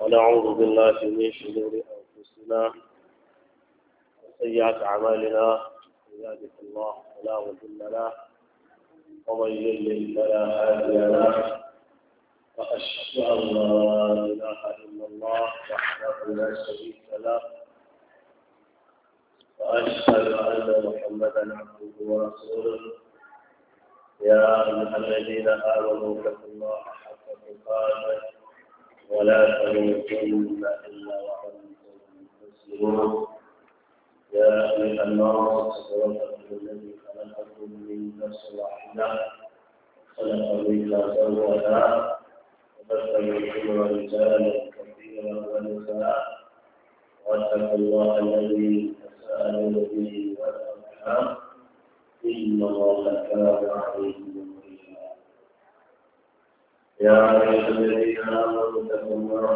ونعوذ بالله من شرور أنفسنا وسيئات أعمالنا يهدك الله فلا مضل له ومن يضلل فلا هادي له وأشهد أن لا إله إلا الله وحده لا شريك له وأشهد أن محمدا عبده ورسوله يا أيها الذين آمنوا اتقوا الله حق تقاته ولا تموتن إلا وأنتم مسلمون يا أيها الناس تتوكلوا الذي خلقكم من نفس واحدة خلق منها زوجها وبث منهما رجالا كثيرا ونساء واتقوا الله الذي تساءلون به والأرحام إن الله كان عليكم يا أيها الذين آمنوا اتقوا الله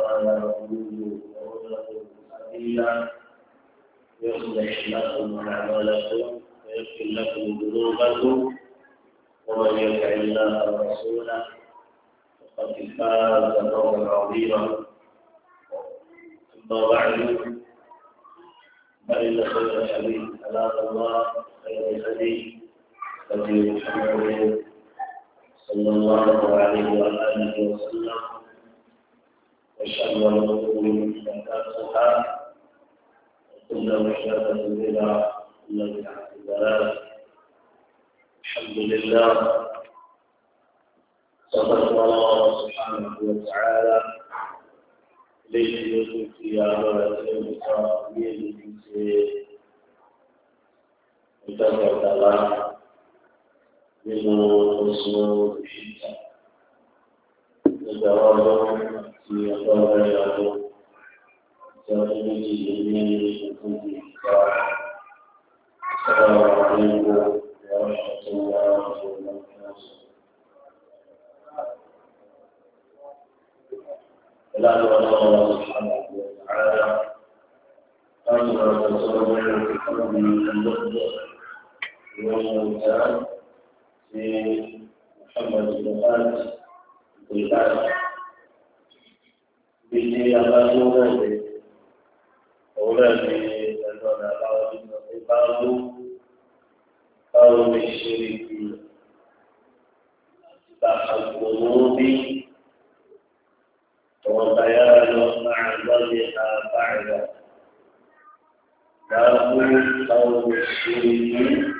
وقولوا قولا سديدا يصلح لكم أعمالكم ويغفر لكم ذنوبكم ومن يطع الله ورسوله فقد فاز فوزا عظيما أما بعد فإن خير الحديث كلام الله خير الحديث هدي محمد صلى الله عليه وآله وسلم وشر الأمور محدثاتها وكل محدثة بدعة وكل بدعة ضلالة الحمد لله صدق الله سبحانه وتعالى ليس ليجلس في عبادة المتقين في متقوى الله nínú oṣù ìjà ìjọba ọdún ti ọjọ́ ọ̀rẹ́ ọdún ti ọdún méjì lé ní ọdún ìjà sọ̀rọ̀ àwọn ìgbò ìwọ̀n tó ń wá ọdún náà. إلهي الله سبحانه وتعالى أمر الرسول من المخبر والمنتهى لمحمد بن خالد البلاد بيجي على أولاده أولاده لأنه على أولاده بعضه قوم الشركين تحت القلوب وبيان معظمها بعد له قوم الشركين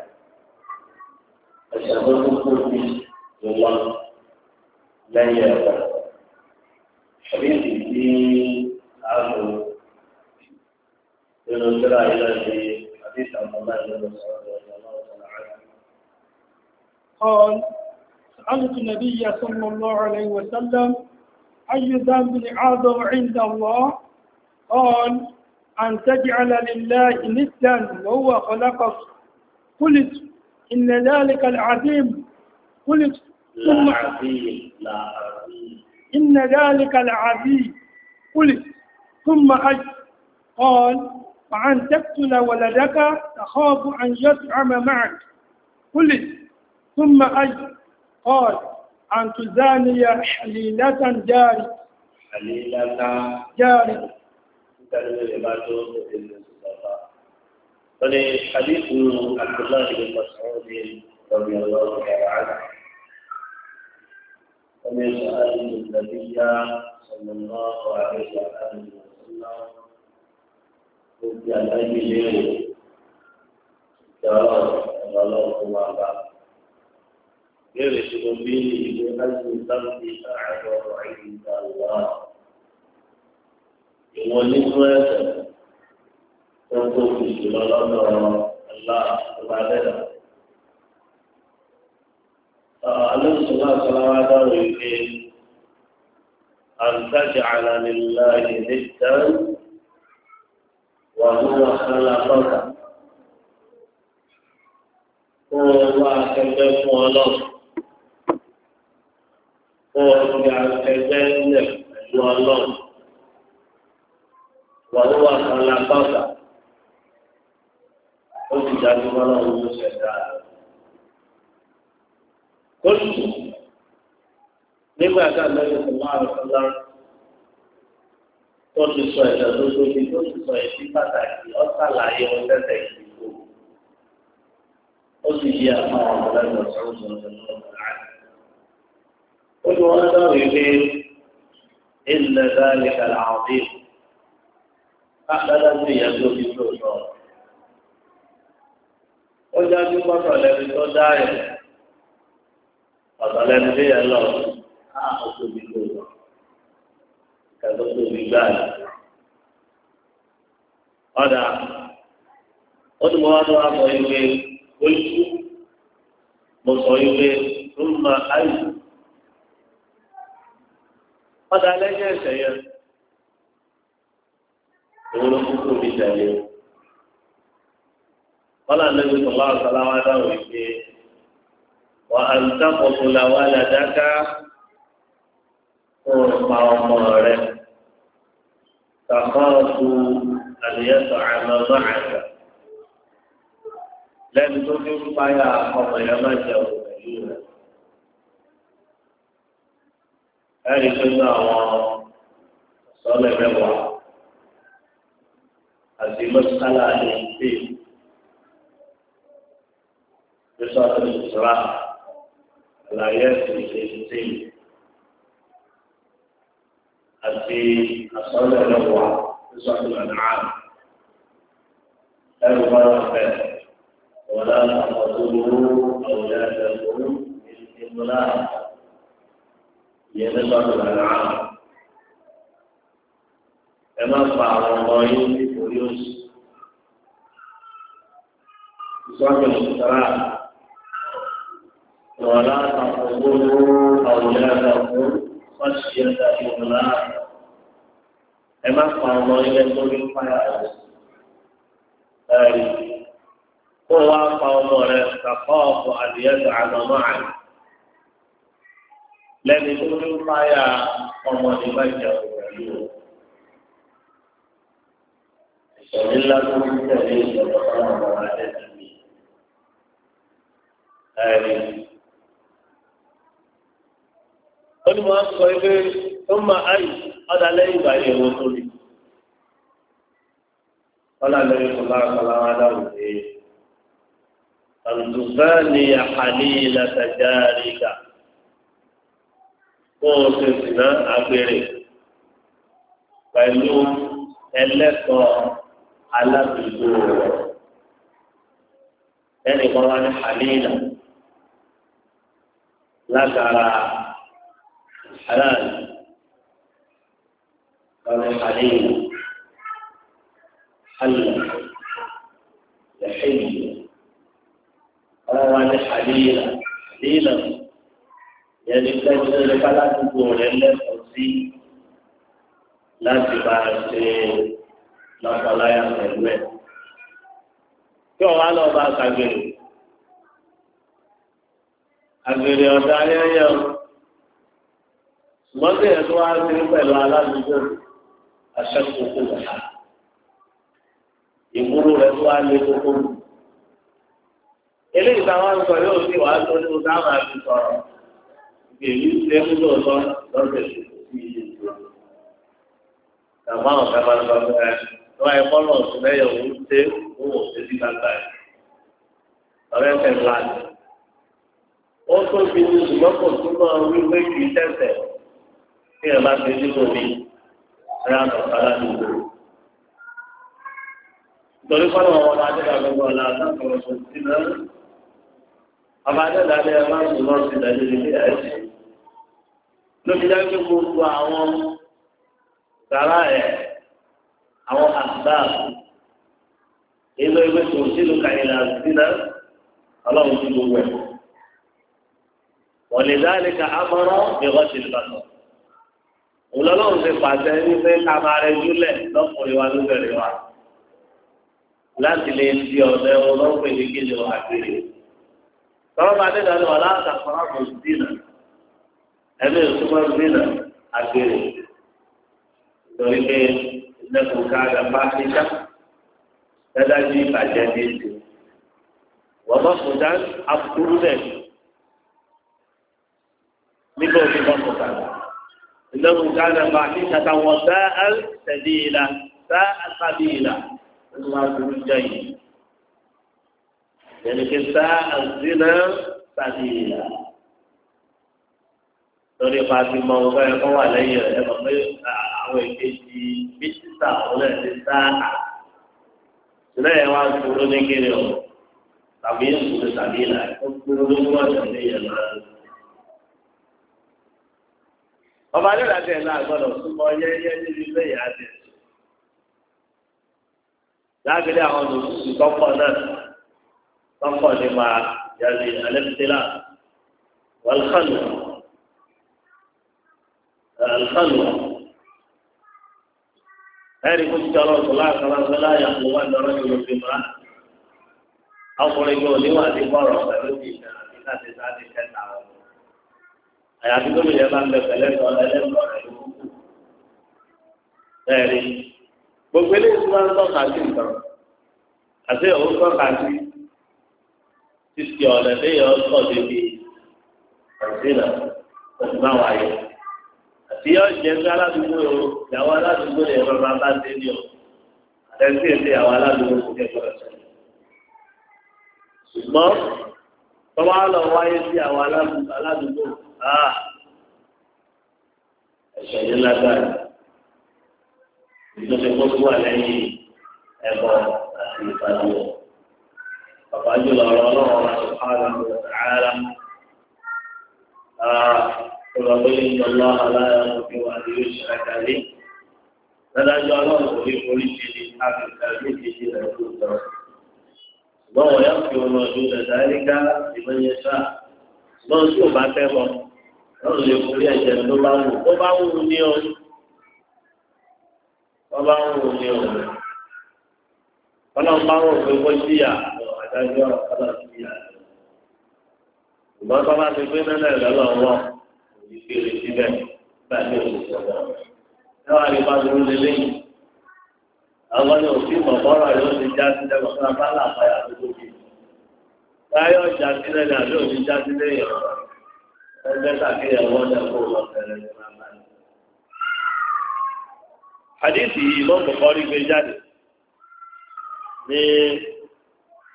والله لا حديث عبد الله بن مسعود رضي الله تعالى عنه قال سألت النبي صلى الله عليه وسلم أي ذنب أعظم عند الله قال أن تجعل لله ندا وهو خلقك قلت إن ذلك العظيم قلت ثم عظيم إن ذلك العظيم قلت ثم أجل قال وأن تقتل ولدك تخاف أن يزعم معك قلت ثم أجل قال أن تزاني حليلة جاري حليلة جاري فلحديث عبد الله بن مسعود رضي الله تعالى عنه ومن سأل النبي صلى الله عليه وآله وسلم وفي الأجل جرى الله وعلا يرسل به لأجل ذنب أعظم عند الله ونصرته ó tóbi jùlọ lọ́dọ̀ Allah tó bá dẹ́dà. Alóòsùn náà sọ́lá wá dáhùn wípé àǹtájà àlàlélá ìdílé tán wà lówó àkànlá tọ́ka. Kó o wá akẹgbẹ́ fún ọ lọ́wọ́. Kó o fi akẹgbẹ́ sílẹ̀ pẹ̀lú ọlọ́run. Wà lówó àkànlá tọ́ka. ó sì dájú bọ́lá owó ṣẹ̀dá rẹ̀. kóòtù nígbà tá a lọ́yọ̀ fún máa rẹ̀ fúnlá tó ti sọ ẹ̀dá tó tóbi tó ti sọ ẹ̀dí pàtàkì ọ̀sàlàyé ọ̀sẹ̀sẹ̀ ìdìbò ó sì yí àwọn ọ̀gbọ̀lẹ́gbọ̀ sọ̀rọ̀ sọ̀rọ̀ lọ́wọ́ ó ní wọ́n dáwọ̀ ilé ilẹ̀ dáríkà làwọn bí. Bákan náà ní ìyá dájú pọ́tọ̀ lẹ́nu tó dá rẹ̀ ọ̀tọ̀ lẹ́nu tó yẹ lọ àwọn tóbi tó lọ kẹtọ́ tóbi gbà rẹ̀ ọ̀dà ó ní mo wá tó wá sọ ìwé oṣù mo sọ ìwé tó máa ayù ọ̀dà lẹ́yìn ẹ̀sẹ̀ yẹn ìwé kúkú mi tẹ̀lé o. قال النبي صلى الله عليه وسلم هذا وأن تقتل ولدك قرب عمره تخاف أن يطعم معك لن تجد فيا قبل ما جاءوا ẹ̀rí pé ní àwọn sọ́lẹ̀ mẹ́wàá àti mọ́sálà ni بسورة الإسراء الآيات التي التي الصلاة الأولى بسورة الأنعام أربعة بيت ولا تقتلوا أولادكم من إملاق ينصر الأنعام كما فعل الله بيوسف بسورة الإسراء ولا تقتلوا أولادكم خشية إملاق أما قام إليكم بالحياة أي هو قوم تخاف أن يجعل معك lẹ́ni tó ní fáyà ọmọ ní bàjẹ́ òkèlú ìṣẹ̀lẹ̀ ńlá tó ń tẹ̀lé ó ní mo á sọ pé ó máa ayì ọ̀dà lẹ́yìn ìgbà yẹn wọ́n tó lè. ọ̀dà lẹ́yìn kò lára kọ́lá wá dáhùn pé àlùfáàní àhàní ìlàtàjà àríkà kó o ṣe sìnà pẹ̀lú ẹlẹ́kọ̀ọ́ alábìgbò rẹ̀ ẹnì kan wá ní àlè ìlà látara. حلال قالوا حليم حل لحي قالوا حليلا حليلا يعني كان ذلك تقول إلا تنسي لا تبارك لا تلايا تنوي yóò wá lọ bá agbèrè agbèrè ọ̀dà ayẹyẹ o. wọ́n bẹ̀rẹ̀ tó wá sí pẹ̀lú aládùúgbò aṣẹ́kùnkù rẹ̀ ìwúrò rẹ̀ tó wá lé kókó. eléyìí táwọn sọ yóò sì wá tó ní oṣù àwọn àti sọ̀rọ̀ ìgbèlú lẹ́kùn tó sọ lọ́sẹ̀ sí ìlú. àwọn ọ̀gá máa ń lọ sí ẹ tó wáyé kọ́nà ọ̀sùn lẹ́yìn òun ṣe òun ò ṣe sí gbàgbà yìí. ọ̀rẹ́ tẹ̀ láti. ó tó fi ní ṣùgbọ́n kò túnmọ̀ wípé kì í tẹ̀sẹ̀ kí ẹ bá ṣe nílò mi ráàlú aládùúgbò. Nítorí pọ́nà wọn bá dé àgbègbè ọ̀la àtàkùn ọ̀sùn sí náà. Àbájáde alẹ́ máa ń sùn náà sí ìdájọ́ ilé ẹ̀ṣẹ̀. Lóbi jẹ́ pé gbogbo àwọn sàrá ẹ̀ àwọn àṣà ìlú ìwé tó sílùú kàyìnlá sí náà ọlọ́run ti gbogbo ẹ̀. Wọ̀lẹ̀ dáálé ka amọ̀ràn ìrọ́ṣẹ̀lẹ̀ bàtọ̀ òlọ́lọ́run ti pàṣẹ wípé ká máa rẹ júlẹ̀ lọ́kùnrin wa lóbẹ̀rẹ̀ wa láti lè di ọ̀dẹ ọlọ́pẹ̀ ní kíni ọ̀ àgbèrè. tọ́lọ́ máa dé dáná wà látàkọ́rọ́ kò sí dìnnà ẹ̀mí ìsúnmọ́ dìnnà àgbèrè. nítorí pé ìlẹ́kùn káàgà bá ti dá dáadáa ní ìbàjẹ́ ní ìlú. wọ́n bá fún dá àbúrú bẹ́ẹ̀ nígbà إنه كان فاحشة وساء سبيلا ساء سبيلا الله الجيد يعني ساء الزنا سبيلا lórí pàṣẹ mọ ọgbà ẹ̀kọ́ wà lẹ́yìn rẹ ẹ mọ pé àwọn èkejì bísítà ọlẹ ti sá à sílẹ̀ ẹ wá gbúrú ní kiri ọ tàbí ìṣòro tàbí ìlà ó gbúrú lórí ọjà lẹ́yìn rẹ ọba nílò àti ẹ̀la àgbọ̀dọ̀ súnmọ́ yẹ́yẹ́ níbi lẹ́yìn àti ẹ̀sùn. lágbèlé àwọn olùsùsù tọ́pọ̀ náà tọ́pọ̀ nípa yàrá alẹ́sílá wàlúkàlù alùkàlù ẹ̀rí kó ti jọ lọ sọ láàkàrà ọ̀sẹ̀ láàyè àpò wà lọ́rọ́ ìlú fi máa ọkùnrin yóò níwà bọ́ọ̀rọ̀ pẹ̀lú ìgbà àti láti sáà ti kẹta ọ̀rọ̀ àyàfi tó lè yẹ bá ń bẹ pẹ̀lẹ́ sọ ẹlẹ́sọ̀ rẹ̀ ló kù. Bẹ́ẹ̀ni, gbogbo eléyìí tí wọ́n ń tọ́ka sí nǹkan, àti òun tọ́ka sí títí ọ̀nà léyìn ọ̀sọ̀ débi àzínà pẹ̀lú báwa yẹ. Àti yọ jẹ́ pé aládùúgbò yòó, ìyàwó aládùúgbò yẹ bàbá bá dé ní Àtẹ̀sí ètè àwọn aládùúgbò kò kẹ́kọ̀ọ́ ẹ̀sẹ̀. Ṣùgbọ́n tọ́wọ́ lọ wáyé sí àwọn aládùúgbò Ah. ẹ̀ṣẹ̀ yìí lágbára ìjọba ẹ̀kọ́ tó wà lẹ́yìn ẹ̀bọ àti ìpàdé bàbá jùlọ ọ̀rọ̀ ọlọ́run àti ìpàdé ààrẹ olùwàgbé ìjọba aláya òbí wa ni yóò ṣe àkàlẹ́ dádájọ́ ọlọ́run kò ní orí ṣe ní áfíríkà méjì ní ẹ̀kọ́ tó lọ́rùn lè forí ẹ̀jẹ̀ tó bá wù tó bá wù ní o tó bá wù ní o kọ́nà bá wù pé kó síyà àdájọ́ kọ́nà síyà ìgbọ́n tó ti gbé mẹ́lẹ̀ lọ́lọ́ wọ́n òní kiri síbẹ̀ bá a ní òṣìṣẹ́ wọn. ẹ wá rí bá dúró lélẹ́yìn àwọn ní òfin mọ̀mọ́rọ̀ yóò ti já sílẹ̀ mọ̀mọ́rọ̀ bá làbáyà tó tóbi. táyọ̀ já sílẹ̀ ní àbí òní já sílẹ̀ yọ̀rọ̀ Hadisi yìí Imam Bukhari gbé jáde ní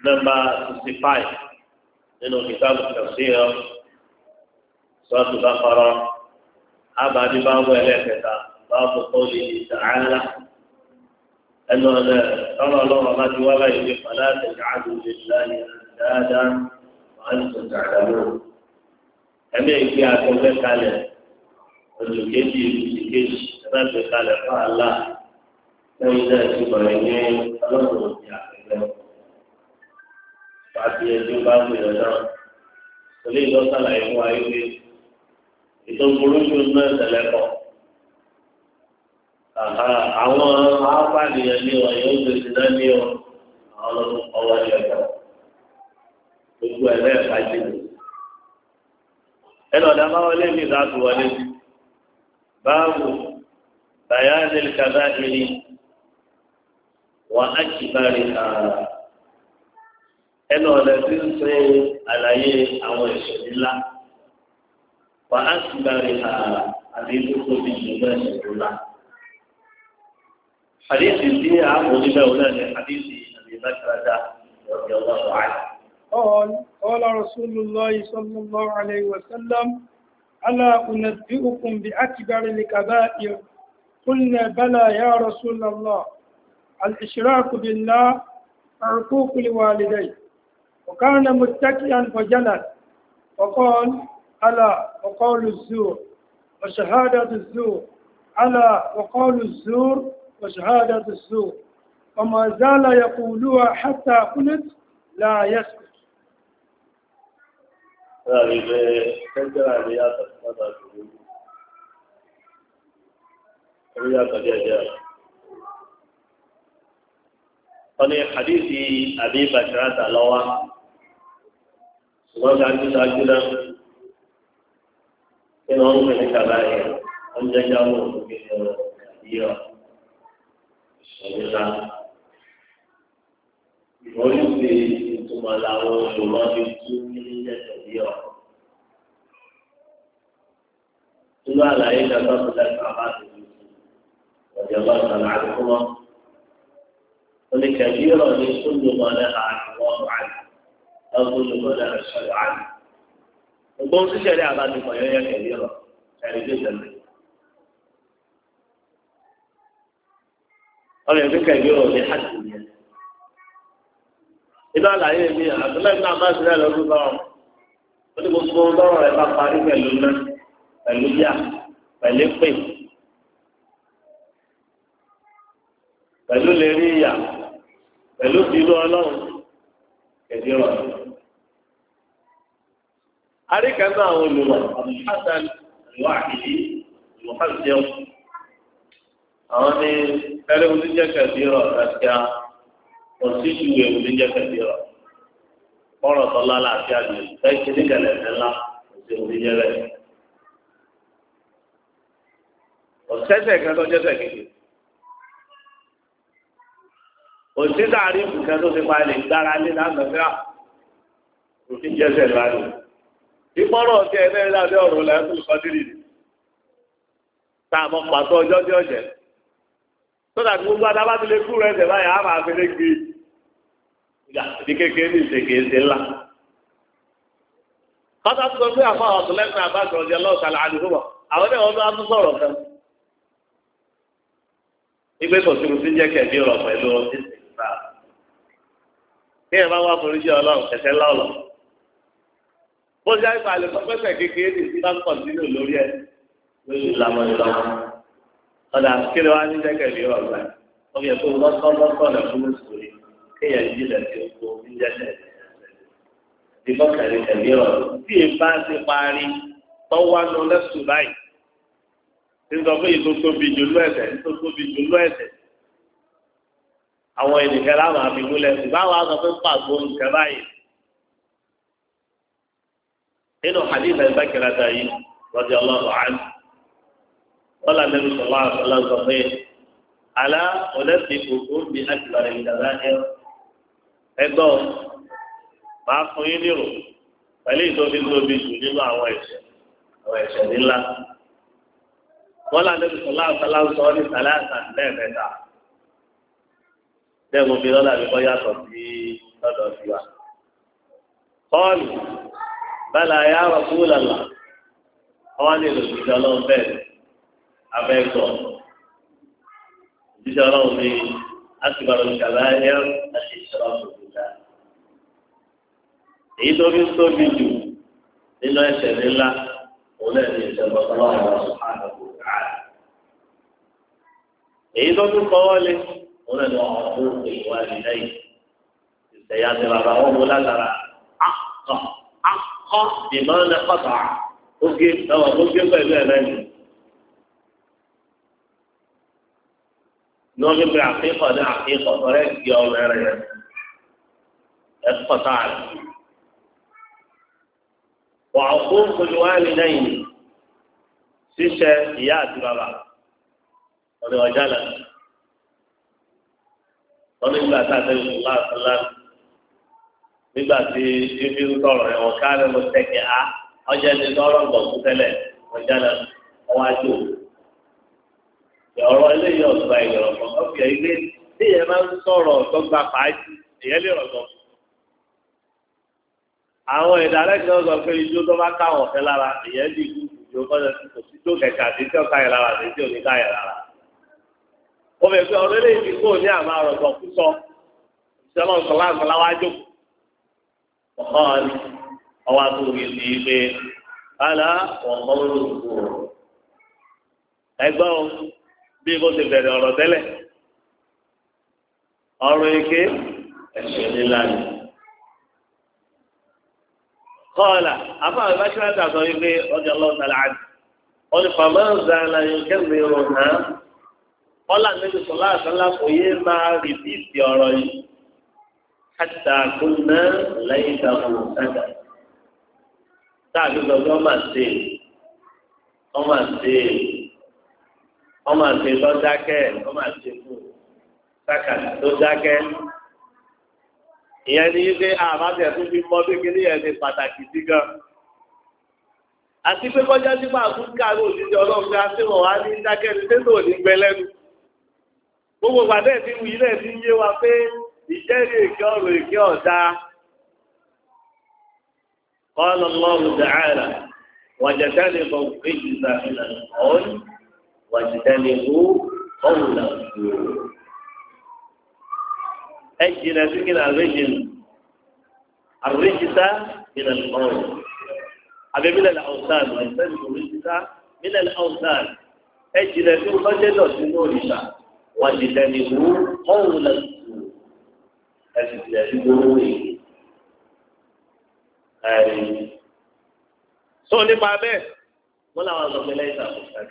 nọ́mbà 65 nínú kìtàbù tafsir sọ́ọ̀tù Baqara abàdí bá wọ ẹlẹ́kẹta bá wọ kọ́ọ̀lì ta'ala ẹnu ọ̀nà tọ́lọ̀ lọ́wọ́ bá ti wá báyìí ní fàlá tẹ̀síwájú lè láyé dáadáa wọ́n á ti tẹ̀síwájú ẹbí ẹgbẹ akọgbẹ kalẹ̀ oṣù kejì oṣù kejì ẹbí ẹgbẹ kalẹ̀ fún àlá lẹ́yìn náà ti bọ̀rẹ̀ ní ọlọ́run òbí àkẹgbẹ́ pàtó ẹjọ́ bá gbèrò náà olè ìlọ sàlàyé fún wa yìí ètò burúkú náà tẹ́lẹ̀ kọ àwọn afáàlìyàn ní ọ yóò gbèsè náà ní ọ àwọn ọwọ́ ẹgbẹ́ gbogbo ẹ lẹ́ẹ̀ka jìnnà ẹlọ́dà máa wọlé mi láti wọlé báwo bàyáàdé kàdá ìrì wà á kì bàrì ààrà ẹlọ́dà tí ń ṣe àlàyé àwọn ìṣẹ̀lẹ̀ ńlá wà á kì bàrì ààrà àti ìdókòwò ìṣẹ̀lẹ̀ ìṣẹ̀lẹ̀ قال قال رسول الله صلى الله عليه وسلم ألا أنبئكم بأكبر الكبائر قلنا بلى يا رسول الله الإشراك بالله عقوق لوالديه وكان متكئا فجلس وقال ألا وقول الزور وشهادة الزور ألا وقول الزور وشهادة الزور وما زال يقولها حتى قلت لا يسكت láàrin bẹ tẹ́jọ́ra ní yàtọ̀ lọ́dọ̀ àgbègbè orí yàtọ̀ díẹ̀ díẹ̀. wọ́n ní hadithi àbí bàtìrà tà lọ́wọ́ ṣùgbọ́n ṣáájú ṣáájú náà kí ni wọ́n ń pè ní wọ́n ń jẹ́jọ́ àwọn òṣèlú ẹ̀rọ yíyọ ìtumọ̀ làwọn olùkọ́ fi tú nílé tẹ̀lé ọ̀. Nínú àlàyé ìjọba tó lẹ́nu àbá tuntun, ọ̀jọ̀gbọ́ sọ̀rọ̀ àdúgbò. ولكبيرة لكل ما نهى عن الله عنه أو كل ما نهى الشرع عنه. وقوم تشريع بعد ما هي كبيرة، يعني جدا ọlọ ẹgbẹ kẹgbẹ ọ ní hajj inú àlàyé mi àtúnlẹ̀ náà má sí náà lọ́dún bá wọn ó ní gbogbo lọ́rọ̀ rẹ̀ bá parí pẹ̀lú náà pẹ̀lú yá pẹ̀lú pè pẹ̀lú lè rí ìyà pẹ̀lú bínú ọlọ́run kẹ̀dí rọ̀. àríkàtà àwọn olùwà àbúkátà ìwà àkìlì ìwà àti ẹ̀wọ̀n àwọn ní ẹlẹ́wọ̀n tó jẹ́ kẹ̀dí rọ̀ àti àwọn. kò sí ìwé oníjẹ kẹfì rọ kọ̀rọ̀ tọlá láti àgbè fẹsẹ nígbàlẹ ńlá kò sí oníjẹ O ọsẹsẹ kan tó jẹsẹ kejì òṣìṣẹ́ àríwú kan tó ti pa ilé gbára lé òfin jẹsẹ tá a pàtó tí sọ́dà tí gbogbo adá bá ti lè kú rẹ̀ ẹsẹ̀ báyìí á máa fẹ́lẹ́ gbé ìgbà ní kékeré ní ìṣègbè ẹsẹ̀ ńlá. kọ́tà tó sọ pé àfa ọ̀sán lẹ́sìn àbájọ ọ̀jẹ̀ lọ́ọ̀sálà àdìgbò àwọn ẹ̀wọ̀n tó á tún sọ̀rọ̀ kan. ìgbé kòtùrù sí jẹ́ kẹ̀mí rọ̀ pẹ̀lú ìsìnkà. bí ẹ bá wá foríṣẹ́ ọlọ́run kẹsẹ́ lọ́ọ̀lọ́ ọ̀dà kéré wá ní jẹ́kẹ̀lé ọ̀gbà ọ̀gbà tó lọ́tọ́ lọ́tọ́ lẹ̀ fún mùsùlùmí kéèyàn yí lẹ̀ tí ó kó ní jẹ́kẹ̀ ìbọn kẹ̀lé kẹ̀lé ọ̀rọ̀ tí ì bá ti parí tọ́wọ́ nu lẹ́sùn báyìí tí ń sọ pé ìtò tóbi jù lọ ẹ̀sẹ̀ ìtò tóbi jù lọ ẹ̀sẹ̀ àwọn ènìyàn láwọn àfihúnlẹ̀ ṣùgbọ́n àwọn aṣọ fún pàṣẹ nǹkan báyìí nínú hadith al-Bakrata yìí radiyallahu anhu. قال النبي صلى الله عليه وسلم على أنبئكم بأكبر الكبائر ẹgbọ́ máa fún yín nírò pẹ̀lú ìtòbi tóbi jù nínú àwọn ẹ̀ṣẹ̀ àwọn ẹ̀ṣẹ̀ nílá wọn lànà bí sọlá àtàlà ń sọ ní sàlẹ̀ àtà lẹ́ẹ̀mẹ́ta dẹ́gun bí lọ́la bí kọ́ yàtọ̀ sí lọ́dọ̀ sí wa. kọ́ọ̀lù bẹ́ẹ̀ la yà rọ̀ kúrò lọ́la wọ́n á nílò ìjọ lọ́wọ́ bẹ́ẹ̀ ni. abẹ́sọ̀ jíjẹ́ ọlọ́run ní asibaru ṣàlàyé àti ìṣọ́ra òṣèlúdà èyí tó fi tóbi jù nínú ẹsẹ̀ nílá òun náà ní ìṣẹ̀lẹ̀ ọlọ́run ọ̀sán àdàbò káà èyí tó tún kọ́ wọlé òun náà ní ọ̀hún tó ń pè wá ní lẹ́yìn ìṣẹ̀yà ti bàbá wọn mú látara akọ akọ bìmọ̀ ní kọ́tà ó gé lọ́wọ́ ó gé pẹ̀lú ẹ̀ lẹ́yìn. نوجي بالعقيقة ده عقيقة طريق يا الله يا اتقطع وعقوق الوالدين سيشة يا بابا ورجالا wọ́n nígbà tá a tẹ̀lé ìṣúná àtúnlá nígbà tí ibi ń sọ̀rọ̀ ẹ̀ wọ́n ká ló ń á ọjà ní lọ́rọ̀ gbọ̀ngàn tẹ́lẹ̀ ọjà náà wọ́n ọ̀rọ̀ eléyìí ọ̀gbà ìyọ̀rọ̀ kan ọ̀gbìn ilé tí yẹn máa ń sọ̀rọ̀ ọ̀gbà pàájì ìyẹn lè rọ̀gbọ̀. àwọn ìdálẹ́kẹ̀ ọ̀sọ̀ pé ijó tó bá káwọn ọ̀fẹ́ lára ìyẹn lè kú ìjó kọ́lẹ̀ sí tó kẹ̀kẹ́ àti tí ọ̀ka yẹn lára àti tí òní ká yẹn lára. ó fẹ́ pé ọ̀rọ̀ eléyìí ti kó ní àmà ọ̀rọ̀gbọ̀ kú sọ ìṣẹ́lọ̀ bí kò ṣe bẹ̀rẹ̀ ọ̀rọ̀ tẹ́lẹ̀ ọ̀rọ̀ èké ẹ̀ṣẹ̀ nílá ni. kọ́ọ̀là afáàlú bá ṣíra tà sọ wípé ọjà lọ́wọ́ tàlẹ́ àdì wọ́n ní fàmọ́ ìzàlà yóò kẹ́mi rò hàn án kọ́là níbi sọ̀lá àtàlà kò yé máa rìpíìtì ọ̀rọ̀ yìí hàtà kúnná lẹ́yìn ìtàkùn ọ̀sẹ̀dà táàbí gbọ̀ngàn máa ṣe é wọ́n wọ́n máa ṣe lọ dákẹ́ wọ́n máa ṣe kú sáka tó dákẹ́. ìyẹn ni wípé àbábẹ̀ tó fi mọ kékeré yẹn ṣe pàtàkì sí gan. àti pé kọjá sípò àkúkàrò òṣìṣẹ́ ọlọ́run ká sí wọn wá ní dákẹ́ ní tẹ́lẹ̀ òní gbẹ lẹ́nu. gbogbo pàdé ti wù yí náà ti yé wa pé ìjẹ́rìí èké ọ̀rọ̀ èké ọ̀dá. قال الله تعالى وجتنبوا الرجس من القول wàjúdẹ́ni wú ọ̀hún là wù ú. ẹ jìnnà sí kí n àrẹ́jìn àrẹ́jìta ìnà ọ̀hún. àbẹ mílẹ̀ là ọ̀sán àìsàn ìrẹ́jìta mílẹ̀ là ọ̀sán ẹ jìnnà sí ọjọ́ dọ̀tí ní òrìṣà wàjúdẹ́ni wú ọ̀hún là wù ú. ẹ sì jìnnà sí gbogbo yìí. Sọ nípa bẹ́ẹ̀, wọ́n làwọn àgbọ̀gbẹ́lẹ́ ìtàkùn sáà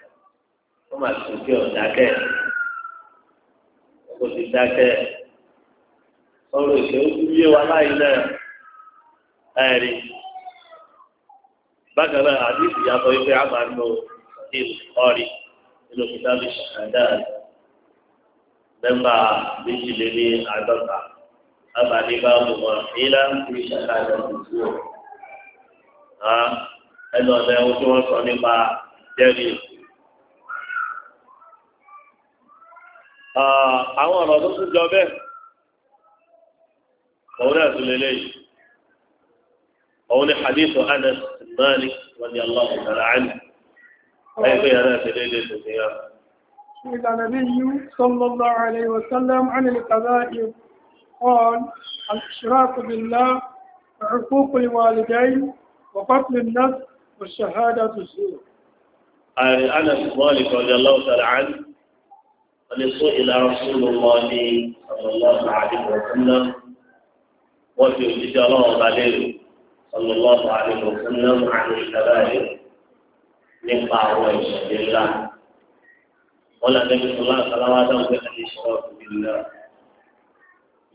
wọ́n máa tún kí ọ̀dà kẹ́ kó ti dákẹ́ ọ̀rọ̀ ìṣe ó tún yé wa láyé náà ẹ̀rí bákan náà àdìsí yàtọ̀ ife àmàlò ní ìkọ́rí nínú kìtàbí ṣàkàdá mẹ́mbà méjìléní àádọ́ta abàdí bá mú wọn ìlà ní ṣàkàdá tuntun ẹ̀ lọ́dẹ̀ ohun tí wọ́n sọ nípa jẹ́rìí. àwọn ọ̀rọ̀ tó tún jọ bẹ́ẹ̀ òun náà tún lélẹ̀ yìí òun ni hadith Anas Malik radiyallahu ta'ala anhu ẹ̀yìn pé yàrá ti léde tó ní yàrá. إلى النبي صلى الله عليه وسلم عن القبائل قال الإشراك بالله وعقوق الوالدين وقتل النفس والشهادة الزور. عن أنس مالك رضي الله تعالى عنه ولسئل رسول الله صلى الله عليه وسلم وفي الجلال عليه صلى الله عليه وسلم عن الكبائر نقع وجه الله ولا النبي صلى الله عليه وسلم في الاشراك بالله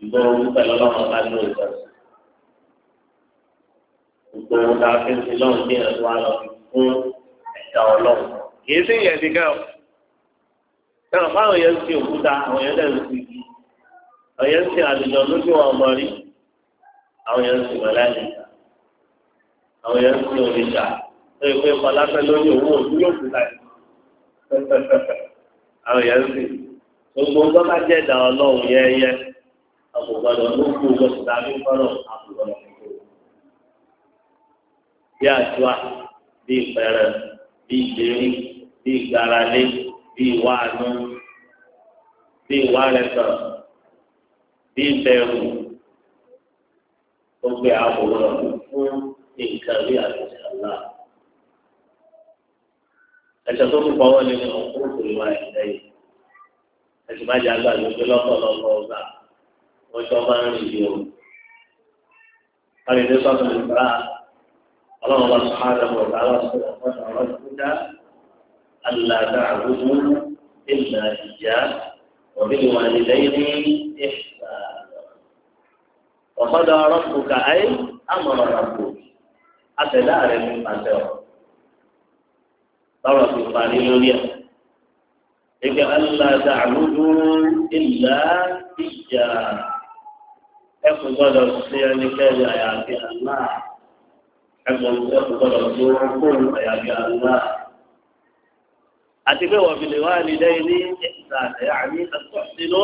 يقول صلى الله عليه وسلم Gbogbo ta fi ń fi lọ́run ní ẹ̀rọ àlọ́ fún ẹ̀dá ọlọ́run. Kì í sí ìyẹn nìkan. ẹ̀rọ fáwọn yẹn ń fi òkúta àwọn yẹn lẹ́nu sí i àwọn ń fi àlùjọ lójú wọn ọmọ rí àwọn yẹn ń fi mọ̀láyà àwọn yẹn ń fi òrìṣà tó yẹ pé kọlápẹ́ lórí owó òkú yóò fi láì àwọn yẹn ń fi gbogbo ọgbọ́n jẹ́ ìdá ọlọ́run yẹ́yẹ́ àbùgbọ́dọ̀ ló kú gbọ́dọ̀ tàbí fọ́lọ̀ àbùgbọ́dọ̀ kúkú. bí àdúrà bí ìpẹrẹ bí ìlérí bí ìgbáralé bí ìwà àánú bí ìwà rẹ̀tàn bí ìbẹ̀rù gbogbo àwòrán fún nǹkan rí àtúnṣe àlá. ẹ̀sẹ̀ tó kú pọ̀wọ́ nínú ọkùnrin ìwà ẹ̀dá yìí ẹ̀sìn má jẹ́ àgbà lójú lọ́pọ̀lọpọ̀ ọgbà wọ́n jọ máa ń rìn yìí o. wọ́n lè dé sọ́kùnrin ìgbà ọlọ́run bá sọ́kùnrin ọ̀gá lọ́sọ̀rọ̀ ọ̀gá ọ̀gá ألا نعبد إلا إياه وبالوالدين إحسانا وقضى ربك أي أمر ربك أتدار من أتوه طرف قليل إذ ألا تعبدوا إلا إياه ẹkùn gbọ́dọ̀ sí ẹnikẹ́ni àyàfi àlá ẹkùn gbọ́dọ̀ sí ọkùnrin àti pé wọ́n fi lè wá ní lẹ́yìn ní ìsàlẹ̀ àmì ẹ̀sọ́ sínú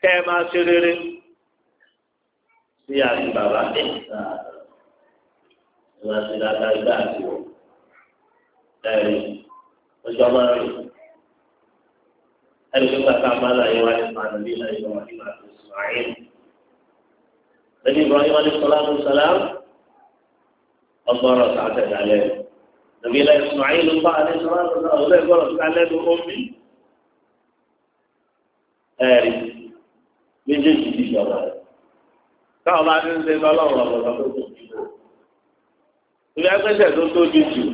kẹ́ ẹ máa ṣe rere sí àti bàbá ẹ̀sà ìwà sí dáadáa gbà àti wọ́n ẹ̀rí ọjọ́ máa rí ẹni tó gbàgbà máa láyé wá nípa àdàbí láyé wá nípa àti ìsúnmáyé. Lẹ́yìn ìbọn yóò wá ní sọlá ní sọlá ọgbọ́n ọ̀sán nàbí ilẹ̀ ìsmáìlú bá a ní sọ́wọ́n ọ̀sẹ̀ gbọ́dọ̀ sálẹ̀ ní omi. ẹ̀rí méjèèjì ti jọba rẹ̀ káwọn bá ti ń ṣe lọ́lọ́run ọ̀gbọ̀dọ̀ tó tó ti bò. ìgbà pẹ́sẹ̀ tó tóbi jù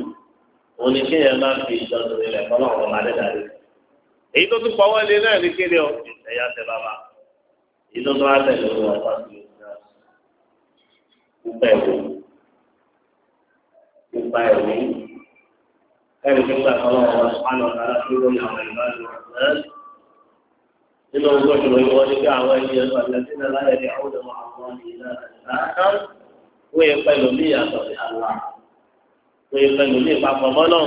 òun ni kéèyàn máa fi ìjọsìn ilẹ̀ fọlọ́run ọ̀la dídàrí. èyí tó tún pọ̀wọ́ ilé náà ní kéde ọ̀ ìgbà ẹ̀wọ̀ ẹ̀rù tó gbà kọ́ lọ́wọ́ wọn sùpánù ọ̀tàlá tó lórí àwọn ìbáraẹni wọn. nínú ọgbọ́n ìwé wọn ni pé àwọn ẹni ẹ̀rọ àgbàdì wọ́n yẹ pẹ̀lú ní ìyàtọ̀ sí àlá wọ́n yẹ pẹ̀lú ní ìpapọ̀ mọ́nà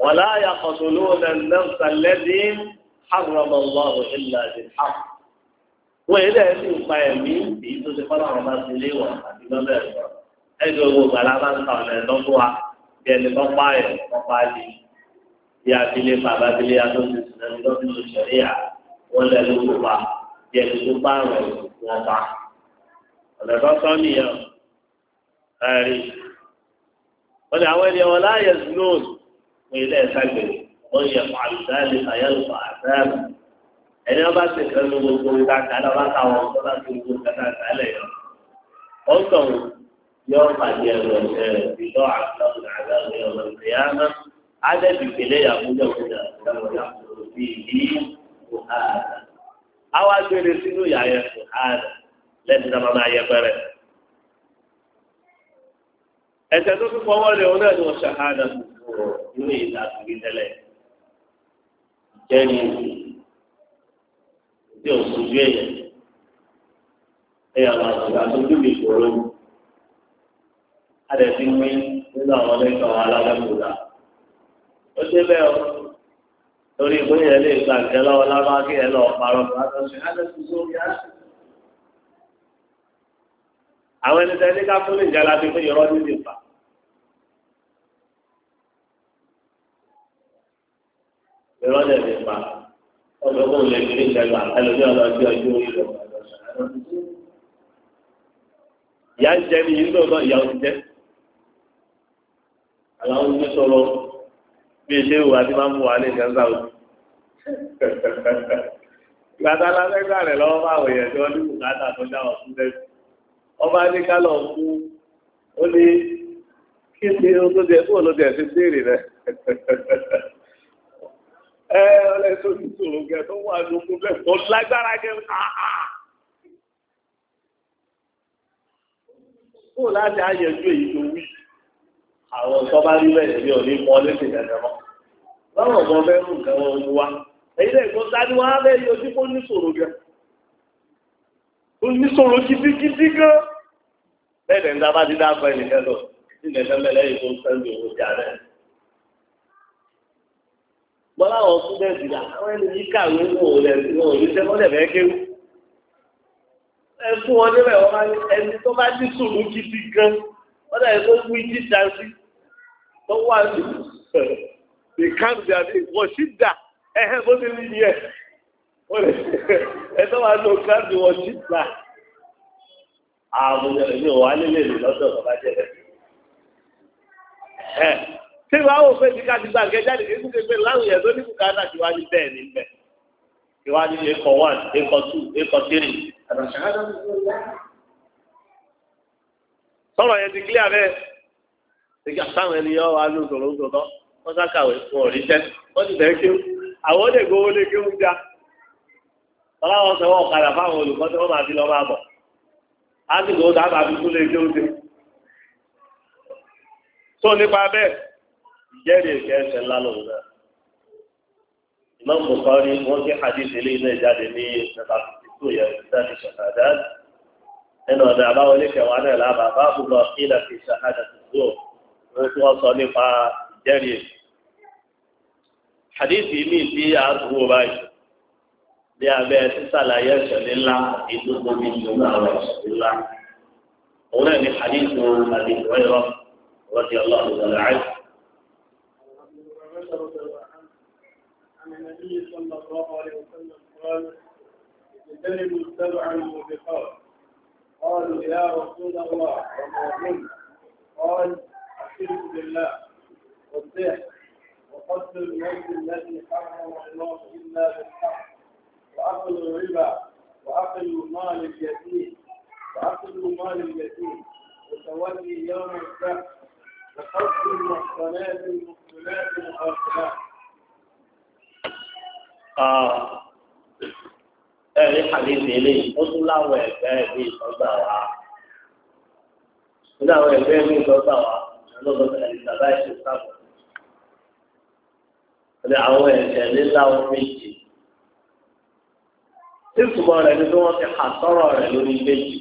wọ́n láyà kọ̀tù lóòdà nẹ́ẹ̀sà lẹ́dí حرم bí ẹni kan pa ẹ̀ kan pa lè bí abilé bàbá abilé adóso ìsinmi lọ́dún tó ṣẹlẹ̀ yà wọ́n lẹ̀ ló kó pa bí ẹni tó bá rẹ̀ wọ́n pa. ọ̀nà tó tọ́ nìyẹn ẹ̀rí wọ́n ní àwọn ènìyàn wọn láàyè snows fún ilé ẹ̀ka gbèrè wọ́n yẹ fàlùdáàlì àyẹ̀lùfà àtẹ́rù ẹni wọn bá ti kẹ́ gbogbo ìdáka náà bá káwọn ọ̀dọ́ láti gbogbo ìdáka yóò pàdé ẹrù ẹsẹ̀ rẹ̀ lọ àgbàdo àgbàdo ẹrù ẹsẹ̀ yá ná ádẹ́bí kele yàgùdà òkúta ìdáwọ̀dà òkúta bí ìdí òhàdà. àwa gbére sínú yàrá òhàdà lẹ́nu náà máa yẹ pẹ́rẹ́. ẹsẹ̀ tó tún fọwọ́ rẹ̀ ọ̀nà ni wọ́n ṣàhádà gbogbo ìwé ìdàgbé tẹ́lẹ̀. jẹ́ni tí ò sojú èèyàn ẹ̀yà máa sọ̀rọ̀ àtúntò ìṣòro yìí adẹ̀sí ń pín nínú àwọn ọlẹ́sọ̀ alágbàgbọ́dà. ó ṣe bẹ́ẹ̀ o torí ìpín lè gba ìjẹ́ lọ́wọ́ lábá kí ẹ lọ parọ́ àwọn ẹni tẹ́lẹ̀ ká fún ìjà láti fún ìrọ́ nídìí fà. ìrọ́ nídìí fà ọ̀dọ́ kò lè fi ìjẹba ẹlòmíì ọlọ́dún ọjọ́ orí rẹ̀. ìyá ń jẹ ní yìí lóòótọ́ ìyá ń jẹ. àwọn ọmọ sọ̀rọ̀ bí ṣe wù àti máa ń mú ní ìjọba o. Gbàtà lásẹ̀gbà rẹ̀ lọ́wọ́ bá wọ̀ èèyàn ní bùkátà tó dáwọ̀ fún lẹ́sìn. Ọba ní kálọ̀ fún ó ní kí ni tó fún olóde ẹ̀sìn rẹ̀. Ẹ ní sòrò gẹ̀ tó wà ní ogun bẹ́ẹ̀ lágbára àwọn tó bá rí bẹ́ẹ̀ ní òní mọ́ léṣe dandan mọ́ báwọn fẹ́ mú nǹkan wọn wá èyí lè gbọ́ sáré wọn á fẹ́ yọjú kó ní ṣòro gan ó ní ṣòro gidigidi gan bẹ́ẹ̀ dẹ̀ ń dábàá ti dáàbọ̀ ẹnìkan lọ sí ìdẹ̀sẹ̀mẹ́ lẹ́yìn tó ń sẹ́ńdì owó jà rẹ̀ bọ́lá àwọn súnmẹ́ǹtì là àwọn ẹni yìí kàwé wò lẹ̀ sí wọn wọn níbẹ̀ wọn ẹni tó bá ní ṣòro gidi gan wọ́n dà tó wà ní ìkànnì àti wọ̀ṣídà ẹ̀hẹ́ bó ti rí yẹ ẹ tó wà ní ìkànnì wọ̀ṣídà àwọn ènìyàn wà nílé mi lọ́dọ̀ bàbá jẹ́ ẹ̀ tí wàá wò ká ti gbà jáde kí n pé láwùjọ tó ní bùkátà ti wá ní bẹ́ẹ̀ ní bẹ́ẹ̀ ìwádìí ẹ̀kọ́ one ẹ̀kọ́ two ẹ̀kọ́ three àtàṣà. sọ̀rọ̀ yẹn ti clear bẹ́ẹ̀ ìgbà táwọn ènìyàn wà ló sọ̀rọ̀ ń sọ̀tọ̀ wọ́n sákàwé wọn ò rí iṣẹ́ wọ́n ti bẹ̀rẹ̀ kéwù àwọn lè gbowó lé kéwù já ọlọ́wọ́ sọ wọ́n padà fáwọn olùkọ́ tí wọ́n máa fi lọ máa bọ̀ á sì lọ́wọ́ tá a máa fi kú lé kéwù dé. tó nípa bẹ́ẹ̀ ìjẹ́rìí èké ẹsẹ̀ ńlá lòun náà ìmọ̀ mùsọ̀rí wọ́n ti hadith ilé iná ìjáde ní ìjọba tó yẹ ìjáde ṣàkàdá wọ́n fi ọ̀sọ̀ nípa ìjẹ́rìí èsì. Hadith mi ti àdúgbò báyìí bí abẹ́ sísàlàyé ẹ̀sẹ̀ ńlá ètò tóbi ìṣòro àwọn ẹ̀sẹ̀ ńlá. Òun náà ni hadith àti ìwẹ́rọ rọ́dí ọlọ́run lọ́la ẹ̀. اجتنبوا السبع الموبقات قالوا يا رسول الله وما هن قال والشرك بالله والسحر وقدر الوجه الذي حرم الله الا بالحق واقل الربا واقل مال اليتيم واقل مال اليتيم وتولي يوم السبت وقتل المحصنات المحصنات الغافلات آه. ẹ̀rí àdéhùn eléyìí ó tún láwọn ẹ̀fẹ́ ẹ̀mí ìtọ́gbà wa. ó láwọn wa. ọlọ́dọ̀ ẹni bàbá ẹ̀ṣẹ̀ sábà. Ọdẹ àwọn ẹ̀ṣẹ̀ lílá wọn méjì. Ìtumọ̀ rẹ̀ ni bí wọ́n ti hà sọ́rọ̀ rẹ̀ lórí méjì.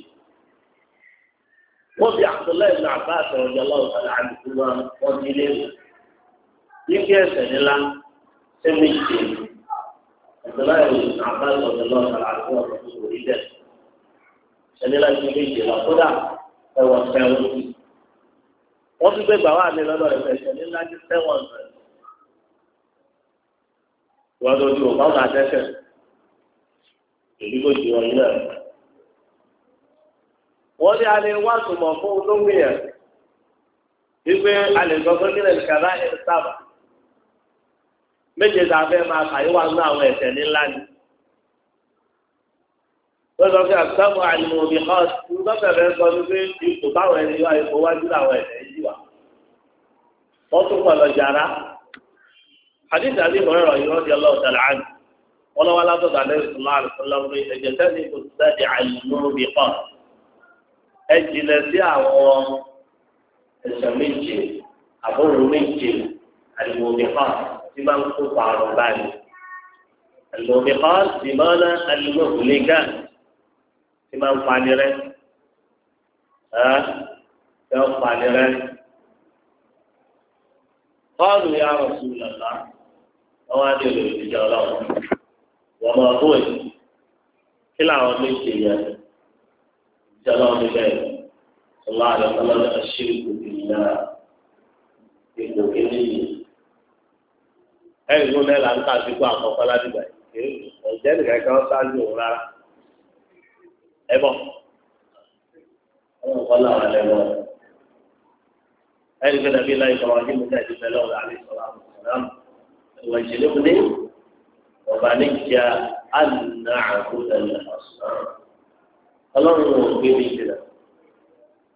Wọ́n fi Abdullahi ibn Abbas radiyallahu ta'ala anhu wọn ti lé wò. Yíkí ẹ̀ṣẹ̀ lílá ṣé méjì ni? Abdullahi wò. Ẹ̀ṣẹ̀ lílá ṣé méjì lọ kódà wọ́n tún gbé gbà wá mi lọ́dọ̀ ìfẹsẹ̀ ní láti sẹ́wọ̀n rẹ̀. wọ́n tó ju ọ̀pá ọ̀gá tẹ́sẹ̀ èyí kò ju ọ̀yìn náà. wọ́n ní alẹ́ wá sùnmọ̀ fún olóngbè yẹn wípé alẹ́ sọ pé kílẹ̀ kàrá ẹ̀ sábà méje tá a fẹ́ máa kàyé wá nínú àwọn ẹ̀ṣẹ̀ ní ńlá lọ́sọ̀ fún àtàwọn àìmọ̀ òbí hàn lọ́sọ̀ fẹ́ sọ ní pé ipò báwọn ẹni wá ipò wájú làwọn ẹ̀dẹ̀ yìí wà. wọ́n tún pọ̀ lọ́jàrá. àdìsí àti ìmọ̀ ẹ̀rọ yìí wọ́n ti ọlọ́ọ̀ tẹ̀lé àná. wọ́n lọ́wọ́ látọ̀dọ̀ àlẹ́ ìsúná àlùfọ́lọ́mù ẹ̀jẹ̀ sẹ́ni kò sẹ́ni àìmọ̀ òbí hàn. ẹ jìnà sí àwọn ẹ̀sẹ̀ méje àbúrò méje tí máa ń pani rẹ ẹ tí ó ń pani rẹ. Kọ́ọ̀lù ya Rasulullah ọwọ́ adé olórí ìjà ọlọ́run wọ́n máa bó ẹ̀ kí làwọn méjì yẹn ìjà ọlọ́run níbẹ̀ ọlọ́ àdàlọ́ ọlọ́dà ṣe ìgò ìlà ìgò kìnìyàn. Ẹ̀yin ló mẹ́la ń kà sí kó àkọ́kọ́ ládìgbà yìí. Ẹ̀jẹ̀ nìkan kan ṣáájú òun rárá ẹbọ ọlọ́run kọ́ làwọn alẹ́ wọn ẹni fẹ́ dàbí láì sọ̀rọ̀ ọdún mẹ́ta ìdí bẹ́ẹ̀ lọ́wọ́ àlẹ́ sọ̀rọ̀ àwọn ọ̀sán ìwà ìṣẹ̀lẹ̀ fún mi ọba níjà àná àkóso ẹ̀ ọ̀sán ọlọ́run wọn gbé mi jìnnà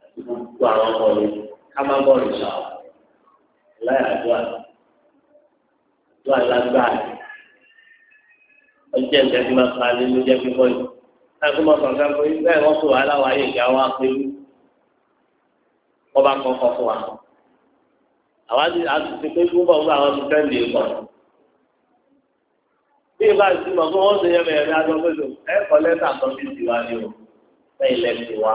àti gbogbo àwọn ọmọ mi ká má bọ̀ nìṣà àdúrà àdúrà lágbára ọjọ́ ìjẹ́ fi máa pa nínú jẹ́ fífọ́ yìí ẹgbẹ́mọ̀ kọ̀ọ̀kan pé bẹ́ẹ̀ wọ́n fi wàhálà wáyé ìjà wa pẹ̀lú ọba kọ̀ọ̀kan fún wa. àwa ti àtúntò pé kí wọ́n bọ̀ wọ́n àwọn ti fẹ́ lè pọ̀. bí ìbá ti mọ̀ fún wọn ṣe yẹ mẹ́rin ní adọ́ pẹ̀lú ẹ kọ́ lẹ́tà kan bí ti wá ní o bẹ́ẹ̀ ilẹ̀ ti wá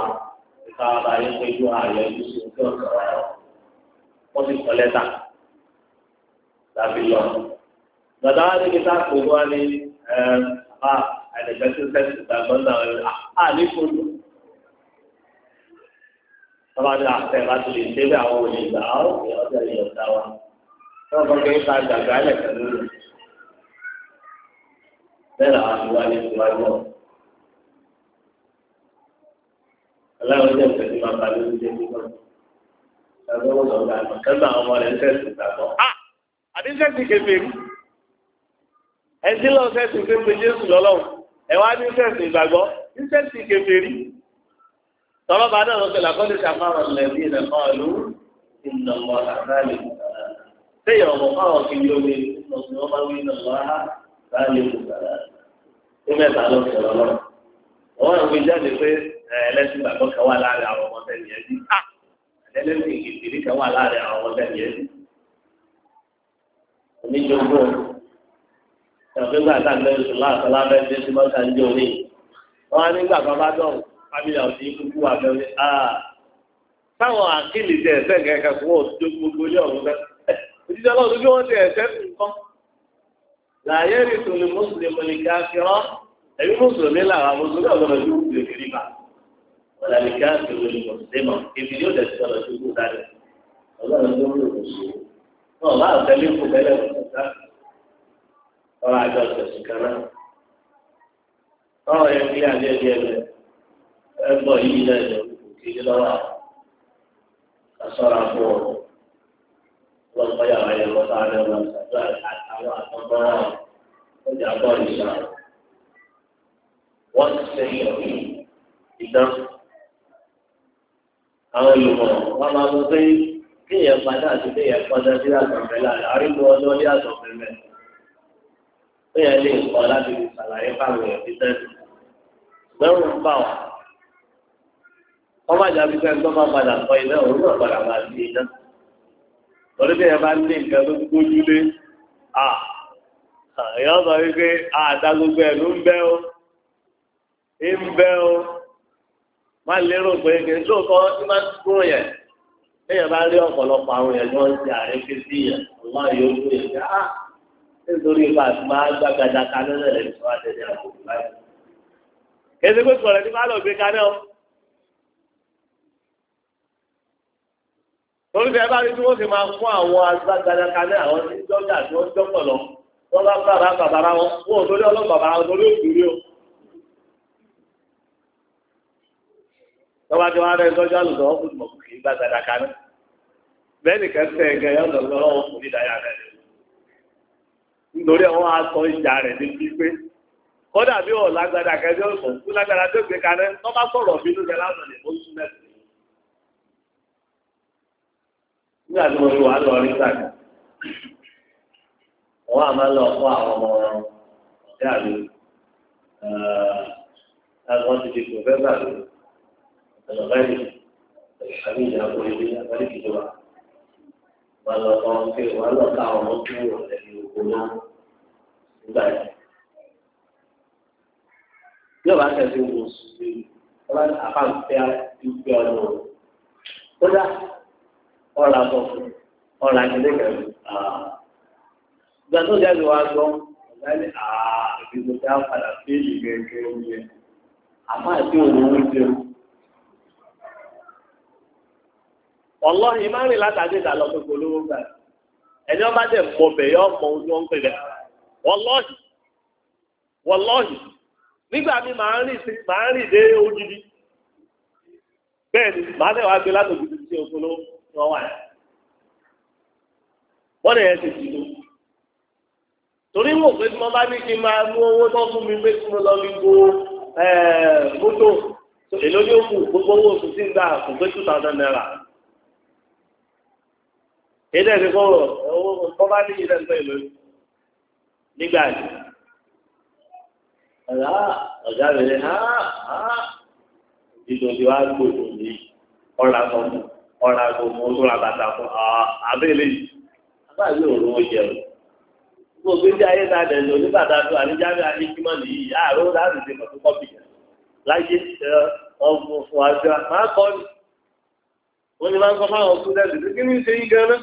ìka àbáyé pẹ̀lú ààrẹ ìṣòwò tí ọ̀sán wa yọ. wọ́n ti kọ́ lẹ́tà tàbí lọ. gbàdá wa ní kí àpá àìlẹ̀gbẹ́ tó tẹ̀sí ìgbàgbọ́ náà rẹ̀ àpá àlékòlù. Tọ́lá ní àfẹ́ bá ti lè ṣe bí àwọn òní ìgbà àwọn òní ọjọ́ ìyọ̀ ọ̀dá wa. Tọ́lá kan kì í ta gbàgbá lẹ̀ pẹ̀lú rẹ̀. Bẹ́ẹ̀ làwọn ti wá ní ìwájú ọ̀. Ọlọ́run jẹ́ ìfẹ́ tí máa bá lórí dé nígbà. Ẹgbẹ́ wọn lọ gbà àgbà ẹtí lọ sẹ́sìn pé pé jésù lọ́lọ́run ẹ wá ní sẹ́sìn ìgbàgbọ́ ní sẹ́sìn kèfèrí tọ́lọ́ bá náà lọ́sẹ̀ làkọ́lé sàfàrọ̀ lẹ́bí ẹ̀ kọ́ ló ìnà ọmọ àtàlẹ́ sẹ́yìn ọmọ fáwọn kì í lóore ọmọ ọmọ wí ìnà ọmọ àtàlẹ́ ìgbàlá ó mẹ́ta lọ sọ lọ́lọ́ wọ́n ń gbé jáde pé ẹlẹ́sìn ìgbàgbọ́ kan wà láàrin àwọn ọmọ tẹ̀lé ẹbí ah! ẹlẹ́sìn ìgbìrì wà láàrin àwọn ọmọ tẹ̀lé ẹ̀fẹ́ gbà tá à ń bẹ́ẹ̀ sùn láàtọ́ lábẹ́ ṣe ti mọ́ta ń jẹ́ òní. wọ́n á nígbà bàbá dọ̀n fámìlì àwọn ìlú kú wà fẹ́ mi. táwọn àkìlì tẹ ẹ̀fẹ́ kẹ̀kẹ́ fún wọn tó gbogbo ilé ọ̀run fẹ́. òjijì ọlọ́run bí wọ́n ti ẹ̀fẹ́ nǹkan. làyé rìtò ni mùsùlùmí ni káfíọ́ ẹ̀mí mùsùlùmí làwọn mùsùlùmí ọ̀gbọ́n ju kìrìkìrì ọ̀rọ̀ àjọ ìṣẹ̀sìn kan náà. ọ̀rọ̀ yẹn kí adé ẹgbẹ́ ẹgbẹ́ ẹgbọ́ yìí náà yẹ kò kéde lọ́wọ́ àṣọra fún ọ. wọ́n kọ́ yàrá yẹn lọ́ta rẹ̀ wọ́n ṣàdúrà àtàwọn àtọ́gbọ́n wọn ó jà bọ́ ìṣà. wọ́n ti sẹ́yìn ọ̀hún ìdán. àwọn olùmọ̀ wọn máa ń sọ pé kéèyàn padà àti kéèyàn padà sí àtọ̀fẹ́ láàárín àríwọ̀ ọjọ́ ní àtọ̀fẹ́ mẹ́ta. bẹ́ẹ̀ lè kọ́ láti fi ṣàlàyé fáwọn èèyàn fi tẹ́sí. Lẹ́rù ń bà wá. Wọ́n má jà wípé ẹgbẹ́ máa padà kọ́ ilé òun náà padà máa di iná. Torí bí ẹ bá ní nǹkan tó à èèyàn sọ wípé àdá gbogbo ẹ̀ ló ń bẹ́ ń bẹ́ Má lérò pé kúrò yẹn. bá rí ọ̀pọ̀lọpọ̀ àwọn èèyàn tí wọ́n ń ṣe nítorí ipa àtúmọ̀ agbágadá kaná náà lè sọ àtẹ̀lé àkókò báyìí. kẹsí pé sọ̀rọ̀ ní báàlọ̀ gbé kaná o. torí bẹ́ẹ̀ bá rí tí wọ́n ti máa fún àwọn agbágadá kaná àwọn tí ń dọ́gà tí wọ́n ń dọ́pọ̀ lọ wọ́n bá bàbá bàbá wọn wọ́n ò torí ọlọ́pàá bàbá wọn torí òkúrí o. tọ́wọ́ àti wọn arẹ́ni tọ́jú àlùdọ̀ wọn kò mọ̀ kì í gbàgàdà kaná. bẹ́ẹ̀ nìkan tẹ̀ ẹ̀gẹ̀ yọ̀ nítorí àwọn aṣọ ìjà rẹ̀ ní pípé kọ́dà bí ọ̀ lágbádá kẹjọ sọ fún lágbádá tó gbé kalẹ̀ tó bá sọ̀rọ̀ bínú rẹ̀ lásán lè mọ́ sí mẹ́sì. nígbà tí mo wà lọ rí sàkà wọ́n á máa lọ fún àwọn ọmọ ọ̀gá mi àwọn ti di pòfẹ́sà mi ọ̀lọ́gáyì àmì ìjà àkórí ní abẹ́rẹ́ ìjọba wọ́n lọ fún wọn pé wọ́n lọ ká àwọn ọmọ tó wọ̀ lẹ́yìn òkú náà nígbà yẹn. Bí ọba kẹsì wò sí ọba àfàǹfẹ́ ìgbẹ́ ọ̀nà o. Kódà ọ̀rà bọ̀ ọ̀rà ìdílé kẹ̀lú. Ìgbà tó jáde wá gbọ́, ọ̀gá ní àbí mo dá padà sí ìgbẹ́ ìgbẹ́ oúnjẹ. Àmọ́ àti òun oúnjẹ o. Ọlọ́run máa ń rìn látàdé ìdálọ́gbẹ̀gbẹ̀ olówó gbà. Ẹni ọba dẹ̀ mọ̀ bẹ̀ yọ ọmọ ojú ọ̀n pè wọlọ́ọ̀hì wọlọ́ọ̀hì nígbà mi máa ń rìn sí máa ń rìn dé ojúdi bẹ́ẹ̀ ni màá gbé látòkè tó ti òkun ló wà yẹn wọ́n lè ti ti torí wò pé tí bá ní kí n máa mú owó tó fún mi pé kí mo lọ fi go mọ́tò èlò ní òkú gbogbo owó oṣù tí ń gbà kò pé two thousand naira èdè ìdíkọ́ owó kọ́ bá ní ilé ìlú nígbà yìí ọ̀la ọ̀já rẹ̀ ha ha ìdòdì wa gbòdò yìí ọ̀la kan mú ọ̀la kan mú ọdún àbàtà fún abẹ́lẹ̀ yìí abáyé òru ó jẹun gbogbo gbèsè ayé ta dẹ̀ lò nígbà tá a tó àníjáde àníjímọ̀ nìyí àárọ̀ láti ṣe pẹ̀lú kọ́pì yẹn láyé ọ̀gbọ̀n fún àjọ máa kọ́ wọ́n ti máa ń kọ́ fáwọn ọ̀gbọ́n dẹ̀ kí ni ṣe yí gan-an.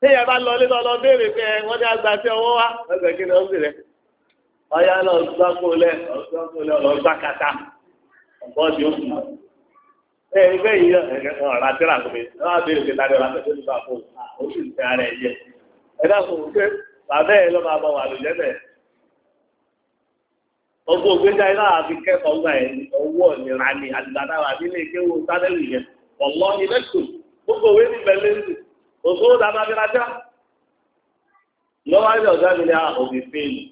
téèyàn bá lọ nílọ lọ béèrè pé wọ́n ní àgbà tí ọwọ́ wá ọgbẹ́ kí ni ó ń bèrè ọyá lọ gbákólẹ̀ ọgbákólẹ̀ ọlọ́gbàkátà ọgbọ́dì ó ẹ yìí kò ẹ béèrè pé bá sì ń ara yẹ ẹ dákun pé bàbá ẹ lọ́ máa wà lójẹ́ ọgbọ́n òṣù ó dábàá bí rájá lọ́wọ́ ilé ọ̀gá mi ní òbí fíìlì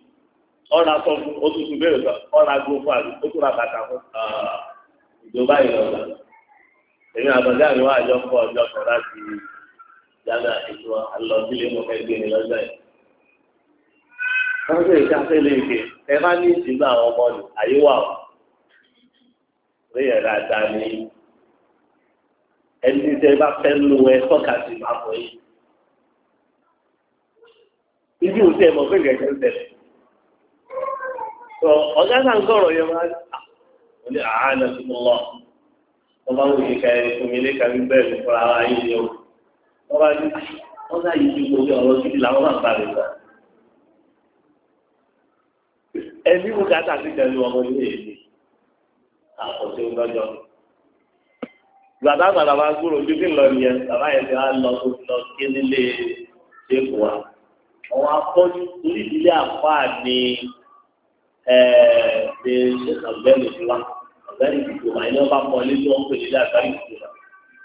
ọ̀rọ̀ aṣọ fún oṣooṣù bẹ́ẹ̀ lọ ọ̀rọ̀ agbó fún àbí ó tún ra bàtà fún ìjọba ìlọ́gbà èmi àtọ̀dé àríwá àjọ pọ̀ ọjọ́ kan láti yàrá ètò àlọ́sílé mo fẹ́ gbé ní lọ́jọ́ yìí. wọ́n sì ká sílé ìgbé ẹ bá ní ìsìnkú ẹni tẹ bá fẹ́ lu ẹ tọ́ka sí máa bọ̀ yìí. Ibi òsì ẹ̀ mọ̀ pé gẹ̀gẹ́ ń tẹ̀lé. Sọ ọ̀gá náà ń sọ̀rọ̀ yẹn máa ń ní àánà tó mọ̀ wá. Wọ́n bá wù kíkà ẹni fún mi léka ní bẹ́ẹ̀ ní fúnra ara yìí ni o. Wọ́n bá ní wọ́n náà yìí ju gbogbo ọ̀rọ̀ títí làwọn máa bá mi sọ. Ẹbí bùkátà ti tẹ̀lé ọmọ ilé yìí. Àkọsí ọlọ́jọ́ gbàdá gbàdá bá gbúrò ojú kí n lọ nìyẹn bàbá yẹn ti wá lọ tó lọ kí nílé ṣéèkù wa àwọn afọ́jú orí ìdílé àfáà ni ṣe ọ̀gbẹ́ni ìdíwá ọ̀gbẹ́ni ìdìbòmá iná bá pọ̀ nínú ọ̀pọ̀ ìdílé àgbáyé ìdìbòmá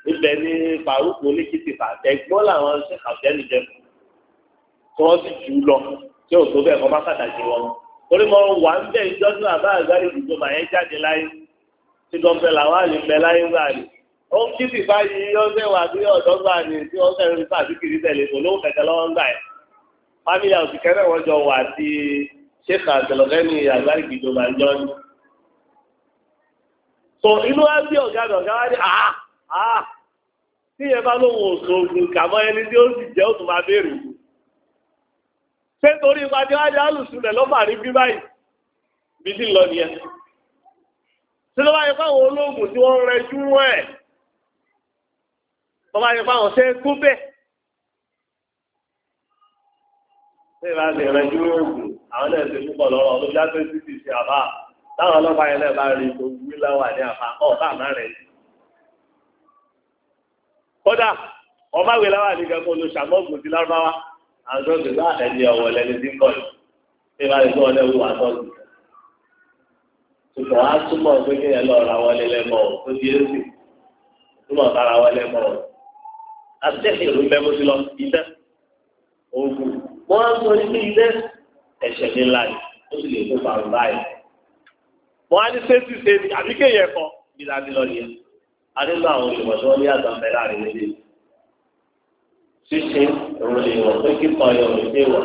níbẹ̀ ní faruku oníkìtìfà ẹ̀gbọ́n làwọn ṣe ọ̀gbẹ́ni jẹ tí wọ́n sì jù lọ tí ò tó bẹ́ẹ̀ kọ́ bá pàtàkì wọn torí mo wà ń bẹ̀ ìjọ́sìn àbá àgbáyé ìdìbòmá yẹn jáde láyé tí gọ́ọ̀fẹ́ làwọn àlè ó ń kí sì báyìí ọ̀sẹ̀ wà sí ọ̀dọ́gba ni tí wọ́n fẹ́ẹ́ rí sàdúkìrì tẹ̀lé kò lóhùn kẹ̀kẹ́ lọ́wọ́ ń gbà ẹ̀. fámìlì àti kẹ́rẹ́ wọn jọ wà sí sheikh àtẹlọgẹ́ni àgbáyé ìjọba ìjọ ni. tó inú wa bí ọ̀gá ọ̀gá wa ní àá àá tí yẹn bá lóhùn òṣòògùn kàmọ́ ẹni tí ó sì jẹ́ òtún máa béèrè. ṣé torí ìpàdé wájú alùsùlẹ̀ lọ́mọ àríbí báyìí bí sí lọ nìyẹn. tí ló bá yẹ fáwọn olóògùn tí wọ́n rẹjú ẹ̀ bọ́bá yẹn fáwọn ṣe é kún bẹ́ẹ̀. ọlọ́pàá yẹn náà rí tó wí láwà ní àbá ọ̀ àmà rẹ̀ sí. kódà ọba wí láwà ní kankan olùṣàmọ́gùn ti lárúbáwá àtọ́jú bá ẹni ọ̀wọ̀ lẹni tí ń bọ̀ yìí ṣé ìbá ti tó ọlẹ́wù ṣùgbọ́n a túmọ̀ pé kí ẹ lọ ra wọlé lẹ́mọ̀ tó di èsì túmọ̀ kára wọlé mọ̀ ọ́ àtẹ́sẹ̀ ló bẹ́ bó ti lọ iṣẹ́ oògùn wọ́n á sọ ní iṣẹ́ ẹ̀ṣẹ̀ ní ńlá yìí ó sì lè kó bàrù báyìí. wọ́n á ní sẹ́sì sẹ́sì àbí kéèyàn kọ́ bí láti lọ nìyẹn. a nílò àwọn olùmọ̀ tí wọ́n ní àgbàmẹ́ láàrin méjì. ṣíṣe òun lè wọ̀ pé kíkọ ọyọ rẹ̀ dé wọ̀.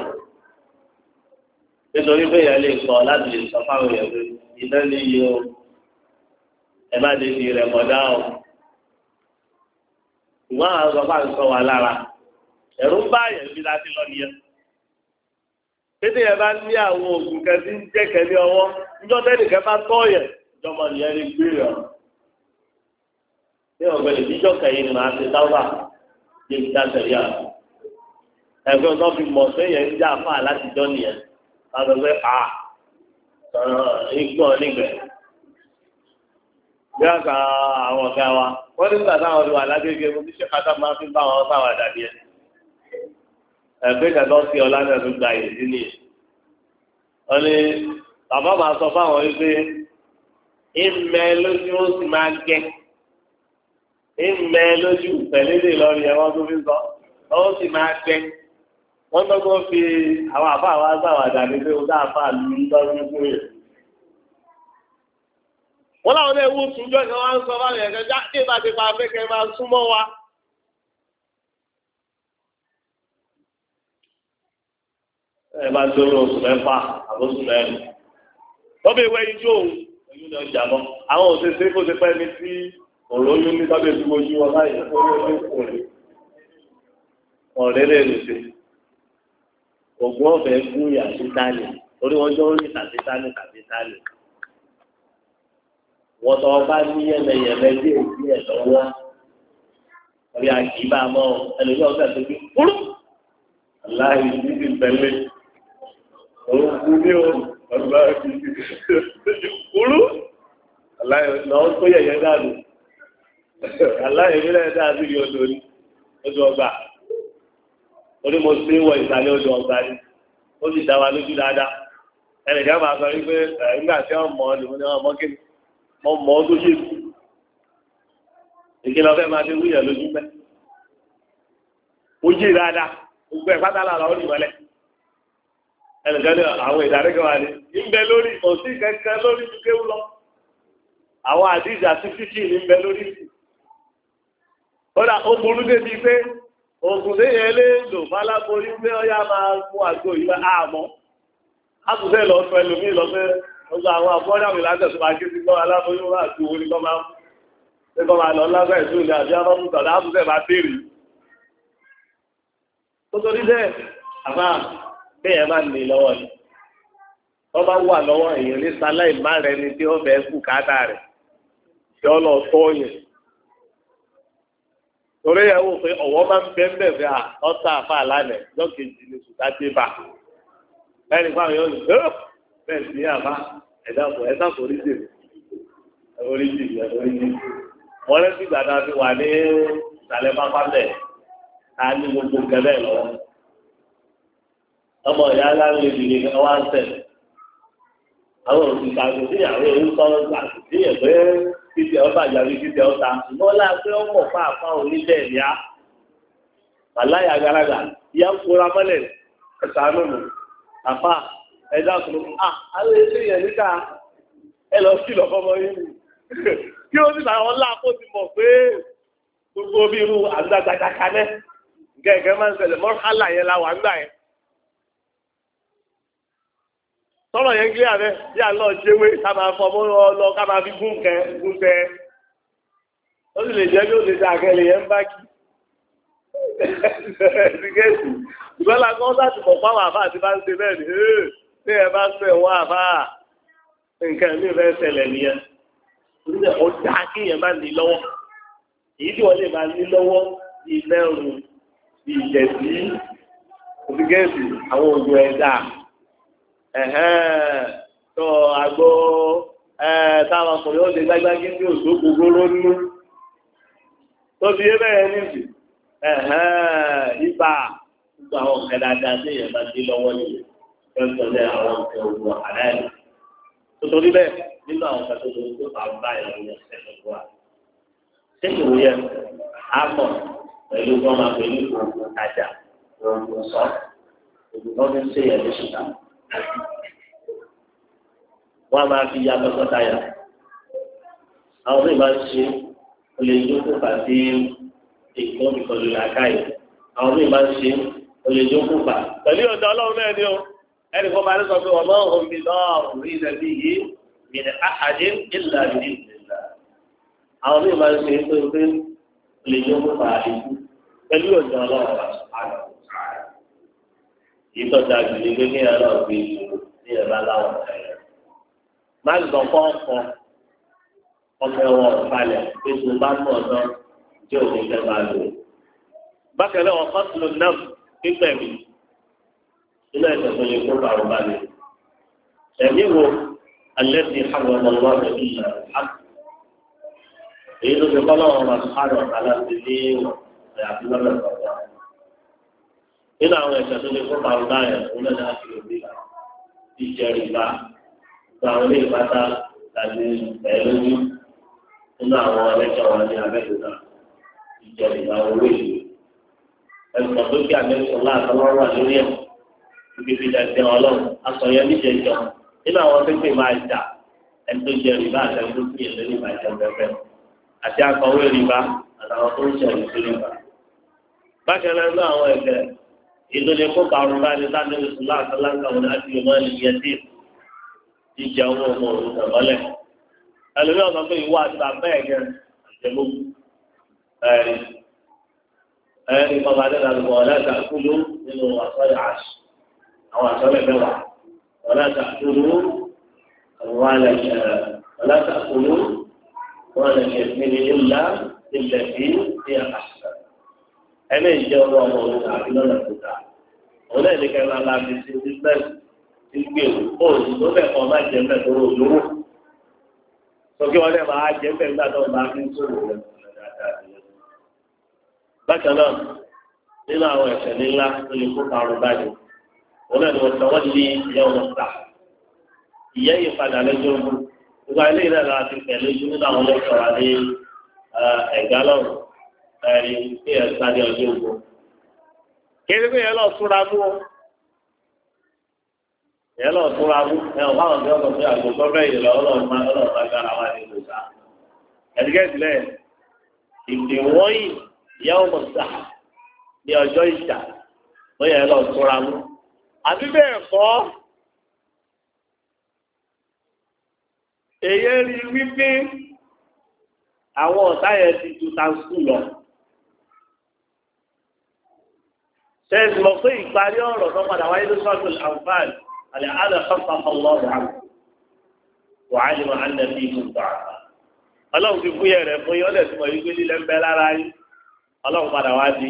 nítorí pé èèyàn lè kọ láti lè sọ fáwọn èèyàn pé iná ní iye ẹ má lè di rẹ̀ mọ̀ dáhùn ìwọ́n àwọn ọ̀gá ń sọ wà lára ẹ̀rú ń bá àyẹ̀ bí láti lọ nìyẹn. pété yẹn bá ní àwọn oògùn kan tí ń jẹ́kẹ̀ ní ọwọ́ níjọ́ tẹ́lẹ̀ kẹ́ bá tọ́ yẹ̀ ìjọba nìyẹn lè gbé rẹ̀ ní ọ̀gbẹ́lẹ̀ níjọ́ kẹ́yìn ni màá ti dáwà ní ìdásẹ̀rí à ẹ̀fẹ́ wọn fi mọ̀ pé yẹn ń já àfáà láti jọ́ nìyẹn láti ọgbẹ́ à ìgbọ̀n nígbẹ̀ẹ́ bí a kan àwọn ọ̀gá wa wọ́n ní sàtà àwọn olùwà lágbègbè mo ní ṣèkátà máa fi bá wọn sáwà dàbí ẹ̀. ẹ̀gbẹ́ kẹta ọ̀sì ọ̀la náà tó gba ìdí ni. wọ́n ní bàbá máa sọ fáwọn wípé ìmẹ̀ lójú ó sì máa gẹ̀. ìmẹ̀ lójú pẹ̀lú ilé Ìlọrin ẹ̀wọ́n tó fi sọ ó sì máa gẹ̀. wọ́n tọ́gbọ́n fi àwọn àbá wa sáwà dàbí pé ó dáa fà lù ú lọ́rùn fún yẹn wọ́n láwọn náà wú túnjọ́ ìkan wá ń sọ báyìí ẹ̀kẹ́ jáde bá ti pa afẹ́kẹ́ máa súnmọ́ wa. ẹ bá tó lọ oṣù mẹ́fà àbóṣù mẹ́rin lọ́bẹ̀ ìwé ijó oyún náà jà mọ́ àwọn òṣèṣe kó ti pẹ́ mi sí ọ̀rọ̀ oyún ní sábẹ́ tí mo yí wọn láyé owó ní òrè ọ̀rẹ́ rẹ̀ ló ògùn ọ̀fẹ́ gún ìyàtí tálẹ̀ orí wọn jọ ń tàbí tálẹ̀ tàbí tálẹ̀ wọ́n tọ́ ọba ní yẹmẹyẹmẹ dé òbí ẹ̀ lọ́wọ́ ọ̀rẹ́ àgbì bá a mọ́ ẹlòmí ọ̀gá tó fi kúrú aláì ní ti tẹ̀lé òun kú ní o ọ̀gá ti kúrú aláì náà tó yẹ̀yẹ́ dànù aláì nílẹ̀ dànù yóò lórí odò ọgbà orí mo sí wọ ìsàlẹ̀ odò ọgbà ni ó sì dá wa lójú dáadáa ẹnìkan máa sọ wípé nígbà tí wọ́n mọ̀ ọ́ mọ mọ ọ lóye mi èké lọ fẹ́ máa fi wúyà lójú pẹ́ ó yé dáadáa gbogbo ẹ̀ pátá làwọn olùmọ̀lẹ́ ẹnìkan àwọn ìdarí kan wà ní ìbẹ lórí òsì kankan lórí lọ àwọn àti fífì ní lórí kódà ó burú débi pé lò pé ọyá máa mú àgbo Gbogbo àwọn àbọ́dàmì lágbẹ̀ tó máa ké sí gbọ́ aláboyún wà àti owó ní kọ́ máa ń pé kọ́ máa lọ lágbẹ̀ tó lè àbí ọmọ mùtọ̀ láàbù bẹ́ẹ̀ máa béèrè. Tó torí bẹ́ẹ̀, àmà bẹ́ẹ̀ máa nì lọ́wọ́ ni. Wọ́n bá wà lọ́wọ́ èèyàn ní sáláì má rẹ ni tí ó fẹ́ kú káàdà rẹ̀. Yọ lọ tọ́ yẹn. Torí ẹ̀ wò pé ọ̀wọ́ máa ń bẹ́ẹ̀ bẹ́ẹ̀ fẹ́ à ọ́ta àfa àlànà lọ́kejì ni sùtá dé bá. Ẹnì bẹ́ẹ̀ sí àbá ẹ̀dàpọ̀ ẹ̀dàpọ̀ oríṣi oríṣi oríṣi wọ́n lẹ́sìn ìgbà tá a wà ní ìsàlẹ̀ pápá bẹ̀ tá ní gbogbo kẹlẹ́ lọ́wọ́ ọmọ ìyá aláwọ̀ èdè ni wọ́n á tẹ̀lé àwọn òṣìṣẹ́ àgùntí àwọn èyí sọ̀rọ̀ àgùntí yẹn pé títí ọba àjàrí títí ọta ṣùgbọ́n láti ọmọ pàápàá onílẹ̀ ìyá wàláyà garaga ìyá fúra mọ́lẹ̀ ẹ̀sánú àfáà ẹ̀dá kùnú àwọn ilé yẹn níta ẹ lọ sí lọ́kọ́mọ yín kí ó sì làwọn ńlá kó ti mọ̀ pé gbogbo bí irú àgbàgbàdà kanẹ́ gẹ́gẹ́ máa ń ṣẹlẹ̀ mọ́kànlá yẹn la wà ń gbà yẹn. sọ̀rọ̀ yẹn gílé abẹ́ bí àlọ́ jẹ́wé ká máa fọ ọmọ lọ ká máa fi gún kẹ gún tẹ ó sì lè jẹ́ bí ó lè dà kẹ́lẹ̀ yẹn ń bá kí. ṣùgbọ́n làkọ́ láti mọ̀ fáwọn àbá àti bá ń ṣe bẹ́ẹ̀ tí ẹ bá sọ ẹ̀wọ́ àbá nǹkan mi fẹ́ ṣẹlẹ̀ nìyẹn nígbà ó dá kí yẹn bá ní lọ́wọ́ èyí tí wọ́n lè máa ní lọ́wọ́ bí mẹ́rùn bí ìjẹ̀bí òfìgẹ́sì àwọn òògùn ẹ̀dá tó àgbo táwọn ọkùnrin ó lè gbágbágí tí òṣò gbogbooro nínú tó fi ébẹ̀rẹ̀ níbi ibà gbogbo àwọn ọ̀kẹ́ dáadáa tí yẹn bá ní lọ́wọ́ nìyẹn tọ́lẹ̀ àwọn nǹkan ogun àdáyé. Nítorí bẹ́ẹ̀ nínú àwọn nǹkan tó lóun tó bá bá ìlú yẹn sẹ́yìn wá. Sẹ́yìn wò yẹn á mọ̀ pẹ̀lú wọn máa pè ní oògùn tajà oògùn sọ oògùn ń ṣe yẹn lóṣù náà. Wọ́n máa fi ya tọkọtaya. Àwọn mí máa ń ṣe olè jókòó pàdé ìgbọ́n ìkọlù Àwọn mí máa ń ṣe olè jókòó pàdé. Pẹ̀lú ọ̀dọ́ ọlọ́run náà ni ó ẹnì kan máa ń sọ pé ọmọ òun bí lọ́ọ̀rù rí nàbí yìí mìíràn àhàdé ìlà ìdí ìlà àwọn míì máa ń ṣe pé pé lè yọ mú màá lè pẹ̀lú ọ̀jọ̀ ọlọ́run àti ìtọ́jà gbèlè pé kí ẹ̀rọ gbé ní ẹ̀rọ aláwọ̀ ẹ̀rọ. má lọ kọ́ ọmọ ẹ̀wọ̀n ọ̀palẹ̀ pé tó bá mọ̀ ọ̀dọ́ jẹ́ òní fẹ́ máa lò. bákan náà ọkọ̀ nínú ẹ̀sẹ̀ tó yẹ kó bá wọn balẹ̀. ẹ̀mí wo alẹ́ ti hàwọn ọmọ wa rẹ̀ bí ìyá rẹ̀ èyí ló fi kọ́lọ́ wọn máa sáré ọ̀tá láti ní ìwọ̀n àyàfi lọ́dọ̀ sọ̀tọ̀. nínú àwọn ẹ̀sẹ̀ tó yẹ kó bá balẹ̀ fún lẹ́nu àti òbí ìjẹrì bá gba àwọn ilé ìbáta tàbí ẹ̀rú nínú àwọn ẹlẹ́jọ́ wọn ní abẹ́kúta ìjẹrì bá owó ìlú ìgbésí ìdàgbẹ́ ọlọ́run asọ̀yọ́ níjẹ̀jọ́ nínú àwọn pépè máa jà ẹni tó jẹ rìbá àtàwọn tó fi èlé rìbá jẹ pẹpẹ àti akọ̀wé rìbá àtàwọn tó ń jẹ rìbá rìbá. bákan náà nínú àwọn ẹ̀fẹ̀ ìdílé kó karùn-ún bá ní sáà nínú sùlá àtàlá kàwọn láti yọ máa nìyẹn tí jíjẹ owó ọmọ òun tẹ̀mọ́lẹ̀. ẹlòmíì ọ̀sán pé ìwọ àti bàbá ẹ̀ gẹ́rẹ́ àjẹmọ́ ẹ̀rí ẹ̀rí àwọn àtọ́lẹ̀ mẹ́wàá wọlé àtàkùnú àwọn àlàyé wọlé àtàkùnú wọn àlàyé ìpínlẹ̀ ńlá ilẹ̀ bí ní àkàtà ẹni ìjẹ́ ọmọ ọmọ òun àbí lọ́nà tó ta òun náà ní kẹrin alábi sí bísíǹsì ti gbé o òun tó bẹ̀ kọ́ má jẹ́ mẹ́tò rò lówó wọn lè máa jẹ́ mẹ́tò nígbà tó fi ń rẹ̀ bákan náà nínú àwọn ẹ̀ṣẹ̀ ńlá tó lè kó parun báyìí wọn náà ni wọn sọwọ́ ní ìyá wọn sà ìyá yìí padà lọ́jọ́ mú gbogbo ayé lẹ́yìn náà la ti pẹ̀ lójú nínú àwọn lẹ́kọ̀ọ́ wa ní ẹ̀gá lọ́rùn ẹ̀rí ní ẹ̀ka ní ọjọ́ ògbó. kéré pé yẹn lọ súnra mú ọ yẹn lọ súnra mú ẹ ọ̀ báwọn bí ọkọ̀ bí àgbo gọ́ọ̀mẹ̀ yìí lọ ọlọ́run máa ọlọ́run máa gbára wa ní ìlú sáà. ẹ̀dígẹ́ ìdílé ìdìwọ́yìn ìyá ọmọ sáà ní ọjọ́ ìjà ó yẹn lọ súnra mú. àbí bẹ́ẹ̀ kọ́ èyí rí wípé àwọn ya yẹn ti ju lọ pé ìparí ọ̀rọ̀ tó padà wáyé ló sọ́dún àǹfààní àlẹ́ àlẹ́ ọlọ́run àmì wàá ní wọn á nà ìlú ọlọ́run fi fúyẹ̀ rẹ̀ fún yín tí yí gbé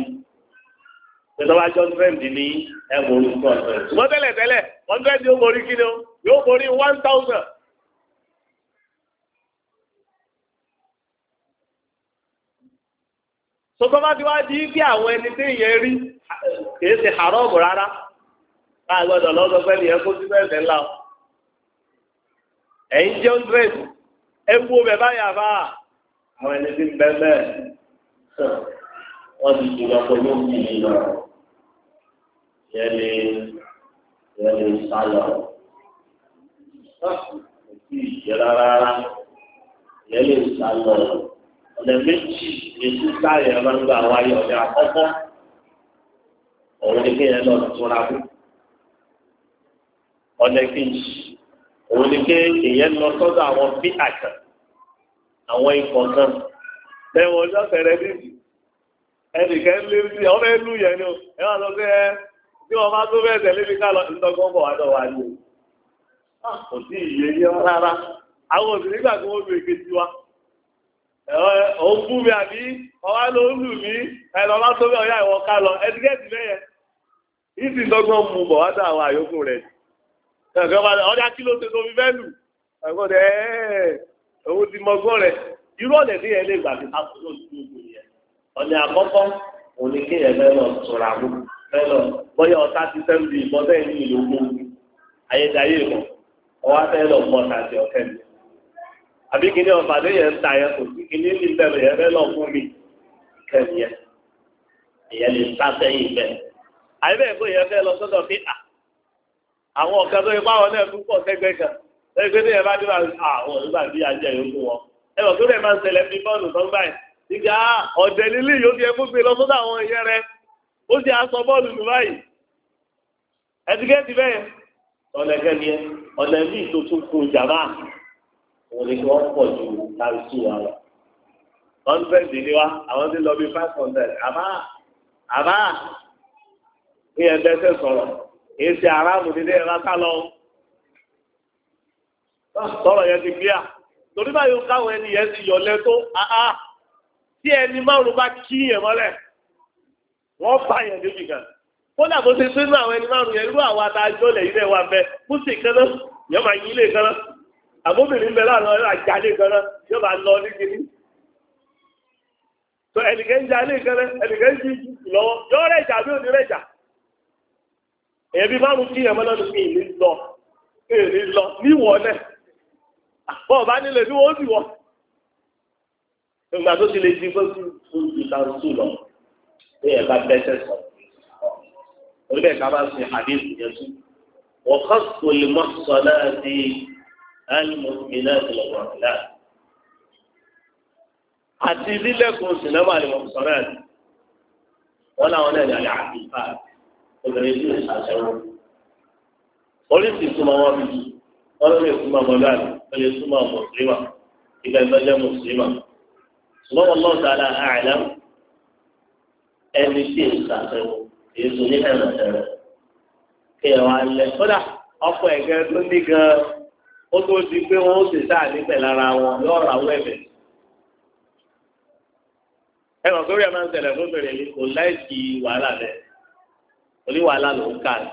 ń tẹ̀sán wá jọ twenty ní ẹ̀mú orúkọ ọ̀sẹ̀. wọ́n tẹ́lẹ̀ tẹ́lẹ̀ hundred yóò borí kí ni o yóò borí one thousand. sọ́kọ́ bá ti wá di bí àwọn ẹni tí ìyẹn rí kìí ṣe haram rárá káà gbọ́dọ̀ lọ́sọ pé nìyẹn kó síbẹ̀ ẹ̀sẹ̀ ńlá o. ẹ̀yin jẹ́ hundred ẹ wo bẹ̀ bẹ́ẹ̀ wọ́n ti ti lọ pẹ̀lú òkìlì lọ. Ìyẹn lè ìyẹn lè sálọ. Òkú rárá ìyẹn sálọ. Ọ̀nà méjì èsì sáyẹ̀ máa ń gbà wáyé ọ̀nà àkọ́kọ́. Òun ni kéèyàn lọ túnra kú. Ọ̀nà kejì òun ni kéèyàn lọ sọ́dọ̀ àwọn bí àkàn àwọn ikọ̀ kan. Bẹ́ẹ̀ wọ́n lọ́sẹ̀ rẹ̀ bíbí. ẹnìkẹ́ lé sí ọmọ ẹlú yẹn ni ó lọ sí ẹ tí wọn bá tó bẹ́ẹ̀ tẹ̀lé mi lọ bọ̀ wá wá ní o ah, kò sí ìyẹ yẹ rárá àwọn òsì nígbà tí lu èké sí wa ọ̀ ń mi àbí ló ń lù mí bá tó bẹ́ẹ̀ ọ̀yá ìwọ ìsì mu bọ̀ àyókù rẹ̀ ẹ̀kọ́ ọ̀nà àkọ́kọ́ òun ni kéèyàn lọ sọ̀rọ̀ àbò fẹ́ lọ bọ́yá ọ̀tá ti fẹ́ bí ìbọn bẹ́ẹ̀ ní ìlú ogun ayédáyé ìmọ̀ ọwọ́ fẹ́ lọ pọ̀ tàbí ọ̀kẹ́ mi. àbí kìíní ọ̀fà ló yẹ ń ta yẹn kò sí ní bẹ̀rẹ̀ yẹn fẹ́ lọ fún mi yẹn ìyẹn lè sá lọ sọ́dọ̀ àwọn ọ̀kẹ́ tó náà tún pọ̀ sẹ́gbẹ́ kan ìgbà ọ̀dẹ̀ nílé yóò fi ẹkú gbé lọ sọ́dọ̀ àwọn ẹ̀yẹ rẹ ó sì aṣọ bọ́ọ̀lù nù báyìí ẹtíkẹ́tì bẹ́ẹ̀ ọ̀lẹ́gẹ́ ni ẹ ọ̀lẹ́ míì tó tún kú jàmá òun ni wọ́n pọ̀ ju láti sùn wa lọ hundred ni wa àwọn ti lọ bí five hundred àbá àbá ìyẹn bẹ́sẹ̀ sọ̀rọ̀ èyí ṣe aráàlú nílé ẹ̀rọ ká lọ sọ̀rọ̀ yẹn ti gbé à torí báyìí káwọn ẹni yẹn ti yọ̀ lẹ́tọ́ áá. tí ẹni márùn bá kí yẹn mọ́lẹ̀ wọ́n fà yẹn débi kan ó bó ṣe àwọn ẹni márùn yẹn irú àwọn tá a jọ lẹ̀ ilé wa bẹ kùsì kaná yọ máa yí ilé kaná àbóbìnrin bẹ láàrin ọ̀rẹ́ àjálé máa lọ ní kiri tó jí lọ́wọ́ yọ bí márùn kí yẹn ní ìlú lọ ìlú lọ níwọ̀ nígbà tó ti lè di pé kó ju tàrú tù lọ bí ẹ bá bẹ́sẹ̀ sọ orí bẹ́ẹ̀ ká bá sin àdéhùn yẹn tù wọ́n kọ́ sọ̀lì mọ́ sọ̀lá di alimọ̀tìmí náà ti lọ́wọ́ àti lílẹ̀kùn sinimá alimọ̀tìmí náà wọ́n làwọn náà ní alẹ́ àbífà obìnrin tí yóò ṣàṣẹwọ́ oríṣi ìtumọ̀ wọn bí wọ́n lè súnmọ́ ọmọlúwàbí wọ́n lè súnmọ́ ọmọ mùsùlùmá ìgbà ìgbàjẹ́ mùsùlùmá ṣùgbọ́n wọn lọ́ọ̀ dára àìlá ẹni tí èso àtẹwò èso ní ẹ̀rọ̀tẹ̀rẹ̀ kí ẹ̀ wá lẹ̀ kódà ọkọ̀ ẹ̀gẹ́ tó ní gan ó tó di pé wọ́n ó sì sáà nípẹ̀ lára wọn yóò ra owó ẹ̀bẹ̀. ẹ mọ̀ sórí ẹ̀ máa ń ṣẹlẹ̀ fún bèrè yìí kò láìsí wàhálà rẹ̀ oníwàhálà ló ń kà ní.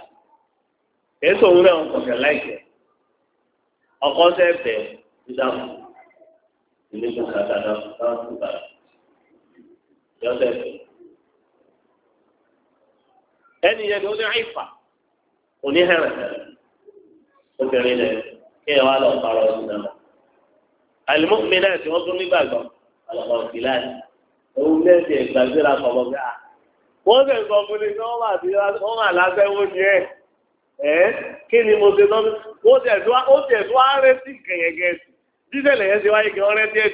èso òun náà ń kọ̀kẹ́ láìsẹ̀ ọkọ̀ sẹ́ẹ̀bẹ̀ ìdáhùn ilé tó kàkà lọ bá ń kúta joseph ẹni yẹn ni ó ní àìfà oníhẹrẹ obìnrin lẹ kí ẹ wá lọ parọ ọdún náà alimọ́kùnrin náà tí wọ́n tún nígbàgbọ́ àlọ́kọ̀ òkìlá ẹ̀ òun náà ti ẹ̀gbàgbéra kọ̀ọ̀bọ̀ gbà wọ́n sì sọ fún mi kí wọ́n máa ti wọ́n máa lábẹ́wò ni ẹ̀ ẹ́ kí ni mo ṣe lọ́dún ó tẹ̀ tó á retí gẹ̀yẹ̀gẹ̀ sí dísẹ̀lẹ̀ yẹn ti wáyé kí wọ́n rẹ́ díẹ̀.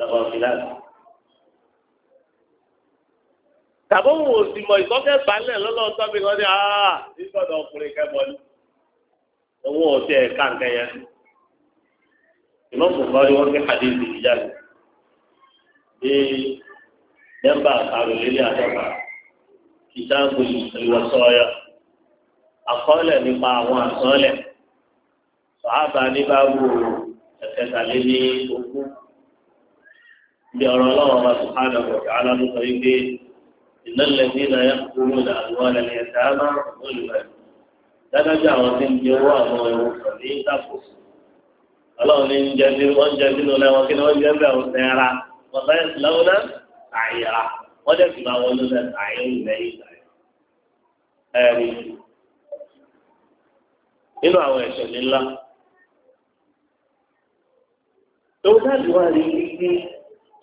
ọlọ́pàá òfin láti. tàbí òun ò sì mọ ìtọ́kẹ́ balẹ̀ lọ́lọ́ tọ́bi kan ní àá ìtọ́dọ̀ ọkùnrin kẹ́bọ ni. òun ò tiẹ̀ ká nǹkan yẹn. ìmọ̀kùn kan ni wọ́n fi hàdí ìdìbò jáde. bí nẹ́mbà àrùlélẹ́ àdọ́gba kìtàbù ìwọ̀sọ̀ọ́yà àkọọ́lẹ̀ nípa àwọn àsọọ́lẹ̀ sọ̀hábà kẹtàlé ní ogún bí ọ̀rọ̀ ọlọ́wọ́ bá tó hánà wọ̀ kí aláàbò sọ wípé ìlọ́lẹ̀dí náà yẹ kúrò ní àdúrà ní ẹ̀sẹ̀ àmà olùwẹ̀ dájájú àwọn tí ń di owó àwọn ẹ̀wọ̀n sọ ní ìtàkùn ọlọ́run ní jẹ́ bí wọ́n jẹ́ sínú lẹ́wọ̀n kí ni wọ́n jẹ́ bẹ́ẹ̀ ọ̀sẹ̀ ara wọ́n sáyẹ̀ sí lọ́wọ́ náà àyà wọ́n dẹ̀ sì máa wọlé náà àyè ń lẹ́yìn ìgbà ẹ̀rí nínú àwọn ẹ̀ṣẹ̀ ńlá tòun náà ti wá rí i pé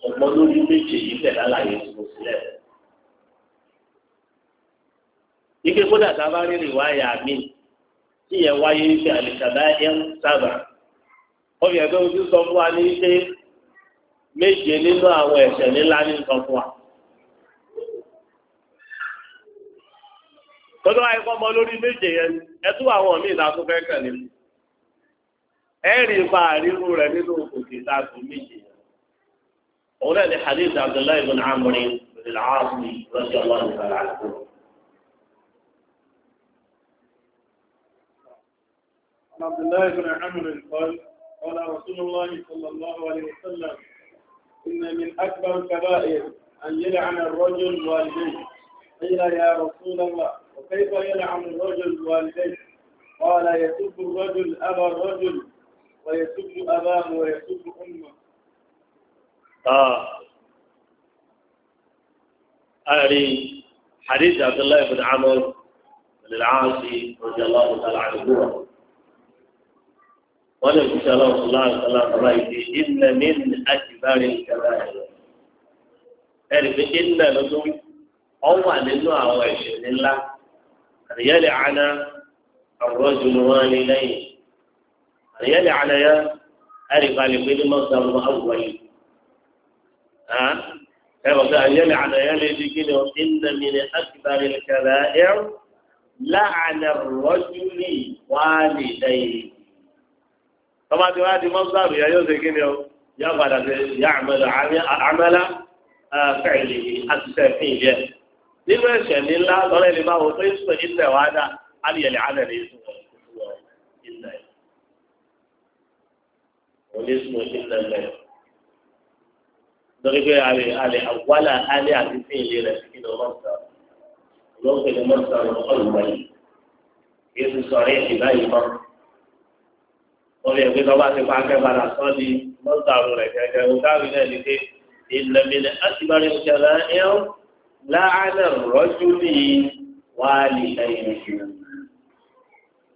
ọ̀pọ̀ lórí méje yìí tẹ̀ lálàyé tó sílẹ̀. ike kódà tá a bá rí rìwáyà mi tí yẹn wáyé ṣe àlìkàdá yẹn sábà ọbẹ̀ ẹgbẹ́ ojú sọ fún wa ní pé méje nínú àwọn ẹ̀ṣẹ̀ ńlá ní nǹkan fún wa. tọ́jú àìkú ọmọ lórí méje yẹn ẹtú àwọn míì náà tó fẹ́ kàn nínú. ẹ rí ipa àríwú rẹ nínú òkú táàkù حديث عبد الله بن hadith بن ibn رضي الله al-aas عبد الله بن عمرو قال قال رسول الله صلى الله عليه وسلم إن من أكبر الكبائر أن يلعن الرجل والديه قيل يا رسول الله وكيف يلعن الرجل والديه قال يسب الرجل أبا الرجل ويسب أباه ويسب أمه آه أري آه، حديث عبد الله بن عمر بن العاصي رضي الله تعالى عنه قال إن شاء الله صلى الله عليه وسلم رأيت إن من أكبر الكبائر أعرف إن لدن أو أن أو عشرين لا أن يلعن الرجل والديه فيلي على يا أري قال في المصدر الأول ها كيف قال يلي على يا يلي كده إن من أكبر الكبائر لعن الرجل والديه طبعا دي وادي مصدر يا يوسف كده يا يقعد يعمل عمل آه، فعله السفيه لما شان الله قال لما هو قيس طيب، فإن وعد علي لعن رسوله onísùn ìlẹ̀ lẹ̀. lórí pé àlè àlè àwàlà àlè àti sí ilé rẹ̀ sí kíni ọlọ́sà olóńgbè ni mọ́sà ọ̀lùwà yìí kí n sọ̀rọ̀ èdè báyìí mọ́. wọ́n fi ẹ̀gbẹ́ tọ́ba ti pa akẹ́bàrà sọ́ di mọ́sà rẹ̀ gẹ́gẹ́ ọ̀gáwé náà ní pé ìlẹ̀mìlẹ̀ àtibárí ìjọba ẹ̀ láàánà rọ́jú ní wàhálì ẹ̀yìn ìṣúná.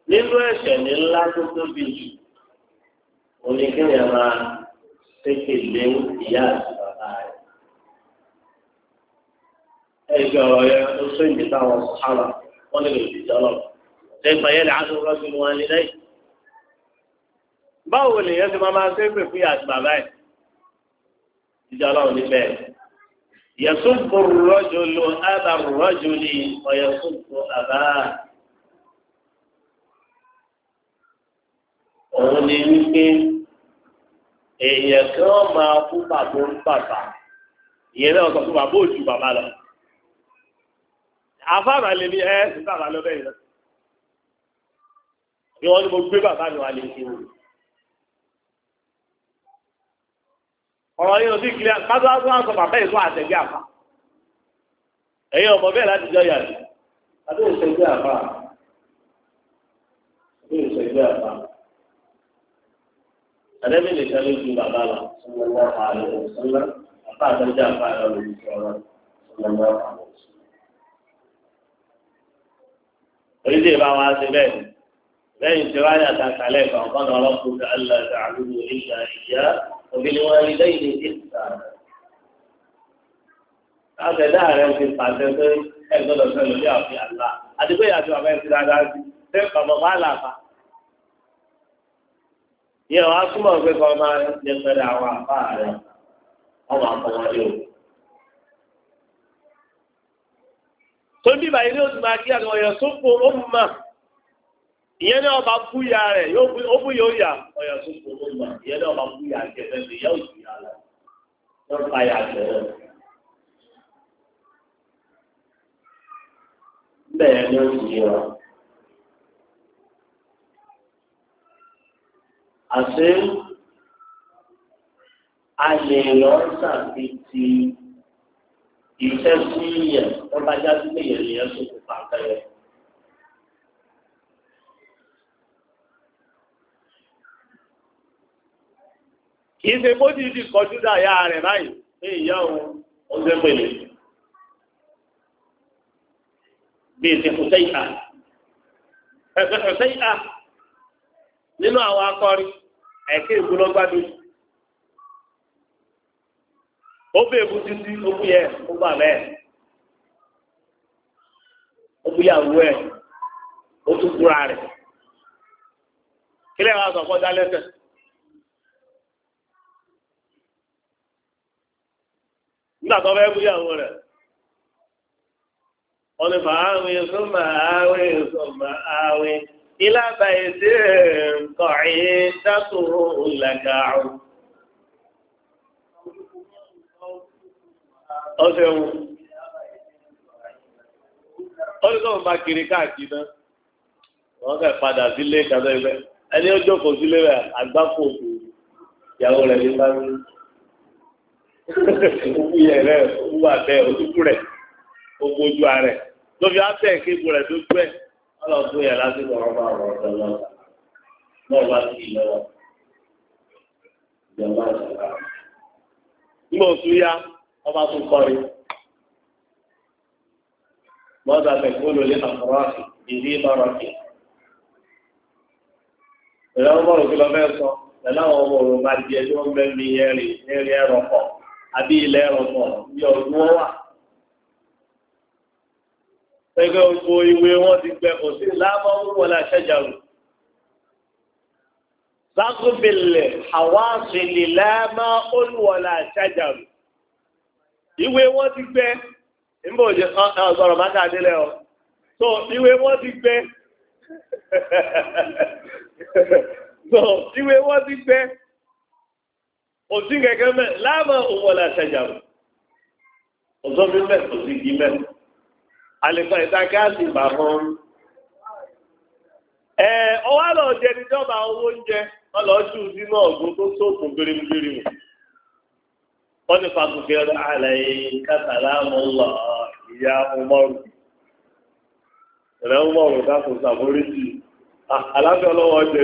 nínú ẹ̀ṣẹ̀ ní ńlá tó tóbi yìí oníkéèyàn máa tètè léwu ìyá àti bàbá rẹ̀. ẹgbẹ́ ọ̀rọ̀ yẹn ló sún ìdí táwọn sàlà wọ́n lè lòdì sọ́lọ̀. lẹ́gbàá yẹn làásù rọ́bì wọn ni lẹ́yìn. báwo lèèyàn ti máa máa ṣépè fún ìyá àti bàbá rẹ̀? ìjà ọlọ́run ní bẹ́ẹ̀. يسب الرجل أبا الرجل ويسب أباه òun ni wípé èèyàn kan máa kú pàtó ń bàtà ìyẹn náà sọ fún bàbá òjò bàbá lọ lè ní ẹ sí bàbá lọ bẹ́ẹ̀ ni wọ́n ní mo gbé bàbá mi wà lè fi ọ̀rọ̀ yìí ló bàbá yìí fún àtẹ̀gbẹ́ àfà àdẹ́bí lè ṣe lójú bàbá lọ sọlọ́wọ́ àlọ́ sọlọ́ apá àtọ́jú apá àlọ́ lórí sọlọ́ sọlọ́wọ́ àlọ́ sọlọ́. oríṣi ìbá wa ṣe bẹ́ẹ̀ lẹ́yìn tí wáyà ta kalẹ̀ kan kọ́nà ọlọ́kùnrin àlọ́ àlùmọ̀ ìṣà ìyá òbílẹ̀ wọn rí lẹ́yìn ní ìṣà. àtẹ̀dá rẹ̀ ti pàṣẹ pé ẹ̀ gbọ́dọ̀ sọ lórí àfi àlá àdìgbò ìyàtọ̀ àbẹ́ ti dáadáa sí ṣé bàbá wà láfa yẹ wàá túmọ̀ pé kọ́ máa ń jẹ pẹ́lẹ́ àwọn àbá rẹ̀ ọmọ àkọ́wọ́lé o. tó ń bíbá ilé òtún máa kí àwọn ọ̀yọ̀ tó kó ó mà ìyẹn náà ọba búya rẹ̀ ó búya ó yà ọ̀yọ̀ tó kó ó mà ìyẹn náà ọba búya jẹ̀fẹ́ lè yá òjì yà lọ wọ́n pa yà jẹ̀ lọ. bẹ́ẹ̀ ni ó ti yẹ àṣẹ alẹ́ lọ ṣàfihàn iṣẹ́ sí yẹn wọ́n bá já sí yẹn yẹn sókè pàtó yẹn. kì í ṣe bó ti di kọjú dáyà rẹ̀ báyìí ní ìyá òun ó ṣe pèlè. bí ìsìnkú sẹ́yìn à ẹ̀sìn sẹ́yìn à nínú àwọn akọrin ẹ̀kẹ́ ìgbólọ́gbádùn ó bẹ̀ èbú títí ó bú yẹ ó bà bẹ́ẹ̀ ó bú yàwó ẹ̀ ó tún kúra rẹ̀ kílẹ̀ wàá sọ fọ́jà lẹ́sẹ̀. nígbà tó fẹ́ bú yàwó rẹ̀ wọ́n ní fàáwé súnmọ́ àáwé súnmọ́ àáwé. إلى بيت قعيدته لك عود ọ̀sẹ̀wò ọ̀sẹ̀wò máa kiri káàkiri náà wọ́n fẹ́ padà sílé ìkàtọ́ ibẹ̀ ẹni ó jókòó sílé rẹ̀ àgbákò òkú ìyàwó rẹ̀ ní bá rí òkú yẹ rẹ̀ òkú àbẹ́ òkú rẹ̀ gbogbo ojú ààrẹ ló fi á kébù rẹ̀ tó gbẹ́ ọlọ́dún yẹn lásìkò ọba ọ̀rọ̀ ọ̀sẹ̀ lọ náà wá sí ìlọ́wọ́ ìjọba ìjọba. Nígbà oṣù yá ọba tún kọrin. Mọ́tà tẹ̀kọ́lù lé àkọ́rọ́sì ìdí ìbárọ̀kì. Ìlànà ọmọ òkè lọ fẹ́ sọ, ìlànà àwọn ọmọ òrùn máa di ẹjọ́ mẹ́rin ẹ̀rìn ẹ̀rọ pọ̀ àbí ilẹ̀ ẹ̀rọ pọ̀ ọdún wọ́n Ẹgbẹ́ gbogbo ìwé wọn ti gbẹ kò sí lábọ́ wọ́n la ṣẹ́jàrú. Sákúbìlẹ̀ àwáṣìlì lábọ́ olùwọ̀ la ṣẹ́jàrú. Ìwé wọn ti gbẹ. Ìmọ̀ òjò ọ̀sọ̀rọ̀ bá ká délẹ̀ o. So ìwé wọn ti gbẹ. So ìwé wọn ti gbẹ. Òsín kẹ̀kẹ́ mẹ́ lábọ́ òwò la ṣẹ́jàrú. Ọ̀sọ́ mi mẹ́ òsín kì í mẹ́. alẹ́kọ̀ọ́ ìdáká sì bà fún. ẹ ọwọ́ lọ jẹ ní jọba owó oúnjẹ ọlọ́jú sínú ọ̀gbọ́n tó sóògùn gbérimgbéri mu. wọ́n ah, aláfẹ́ ọlọ́wọ́ jẹ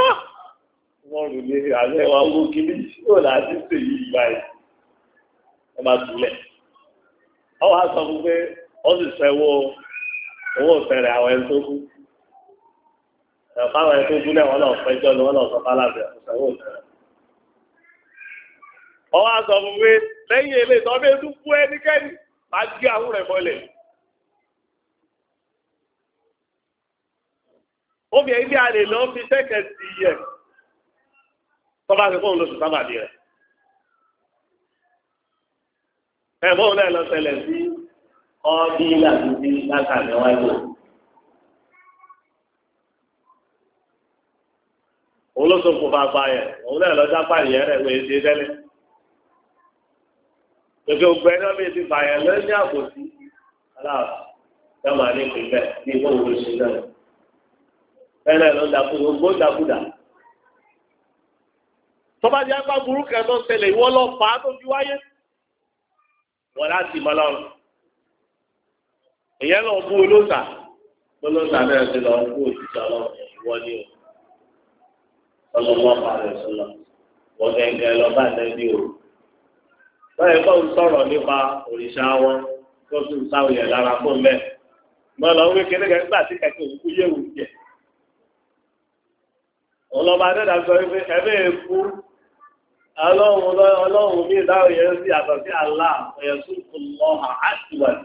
ah! ni àlẹ́ wa wó kíní yóò láti ṣèyí ìgbà yìí. ẹ máa tulẹ̀. ọwọ́ àṣọ ó sì sọ owó owó ìfẹ̀rẹ̀ àwọn ẹni tó kú ẹ̀fọ́ àwọn ẹni tó kú náà wọ́n lọ fẹjọ́ ni wọ́n lọ sọ fálàbẹ̀ ọ̀sẹ̀ owó ìfẹ̀rẹ̀. ọwọ́ àṣọ fún mi lẹ́yìn ilé ìtọ́ bí etú ẹnikẹ́ni máa gé àwọn rẹ̀ mọ́lẹ̀. obìnrin bí a lọ fi sẹ́kẹ̀ sí yẹ tọ́ba ti fóun lóṣù sábàbí rẹ̀. ẹ̀gbọ́n náà lọ ṣẹlẹ̀ sí ọdí ìlànà ti látàlẹ́ wáyé. olóṣòfò bàbá yẹ òun náà lọ́jà pàdé yẹn rẹ̀ wọ́n ti tẹ́lẹ̀. gbogbo ọgbẹ́ náà mi ti bàyẹ̀ lẹ́yìn àbòsí aláàbò dáhùn àní ìpínlẹ̀ ní ìwọ̀n òwe ṣe náà. bẹ́ẹ̀ ló ń dàkú gbogbo dàkúdà. tọ́ba jẹ́ apá burúkú ẹ̀ tó ń ṣẹlẹ̀ ìwọ́ lọ́ọ́ fà á tó fi wáyé. wọ́n láti mọ́ lọ́rùn èyàn lọ bú olóòtà olóòtà náà ti lọ bú òṣìṣẹ́ ọlọ́run ìwọ ni o ọlọ́wọ́ parẹ́ sọlọ wọ́n gẹ́gẹ́ lọ bá nẹ́bí o báyìí kọ́ ń sọ̀rọ̀ nípa òrìṣà wọn tó tún sáwọn yẹn lára fún mẹ́ mọ lọ wí kéde kẹ́kẹ́ gbà sí kẹ́kẹ́ òkú yé òun jẹ ọlọ́ba adẹ́dà sọ wípé ẹ̀mí èkú ọlọ́run ọlọ́run mi dáhùn yẹn sí àtọ̀ sí àlá ọ̀yẹ̀sùn kùn lọ́hà á ti wà ní.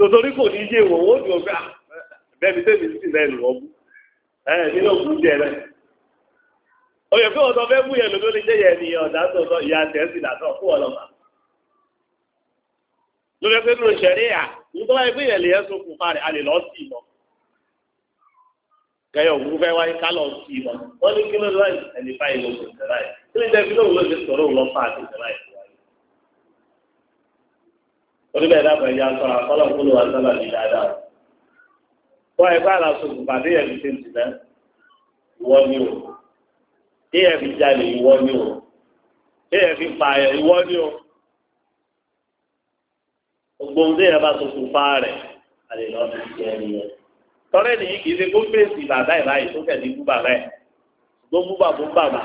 tòtòrí kò ní yé wọn ah, ó dùn ọgbà bẹ́ẹ̀ni tẹbi sí lẹ́nu ọbú ẹ nínú òkú jẹ rẹ oyè fún ọ̀tọ̀ fẹ́ mú yẹn lóbi ó lè jẹ yẹn nìyẹn ọdà tọtọ ìyá tẹsí làtọ fún ọlọ́pàá lórí ẹgbẹ́ nínú ìṣẹ̀lẹ̀ yà nígbà wáyé fún yẹn lè yẹn sunkún fa rẹ lọ sí ìmọ̀ kẹyọ òkú fẹ́ wáyé ká lọ sí ìmọ̀ wọn ní kí oníbẹ̀ dábọ̀ ẹ̀yà sọ̀rọ̀ àkọ́lọ̀ kúlò wà sọ́lọ̀ ní dáadáa. wọ́n ẹgbẹ́ àlàsùnkù pàdé ẹ̀mí ṣe ń tìlẹ̀ ìwọ ni o bí ẹ̀mí jalè ìwọ ni o bí ẹ̀mí pààyàn ìwọ ni o gbogbo ohun tí ẹ̀ bá tuntun fá rẹ̀ àlè lọ́ fi ṣe ẹni yẹn. tọ́lẹ̀ nìyí kì í ṣe kó fèsì bàbá ẹ̀ báyìí tó kẹ̀lé kú bàbá ẹ̀ tó mú bàbá bàbá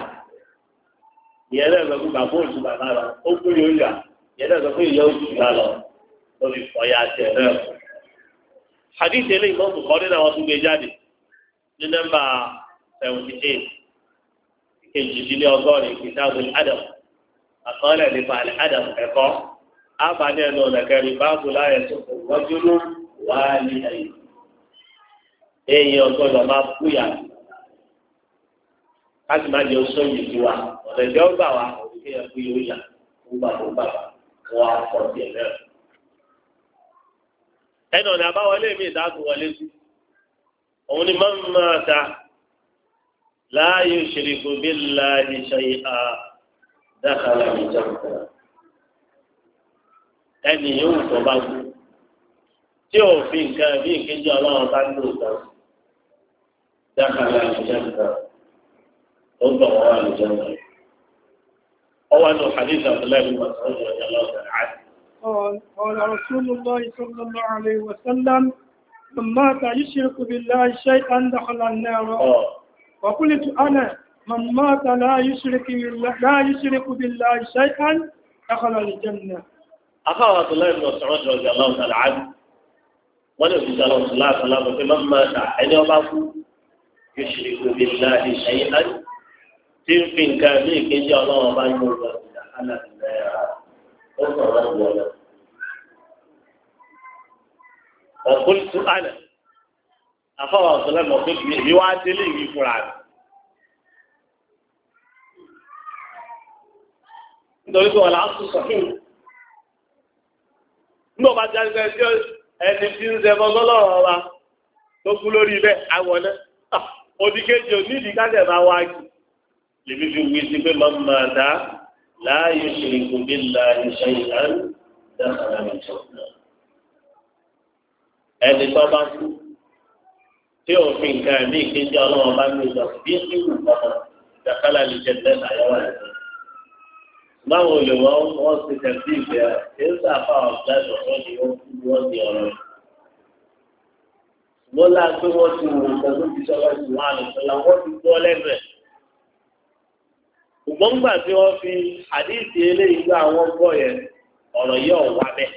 ìyẹn lẹ́ẹ̀lọ́gbọ̀n bàbá òṣù bàbá lọ ó kú lórí fọyà tẹ náà. hadith eléyìí mọ́ bùkọ́rí náà wọ́n tún gbé jáde ní nọ́mbà seventy eight kejìdínlẹ́ ọgọ́rin kìtàbù adam àkọọ́lẹ̀ nípa adam ẹ̀kọ́ àbáni ẹnu ọ̀nà kẹrin báàbù láyé tó kò wọ́jú ló wà ní ẹ̀yìn. èèyàn gbọ́dọ̀ máa kú yà láti má jẹ oṣù yìí sí wa ọ̀nà ìjọba wa òkè ẹ̀kú yóò yà fún bàbá bàbá wọn á pọ̀ sí ẹ̀ náà ẹnu ọ̀nà àbáwọlé mi ìdáàbò wọlé sí òun ni máa ń máa ta láàyè òṣèlú bí láàyè ṣayé a dákàlà ìjà ẹni yóò tọ́ bá kú tí òfin nǹkan bí ìkéjì ọlọ́run bá ń lò dákàlà ìjà ó gbà wọ́n wà lójú ọ̀nà ọwọ́ àti òhàdí ìjà ọ̀tún lẹ́nu ọ̀yà lọ́sẹ̀ àti. قال قال رسول الله صلى الله عليه وسلم من مات يشرك بالله شيئا دخل النار آه. وقلت أنا من مات لا يشرك بالله لا يشرك بالله شيئا دخل الجنة أخاه عبد الله بن مسعود رضي الله تعالى عنه ولو صلى الله عليه وسلم من مات أن يشرك بالله شيئا تلك كامل كي الله ما يقول دخل ọ̀sọ̀rọ̀ ìwọ lọ. ọ̀kúlùtù àlẹ̀ afọwọ́ pé èmi wá délé ìwé fúnra rẹ̀. nítorí pé ọ̀là àtúntò sọ̀kìn. nígbà bá jáde pé ẹni ẹni tí ń sẹ́fọ́ gọ́lọ́rọ̀ ọba tó kú lórí bẹ́ẹ̀ àwọ̀lẹ́ ah, òdìkejì onídìí kájẹ̀ bá wá kí lèmi fi wí sí pé màmá dáa. لا يشرك بالله شيئا دخل من الجنة ẹni tó bá kú tí òfin nǹkan ẹ̀mí ìkejì ọlọ́run bá ní ìjọ bí kí wù ọmọ dàkálà lè jẹ lẹ́nà àyẹ̀wò ẹ̀ báwo lè wọ́n wọ́n ti tẹ̀sí ìgbẹ́ ẹ̀ kí ń sàfà ọ̀gá ìjọba ni wọ́n kú wọ́n di ọ̀rọ̀ rẹ̀. wọ́n láti wọ́n ti wù ọ̀gá tó ṣùgbọ́n nígbà tí wọ́n fi àdéhìsí eléyìí gba àwọn gbọ́ yẹn ọ̀rọ̀ yẹ ọ̀wá bẹ́ẹ̀.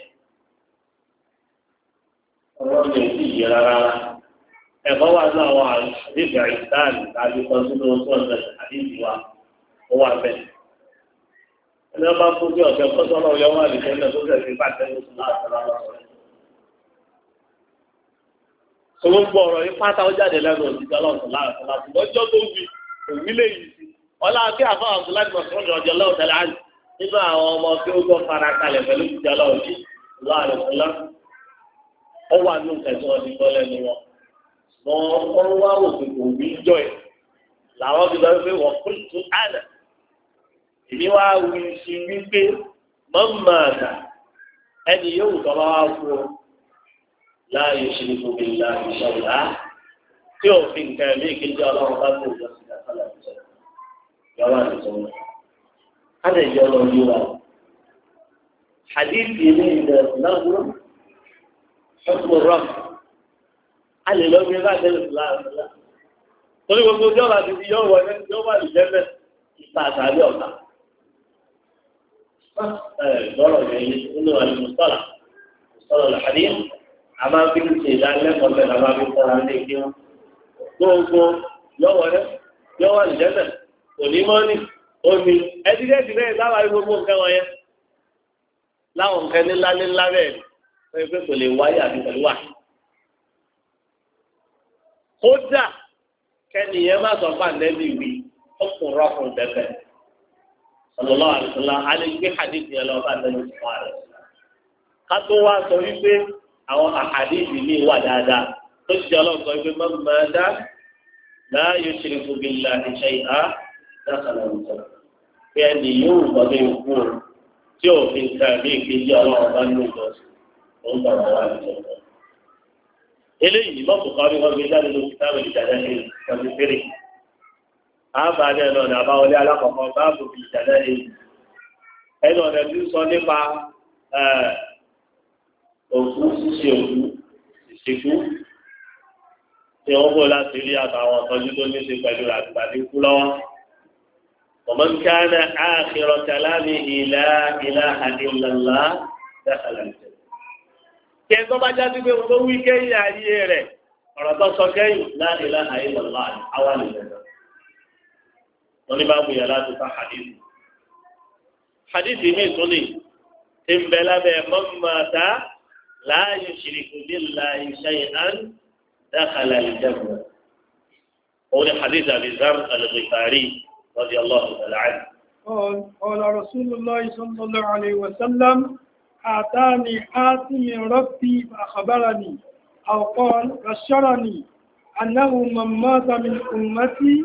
ọ̀rọ̀ mi ò yẹ rárá ẹ̀kọ́ wà ní àwọn àdéhìsí àìsàn tàbí kan sínú oṣù wa ó wà bẹ́ẹ̀. ẹni wọ́n bá kú bí ọ̀sẹ̀ kọ́sọ́ ọlọ́run yọ wọ́n àdìsẹ́ tó tẹ̀sí pàtẹ́ oṣù náà sọlọ́gbọ̀ ọ̀rọ̀ ọlá kí àfọ abdullahi masoud ọjọ lọwọ tẹlẹ àná nínú àwọn ọmọ tí ó gbọ fara kalẹ̀ pẹ̀lú ìjà lọwọ ní ìlú àlùfọlá ó wà ní ìtẹsí wọn ti gbọ́ lẹ́nu wọn wọn wọn wá wò pé kò wí jọ ẹ làwọn fi lọ pé wọn kú tún àná èmi wá wí sí wípé mọ́mọ́ ẹni yóò tọ́ bá wá fún láàyè ṣe gbogbo ìlànà ìṣọ̀lá tí òfin kẹ̀mí kejì ọlọ́run bá tó ìjọsìn yọ̀wá nìkan. Ká lè jọ lọ yíwa. Hadithi ní ilẹ̀ ìlànà ọ̀pọ̀ rọ̀. A lè lọ bí bá tẹ̀lé ìlànà. Torí gbogbo ọjọ́ bá ti di yọ̀ wọlé yọ̀ wà lè lẹ́lẹ̀ ìta àtàlẹ́ ọ̀tá. Lọ́rọ̀ yẹn yé nínú àlùmọ̀ sọ́là. Sọ́là làdí. A máa fi ń ṣe ìdánilẹ́kọ̀ọ́ bẹ́ẹ̀ ni a máa fi ń kọ́ra ní ìdíwọ̀n. Gbogbo yọ̀ wọlé yọ̀ wà lè lẹ́lẹ̀ onímọ́nì omi ẹdídẹ́sì bẹ́ẹ̀ láwa rí gbogbo nǹkan wọn yẹn láwọn nǹkan nílá nílá bẹ́ẹ̀ wọ́n yẹ pé kò lè wáyé àbí pẹ̀lú wà. kódà kẹ́ni yẹn má sọ fún ànẹ́bí wí ọkùnrin ọkùnrin bẹ́ẹ̀ ọlọ́lọ́ àlùfọ́lá alẹ́ gbé hadith yẹn lọ́wọ́ bá ànẹ́bí fún ààrẹ. ká tó wá sọ wípé àwọn àhadith mi wà dáadáa tó ti jẹ́ ọlọ́run sọ wípé mọ́ máa dá láàyò ṣèlú gbogbo ìlànà dákàlà ọ̀tọ̀ pé ẹni yóò gbọ́ bí n kú tí òfin kan bí ìkejì ọlọ́run bá ní ìjọsìn ó ń bàbá wa nìjọ lọ. eléyìí mọ́tò kan wọ́n gbé jáde lórí táwọn ìjàdá ní ìjọsìn péré. àbá náà lọ́nà àbáwọlé alákọ̀ọ́kọ́ báàbò ìjàdá ní ẹnu ọ̀nà tí ń sọ nípa òkú ṣíṣe òkú ìṣekú tí wọ́n kó láti rí àtàwọn ọ̀tọ́jú tó ní ومن كان آخر كلامه لا إله إلا الله دخل الجنة kẹ́ tó bá jáde pé òun tó wí kẹ́yìn ayé rẹ̀ ọ̀rọ̀ tó sọ kẹ́yìn la ilaha illallah àwa nìyẹn wọn ní bá bu yàrá tó fa hadith hadith mi tún ní ti ń bẹ lábẹ́ mọ́mọ́ta la yushriku billahi shay'an dakhala al-jannah òun ní hadith Abi Dharr al-Ghifari. رضي الله تعالى عنه قال قال رسول الله صلى الله عليه وسلم أعطاني حاتم ربي فأخبرني أو قال بشرني أنه من مات من أمتي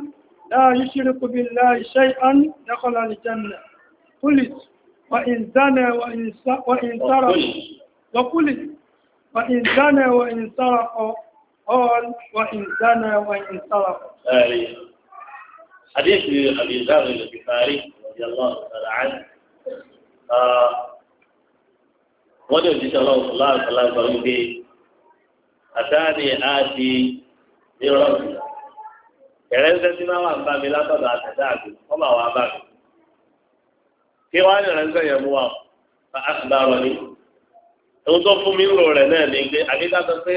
لا يشرك بالله شيئا دخل الجنة قلت وإن زنى وإن سرق وقلت وإن زنى وإن سرق قال وإن زنى وإن سرق حديث أبي ذر الغفاري رضي الله تعالى عنه wọ́n yóò jíjẹ́ ọlọ́run fún láàrín kan láàrín kan wípé àtàrí àti ìrọ̀lù ẹ̀rẹ́nsẹ́ tí máa wà ń bá mi látọ̀dọ̀ àtẹ̀dá àti wọ́n máa wà bá mi. kí wọ́n á ní ẹ̀rẹ́nsẹ́ yẹn mú wa àtúbárọ̀ ni. ohun tó fún mi rò rẹ̀ náà ni pé àbíká sọ pé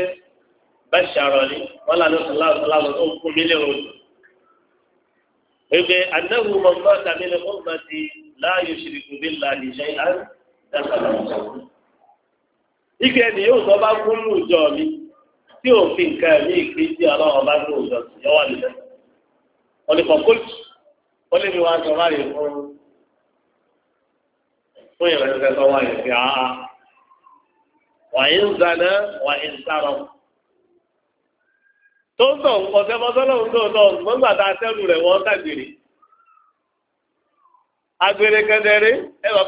bẹ́ẹ̀ ṣàrọ̀ ni wọ́n lànà sọ láàrín kan láàrín tó fún mi lérò jù ebe anahu mọ̀mọ́ tàbí ní mọ̀mọ́ ti láàyò ṣìrìkù bí láàyè ṣe à ń dàgbàlá ọ̀sán. ike ni yóò sọ bá kún ní ìjọ mi tí òfin nǹkan mi ìpè tí ọlọ́run bá ní òjò yọwọ́ nílẹ̀. ọ̀nìkan kóòtù ó mi wá sọ báyìí fún fún ìrẹsẹ̀ sọ wáyé sí àá. wàyí ń zaná wàyí ń sáró. tó ń tàn ọ̀sẹ̀ tó ń tá a tẹ́lu rẹ̀ wọ́n tàgbèrè. agbèrè ẹ wà a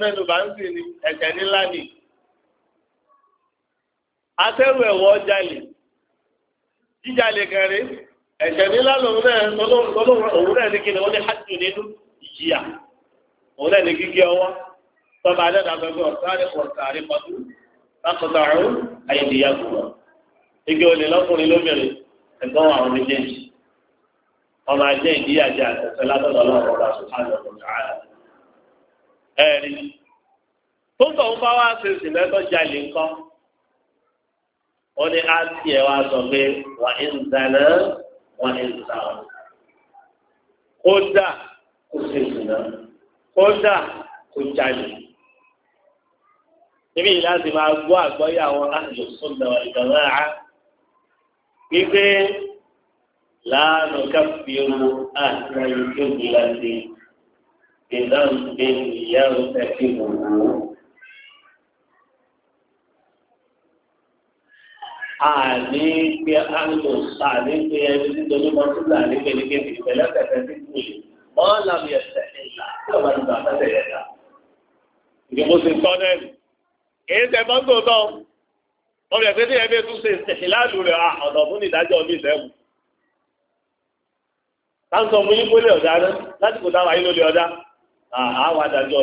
mẹ́nu bá ń sìn ní ẹ̀jẹ̀ nílá jalè jíjalè kẹrẹ ẹ̀jẹ̀ nílá lòun náà òun náà ní wọ́n ní hajj nínú ìjìyà òun náà ní kíkí ọwọ́ tọ́ba ọ̀sán igi olè lọ́kùnrin lóbìnrin ẹ̀gbọ́n àwọn méjèèjì ọmọ ajé ìdíyàjẹ àtẹ̀sẹ̀ látọ̀dọ̀ ọlọ́run ọba sùpàdé ọ̀gbọ̀n ààrẹ. ẹ̀rí tó ń tọ̀hún bá wá ṣe ìsìn lẹ́tọ́ jalè ńkọ́ ó ní á tiẹ̀ wá sọ pé wà ń dáná wà ń ta ọ́. kódà kò ṣe ìsìn náà kódà kò jalè. níbi ìlàsì máa gbọ́ àgbọ́yé àwọn àjòsùn náà ìgbà wípé láàánú káfíńmù àti ìjókòó láti ìdáhùn pé ìyá òkè tí mo wò ó. àní pé àlò àní pé ẹni tí dojú mọ sílẹ̀ àní pé ní kébì pẹ̀lú ẹ̀kẹ́kẹ́ tí kù yìí wọ́n làbí ẹsẹ̀ ìlà tí wọ́n bá ti gbà dá. ìdìbò ti tọ́ náà nì. èyí tẹ̀ mọ́tò náà. wọ́n pé tí ẹgbẹ́ tún ṣe ìṣẹ̀láàlù rẹ̀ ọ̀dọ̀ fún ìdájọ́ mi ìfẹ́ wù. mú yín gbólé ọ̀dá rẹ̀ láti kò dáwà yín lólè ọ̀dá àwọn adájọ́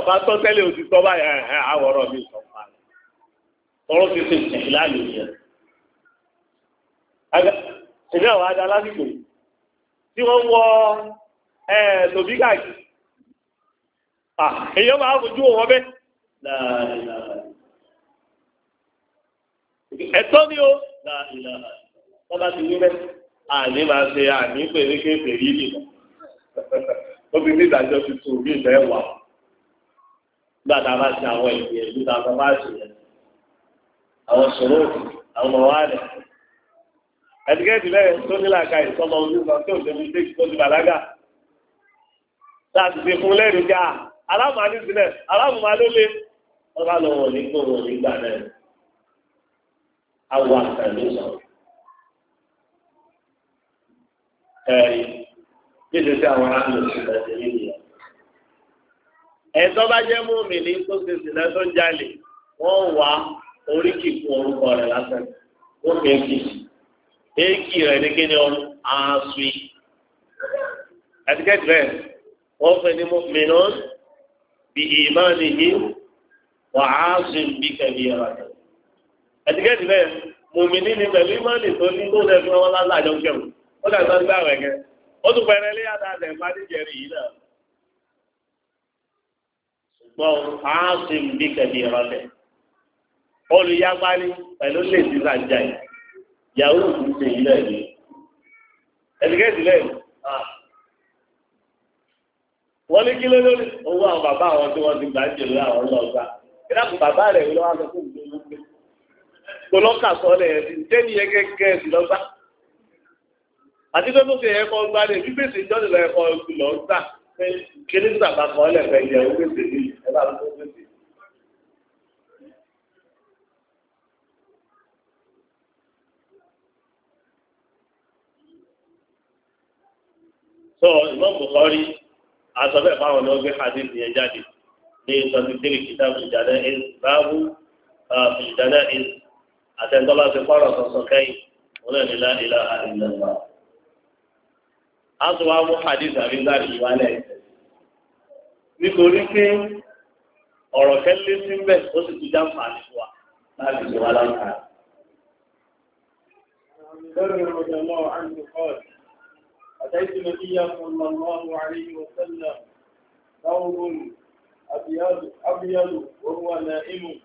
ọba tọ́ tẹ́lẹ̀ tọ́ ẹ̀ àwọ̀rọ̀ mi sọ fún tọ́rọ́ ti ṣe tí wọ́n wọ lòbí gàgì èyí ọba àfojú wọn bẹ́ ẹ̀tọ́ ni ó tọ́lá ti bẹ́ àní máa ṣe àní pèrékè pèrí nìkan ó ní ìdájọ́ tuntun bí ìfẹ́ wà nígbà tá a bá ṣe àwọn ìgbìyànjú tá a bá ṣe àwọn àwọn ọmọ wa ẹ̀dígẹ́dì lẹ́yìn tó nílà ka ìsọmọ onígbà tó ń tẹ̀lé ṣé kó ti bàlágà. Sàtìsí fún lẹ́rìí jà ah, aláàmú àdìsílẹ̀ aláàmú alólè wọ́n bá lọ wọ̀n nígbò wọ̀n nígbà náà. Awọ àtàlù sọ. Ẹ̀rí níbi tí àwọn aláàmúlò ti tẹ̀lé nìyẹn. Ẹ̀tọ́ bá jẹ́ múmi ní tó ti sìnà tó ń jalè, wọ́n wá oríkì fún orúkọ rẹ̀ lásán, wọ́n fi ń Eki rẹ̀ ní kíni ọ àásùì ẹtikẹ́tì rẹ̀ wọ́n fẹ́ ní mọ́mìnán bí ìmáàlì yìí wà áásùì bí kẹ̀mí ẹ̀rọ ẹtikẹ́tì rẹ̀ mọ̀mìnì ni pẹ̀lú ìmáàlì tó ní tó dẹ̀ fún wọn lálájọ kẹrù ó dẹ̀ sọ́dún bá rẹ̀ kẹ́ ó tún pẹ̀rẹ̀ lé yàtọ̀ àtẹ̀ fàdíjẹ̀rì yìí náà ṣùgbọ́n áásùì bí kẹ̀mí ẹ̀rọ olùyàgbá ni pẹ̀lú lè ti sàjà yìí yàwó ti ṣe ilẹ̀ yìí ẹ̀dìgẹ́dì lẹ́yìn wọ́n ní kí ló lórí owó àwọn bàbá àwọn tí wọ́n ti gbà jù lọ àwọn lọ́gbà kíláàpù bàbá rẹ̀ ló wá lọ fún ìlú kò lọ́kà sọ́lẹ̀ ẹ̀ ti jẹ́ni yẹn gẹ́gẹ́ ẹ̀sìn lọ́gbà àti pé bóṣe yẹ kọ́ gbá rẹ̀ gbígbèsè ìjọ́sìn lọ́yẹ kọ́ lọ́gbà kí ní bàbá kọ́ so Imam Bukhari asọ́bẹ̀ fáwọn ni wọ́n gbé hadith yẹn jáde ní twenty three kitabu al-jana'iz báàbù al-jana'iz uh, àtẹ̀ntọ́lá ti kọ́rọ̀ sọ̀sọ̀ kẹ́yìn wọn náà ní la ilaha illallah. a tún wá mú hadith àbí gbàdì ìwálẹ̀ nítorí pé ọ̀rọ̀ kẹ́lẹ́ sí mbẹ́ ó sì tún jáfa àti wa láti ṣe wá láǹkà. أتيت النبي صلى الله عليه وسلم ثوب أبيض أبيض وهو نائم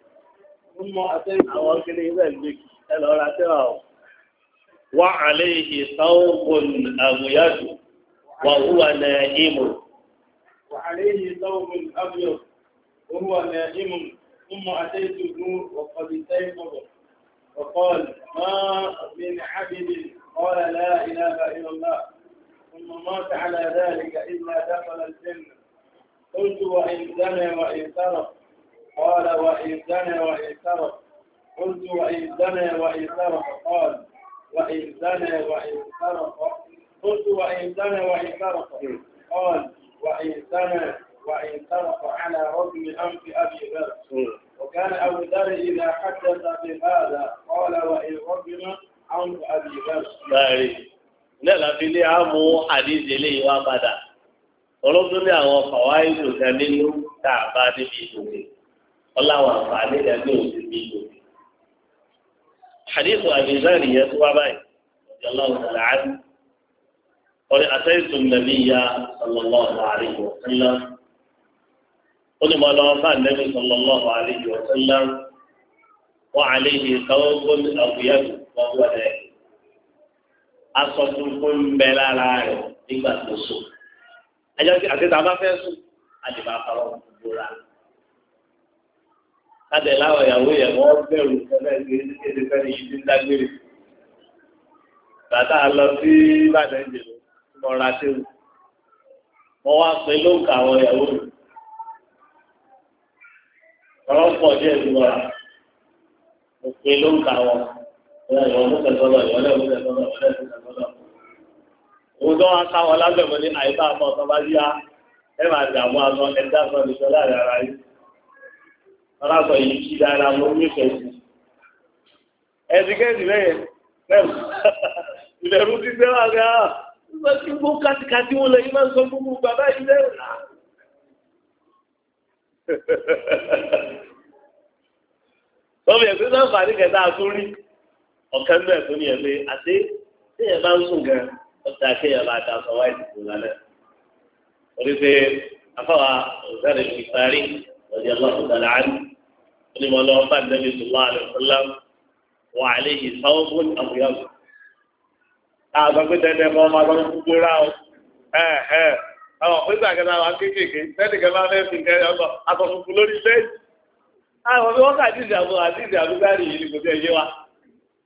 ثم أتيت وعليه ثوب أبيض وهو نائم وعليه ثوب أبيض وهو نائم ثم أتيت النور وقد استيقظ وقال ما من عبد وإن زنى وإن سرق قال وإن زنى وإن سرق قلت وإن زنى وإن سرق قال وإن زنى وإن سرق قلت وإن زنى وإن سرق قال وإن زنى وإن سرق على رجل أنف أبي ذر وكان أبو ذر إذا حدث بهذا قال وإن رجل أنف أبي ذر. لا لا في لي عمو حديث لي وابدا ọlọ́dún ní àwọn kọ̀wá ìlú kan nínú tá a bá níbi ìdòwé ọláwọ̀ àǹfààní rẹ̀ ní òsì bí ìdòwé. حديث أبي ذر يسوع باي رضي الله تعالى عنه قال أتيت النبي صلى الله عليه وسلم قل ما لوفى النبي صلى الله عليه وسلم وعليه ثوب أبيض وهو نائم أصدق بلا رائع إذا نصف ẹjọ́ tí àti tàbá fẹ́ sùn a lè máa fa ọmọ ìbora. Láti láwọn ìyàwó yẹn wọ́n bẹ̀rù fẹ́lẹ́ ní ẹni fẹ́ yìí ti ń dágbére. Bàtà lọ sí Ìbàdàn ìjẹ̀lú tí mo ra sí wù. Wọ́n wá pé ló ń ka àwọn ìyàwó rẹ̀. Ọ̀rọ̀ pọ̀ díẹ̀ sí wọn. Mo pé ló ń ka àwọn ìyàwó mú tẹ̀sọ́lọ̀ ìwọ́lẹ̀ mú tẹ̀sọ́lọ̀ ìwọ́lẹ̀ mú tẹ̀sọ́lọ̀ òun tó wá káwọn lábẹ̀mọ́ ní àìsàn àpọ̀ ọ̀sán bá yá ẹ máa dààmú aṣọ ẹ̀dá sọ nìkan láàrin ara yìí ọlọ́sọ yìí kí dára mo nífẹ̀ẹ́ sí. ẹ̀sìnkẹ́sì lẹ́yìn lẹ́mù ìbẹ̀rù ti sẹ́ wà gá wọ́n ti gbó kátikáti wọn lẹ́yìn máa ń sọ gbogbo bàbá yìí lẹ́yìn náà. sọ́mi ẹ̀sìn náà fà ní kẹta àtúrí ọ̀kan náà tó ẹ̀ ọ̀sẹ̀ akéèyàn máa ta sọ wáyé tuntun lálẹ́. orí pé afọwà ọ̀sẹ̀rẹ̀ ní parí ọ̀dẹ̀ ọlọ́run dàlá àánú onímọ̀ lọ́wọ́ bá nàbí sùlá àlùfọ́lá wà àléyé sáwọ́bùn àbúyọ̀bù. àgbà pé dandan kọ́ máa lọ gbogbo rà ó ẹ̀ ẹ̀ ọ̀ pípa kẹta wà kéékèèké sẹ́ni kẹta fẹ́ fi kẹ́ ọkọ̀ lórí bẹ́ẹ̀. àwọn kà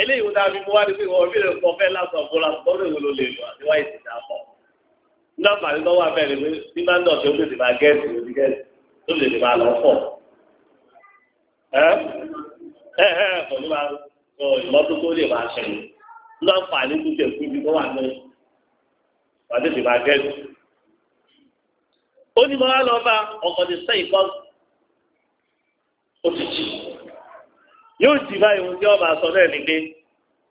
eléyìí wọn dàbí mo wá ní pé bí lè kọ fẹ lásán fún lásán tó lè lè lọ àti wáyé ti dà pọ nọmba ní lọ́wọ́ abẹ ni pé bí máa ń dọ̀tí ó lè ti máa gẹ́ẹ̀sì ó ti gẹ́ẹ̀sì ó lè ti máa lọ pọ̀ ẹ ẹ ẹ pẹ̀lú máa sọ ìmọ́tótó lè máa ṣẹlẹ̀ nọmba ní kúkẹ́ kú ibi tó wà ní wà ti máa gẹ́ẹ̀sì. ó ní mo wá lọ bá ọkọ̀ ti sẹ́yìn kan ó ti yóò jì báyìí ohun tí ọba sọ náà ní pé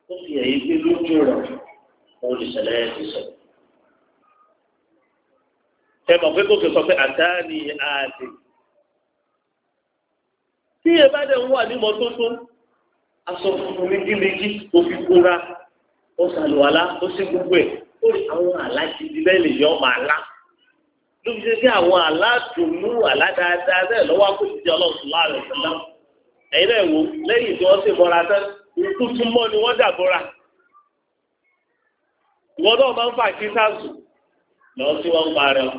ó fi ẹ̀yìn pé lójú rẹ̀ òun lè ṣẹlẹ̀ ẹ̀ ti sọ. ẹ mọ̀ pé kókè sọ pé àtàní àti tí ẹ bá dẹ̀ ń wà ní mọ́tótó aṣọ funfun méjìméjì ó fi kóra ó ṣàlùwàlá ó ṣe gbogbo ẹ̀ ó rí àwọn aláàjì bẹ́ẹ̀ lè yọ ọmọ àlá ló fi ṣe kí àwọn aláàdùnú aládáadáa bẹ́ẹ̀ lọ́wọ́ àkójọ ọlọ́run láàrin ọ̀sán náà ẹ̀yin náà wò lẹ́yìn tí wọ́n sì mọ́ra tán ikú tún mọ́ ni wọ́n dàbọ́ra ìwọ náà máa ń fà kí sáàsù lọ sí wọn pa rẹ o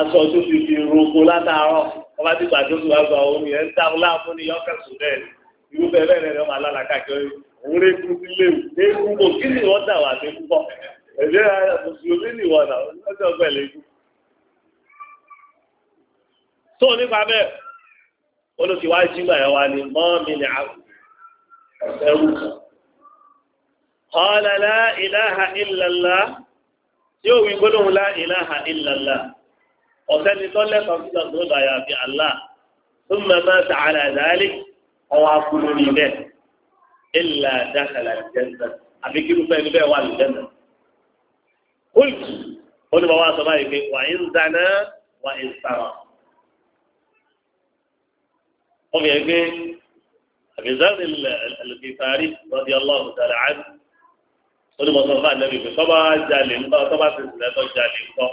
aṣọ tó fi fi rogo látàárọ̀ wọ́n bá ti gbà tó tún wá gba omi ẹ̀ ń ta láàmú ni yọ́kẹ̀sùn bẹ́ẹ̀ irúfẹ́ bẹ́ẹ̀ rẹ̀ máa lálàá káàkiri òun rẹ̀ kú sílé o eku kò kí ni wọ́n dà wà sí púpọ̀ ẹ̀jẹ̀ mùsùlùmí ni wọ́n dà olùsíwájú ìgbà yẹn wà ní mọ́ọ̀mì ní ẹrú. Qala la ilaha illallah tí ó wí gbólóhùn la ilaha illallah. Ọ̀sẹ́ ni tọ́lẹ̀ kan sí ọ̀dọ́ ìdàyà àbí Allah. Thumma mata ala dhalik ọwọ́ akúrò ní bẹ́ẹ̀. Illa dakhala al-janna. Àbí kí irúfẹ́ ẹni bẹ́ẹ̀ wà ní jẹ́nà. Kúlù, ó ní báyìí pé wà ń zaná wà ń sàrà wọ́n fi ẹgbẹ́ àbíjáde àlùkìtàrí lọ́dí ọlọ́run tààrà án olùmọ̀sán fún àlẹ́ bíbí tọ́ba jalè ńkọ́ tọ́ba sèṣì lẹ́tọ́ jalè ńkọ́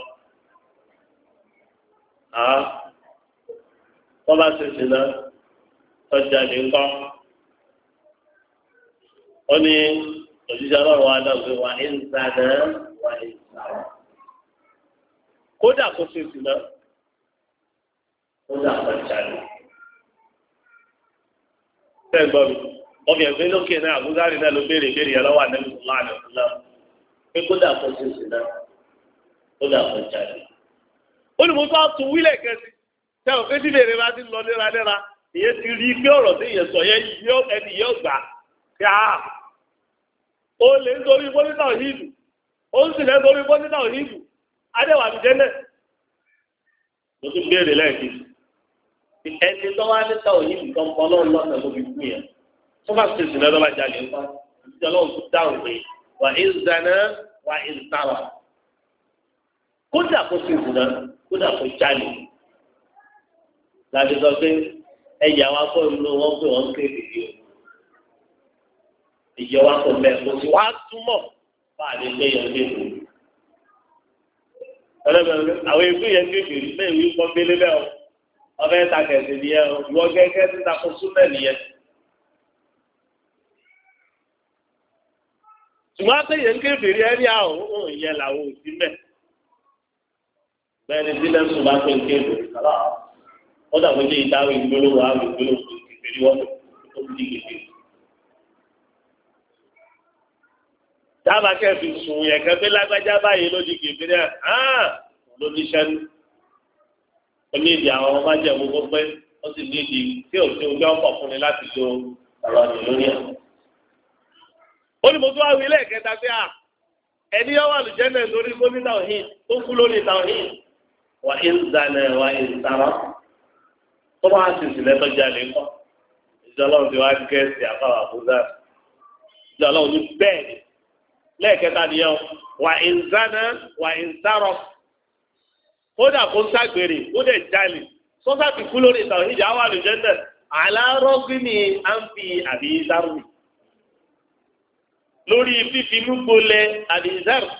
tọ́ba sèṣì lẹ́tọ́ jalè ńkọ́ ó ní òṣìṣẹ́ ọlọ́run wa dàgbé wa ń sàdá wa ń sàrọ̀ kódà kó sèṣì lọ kódà kó jalè. tẹ́gbọ́n mi ọmọ ẹgbẹ́ lókè náà àbúrò náà ló béèrè béèrè yẹn wà àdéhùn fún láàrin pé kó ṣe sí náà kódà kó jáde. olùmọ̀tò àtún wílẹ̀ kẹsì tẹ ò bá ti lọ léraléra ìyẹn ti rí pé ọ̀rọ̀ tí ìyẹn sọ yẹn ẹni gbà o lè ń torí o ń sì náà. tún ẹni tó wá níta òní nǹkan kan lọ́wọ́ lọ́sẹ̀ ló fi kú yẹn tó bá ti sìn lọ́dọ́ bá jalè ńkọ́ ìjọ lọ́wọ́ tó dáhùn pé wà é zana wà é sáwà kódà kó sì zina kódà kó jalè láti sọ pé ẹ̀yà wa kọ́ ìlú wọn pé wọ́n kéde yìí o ìyẹn wa kọ́ mẹ́rin kó sì wá túmọ̀ bá a lè gbé yẹn léèrè ọlọ́mọ àwọn èkú yẹn kéde bẹ́ẹ̀ wí kọ́ gbélé bẹ́ẹ̀ o ọbẹ̀ ta kẹsì ni ẹ wọ gẹ́gẹ́ tí takò súnmẹ̀ nìyẹn. ṣùgbọ́n àtẹ̀yẹ ń kébèrè ẹ̀rí àwọn òun yẹn làwọn ò sí mẹ́. bẹ́ẹ̀ni sílẹ̀ sùn bá pé ń kébèrè kálá ó dàbọ̀ jẹ́ ìdáwọ̀ ìgbélówó àwọn ìgbélówó kébèrè wọ́n tó ti kébèrè. dábàá kẹfì sùn yẹn kẹfì lágbájá báyìí ló di kébèrè hàn lóníṣẹ́ nù omi ìdí àwọn ọmọ ajẹ́ gbogbo pé ó sì ní ìdí tí ò sí ojú fún ni láti lo ọ̀rọ̀ ọ̀dùn lórí ẹ̀. ó ní mo tún wá wí lẹ́ẹ̀kẹta pé à ẹni yọ wà lùjẹ́ náà lórí gómìnà òhìn tó kú lórí tàwọ̀hìn wà ń zanà wà ń sara tó bá sì sílẹ̀ tó jalè kọ́ ìjọlọ́ ti wá gẹ̀ẹ́sì àbáwá búzà ìjọlọ́ ní bẹ́ẹ̀ ni lẹ́ẹ̀kẹta nìyẹn wà ń zanà wà ń sara. kódà kó ń ságbèrè kó dẹ̀ jalè sọ́sà ti kú lórí ìtàn ìjà wà lójú ẹ̀ alárọ́gbìnì ń fi àbí dárò lórí fífi mú gbolẹ̀ àbí dárò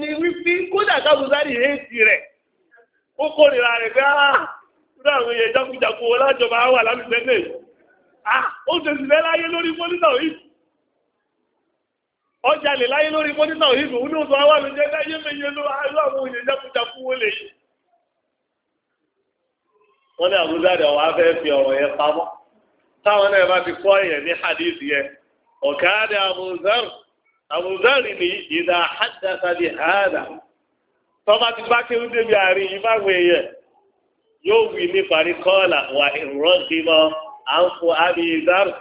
ni wípé kódà kábùsárì hẹ́ẹ̀tì rẹ̀ ó kórìíra rẹ̀ pé áá ah, àwọn èèyàn ọlájọba wà ah, ó ṣe láyé lórí pólítà òyìn ọjà lè láyé lórí ní oṣù àwọn àlùjẹ́ wọ́n ní àbúdáde ọ̀wá fẹ́ fi ọ̀rọ̀ yẹn pamọ́ táwọn náà bá ti kọ́ ẹ̀yẹ̀ ní hadith yẹn ọ̀kadà àbúzárì àbúzárì ní ìdá àdàtà ní àdà tọ́ba ti bá kéwú débi àárín yìí bá wọ èèyàn yóò wí ní parí kọ́ọ̀là wà ìrọ́ǹdì mọ́ à ń fọ àmì ìzárì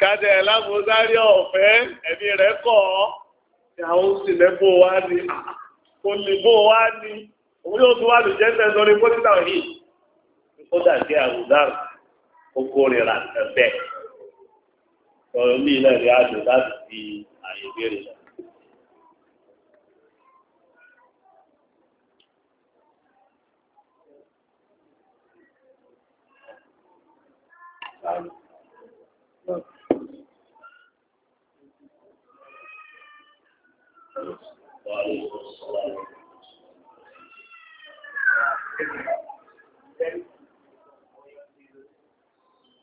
kadà ẹ̀ lábúzárì ọ̀fẹ́ ẹ̀mí rẹ̀ kọ́ ọ́ àwọn sì lẹ́bọ̀ wá ní kò wá ní òun yóò tún wá lù jẹ́ kódà sí àwùdárù kókó rira ẹ̀fẹ́ ọ̀rọ̀ mi náà rí àjò láti fi àyè béèrè Thank you.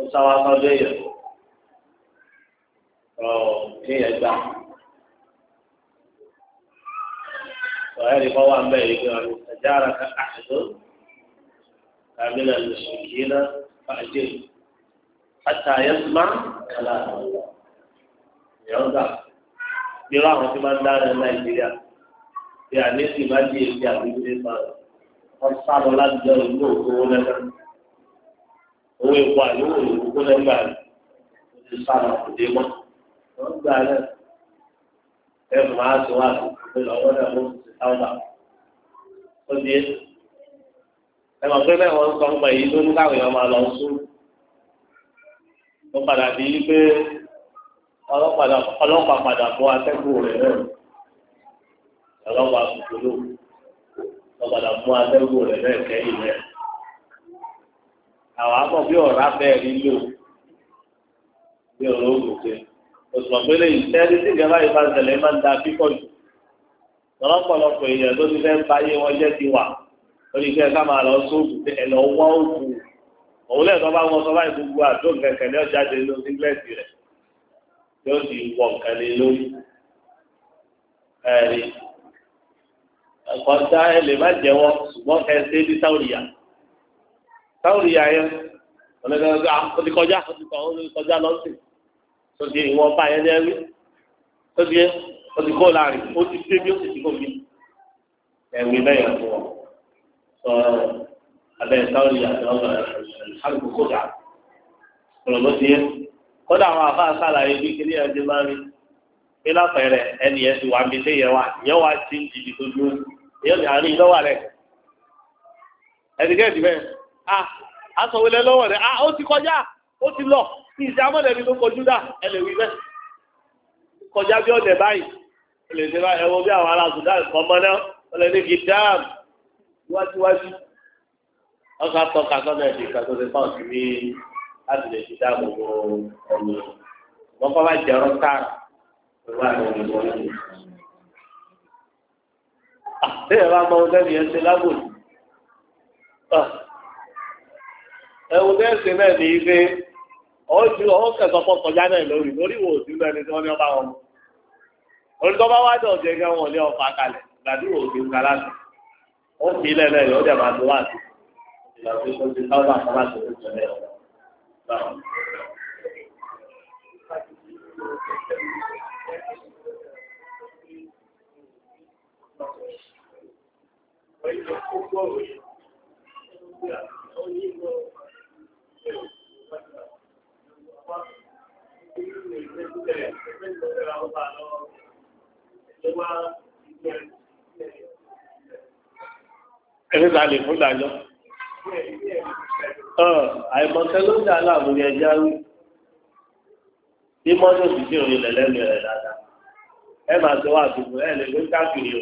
ó sáwá sọ́dọ̀ èèyàn ọ̀ kéèyàn gbà ọ̀hẹ́rì kọ́ wà mbẹ́ yìí gbà mí ṣàjára ká àṣìṣe kàmínà lùsùnkìínà fàájì àtàyẹ̀ má kàlà ìyàn gbà nírú àwọn tí máa ń dára ní nàìjíríà bí àníṣe má di èsì àbí ilé máa wọ́n sá lọ láti jẹ́ ìlú òkú wọn lẹ́nu. owó epo àdéhùn olùkókó lẹ́gbà rẹ̀ ó ti sá lọ kò dé mọ́ wọ́n gbà rẹ̀ ẹ máa tó wà lóko lọ́wọ́ náà ló ti sáwọ́dà ó di ẹ mọ̀ pé bẹ́ẹ̀ wọ́n sọ ń pa èyí tó ní káwọn èèyàn máa lọ sùn ó padà bí pé ọlọ́pàá padà bọ́ atẹ́kùn rẹ̀ náà ọlọ́pàá kòkòrò ọlọ́pàá mú atẹ́kùn rẹ̀ náà kẹ́yìn rẹ̀ àwọn àbọ̀ bí ọ̀rá bẹ́ẹ̀ rí lò bí ọ̀rọ̀ ògùn ṣe òṣùwọ̀n pé lẹ́yìn tẹ́lí tí ìjọba ìbá ṣẹlẹ̀ máa ń da pípọ̀ jù lọ́pọ̀lọpọ̀ èèyàn tó ti fẹ́ báyé wọn jẹ́ ti wà lórí iṣẹ́ ká máa lọ sóògùn pé ẹ̀ lọ wá òògùn òun lẹ́ẹ̀kan bá wọn sọ báyìí gbogbo àdó kẹ̀kẹ́ ní ọjà dé ló ní gílẹ̀sì yóò sì wọ̀ nǹkan lé lórí ẹ̀rí ẹ̀kọ́ dá ẹ lè má jẹ́wọ́ ṣùgbọ́n kẹ́ ṣe é ní sáwùrìyà táwọn ìyá yẹn ọ̀nàdàgbà ó kọjá ó kọjá lọ́sìn tó ìwọ̀n bá yẹn lẹ́rí tó di ó ti kó láàrin ó ti dé bí ó ti kó mi ẹ̀rí bẹ́ẹ̀ yẹn fún ọ sọ abẹ́ táwọn ìyá yẹn ọ̀nà àlùkò dà ọ̀nà ti yẹ kódà àwọn àfa sàlàyé bí kiri ẹ̀ ti máa rí bí lápẹ̀rẹ̀ ẹni yẹn ti wà mí sí yẹn wa yẹn wa ti ń àsọ̀wélẹ̀ ah, lọ́wọ́ rẹ̀ ah, ó ti kọjá ó ti lọ sí ìṣàmọ́lẹ̀bí tó kọjú dà ẹlẹ́wì bẹ́ẹ̀ kọjá bí ọ̀dẹ̀ báyìí lè ṣe bá ẹwọ bí àwọn ará Sudan kọ́ mọ́ náà wọ́n lè ní kí dáàmù wájúwájú wọ́n ká tọ́ka sọ́nà ẹ̀dẹ̀ ìgbàgbọ́ ti pọ̀ sí ní láti lè ṣe dáàmù ọ̀nà wọ́n kọ́ bá jẹ́ rọ́tà pẹ̀lú àwọn ẹ̀wù tẹ́sí náà ní ife ọ̀jú ọ̀hún kẹsàn-án náà lórí lórí wò sí lẹ́ni tí wọ́n ọba wọn mú wá dọ̀ jẹ́ kí wọ́n lé ọ̀fà kalẹ̀ gbàdí wò sí láti ó fi ilẹ̀ lẹ́yìn ó dẹ̀ máa tó wá sí Thank you. ẹni ta lè fún dájọ́ àìmọ̀tẹ́ ló ń dà láàmú ní ẹjá bí mọ́tò sì sí òní lẹ̀lẹ́nu rẹ̀ dáadáa ẹ máa sọ wá àdúgbò ẹ lè gbé káàkiri o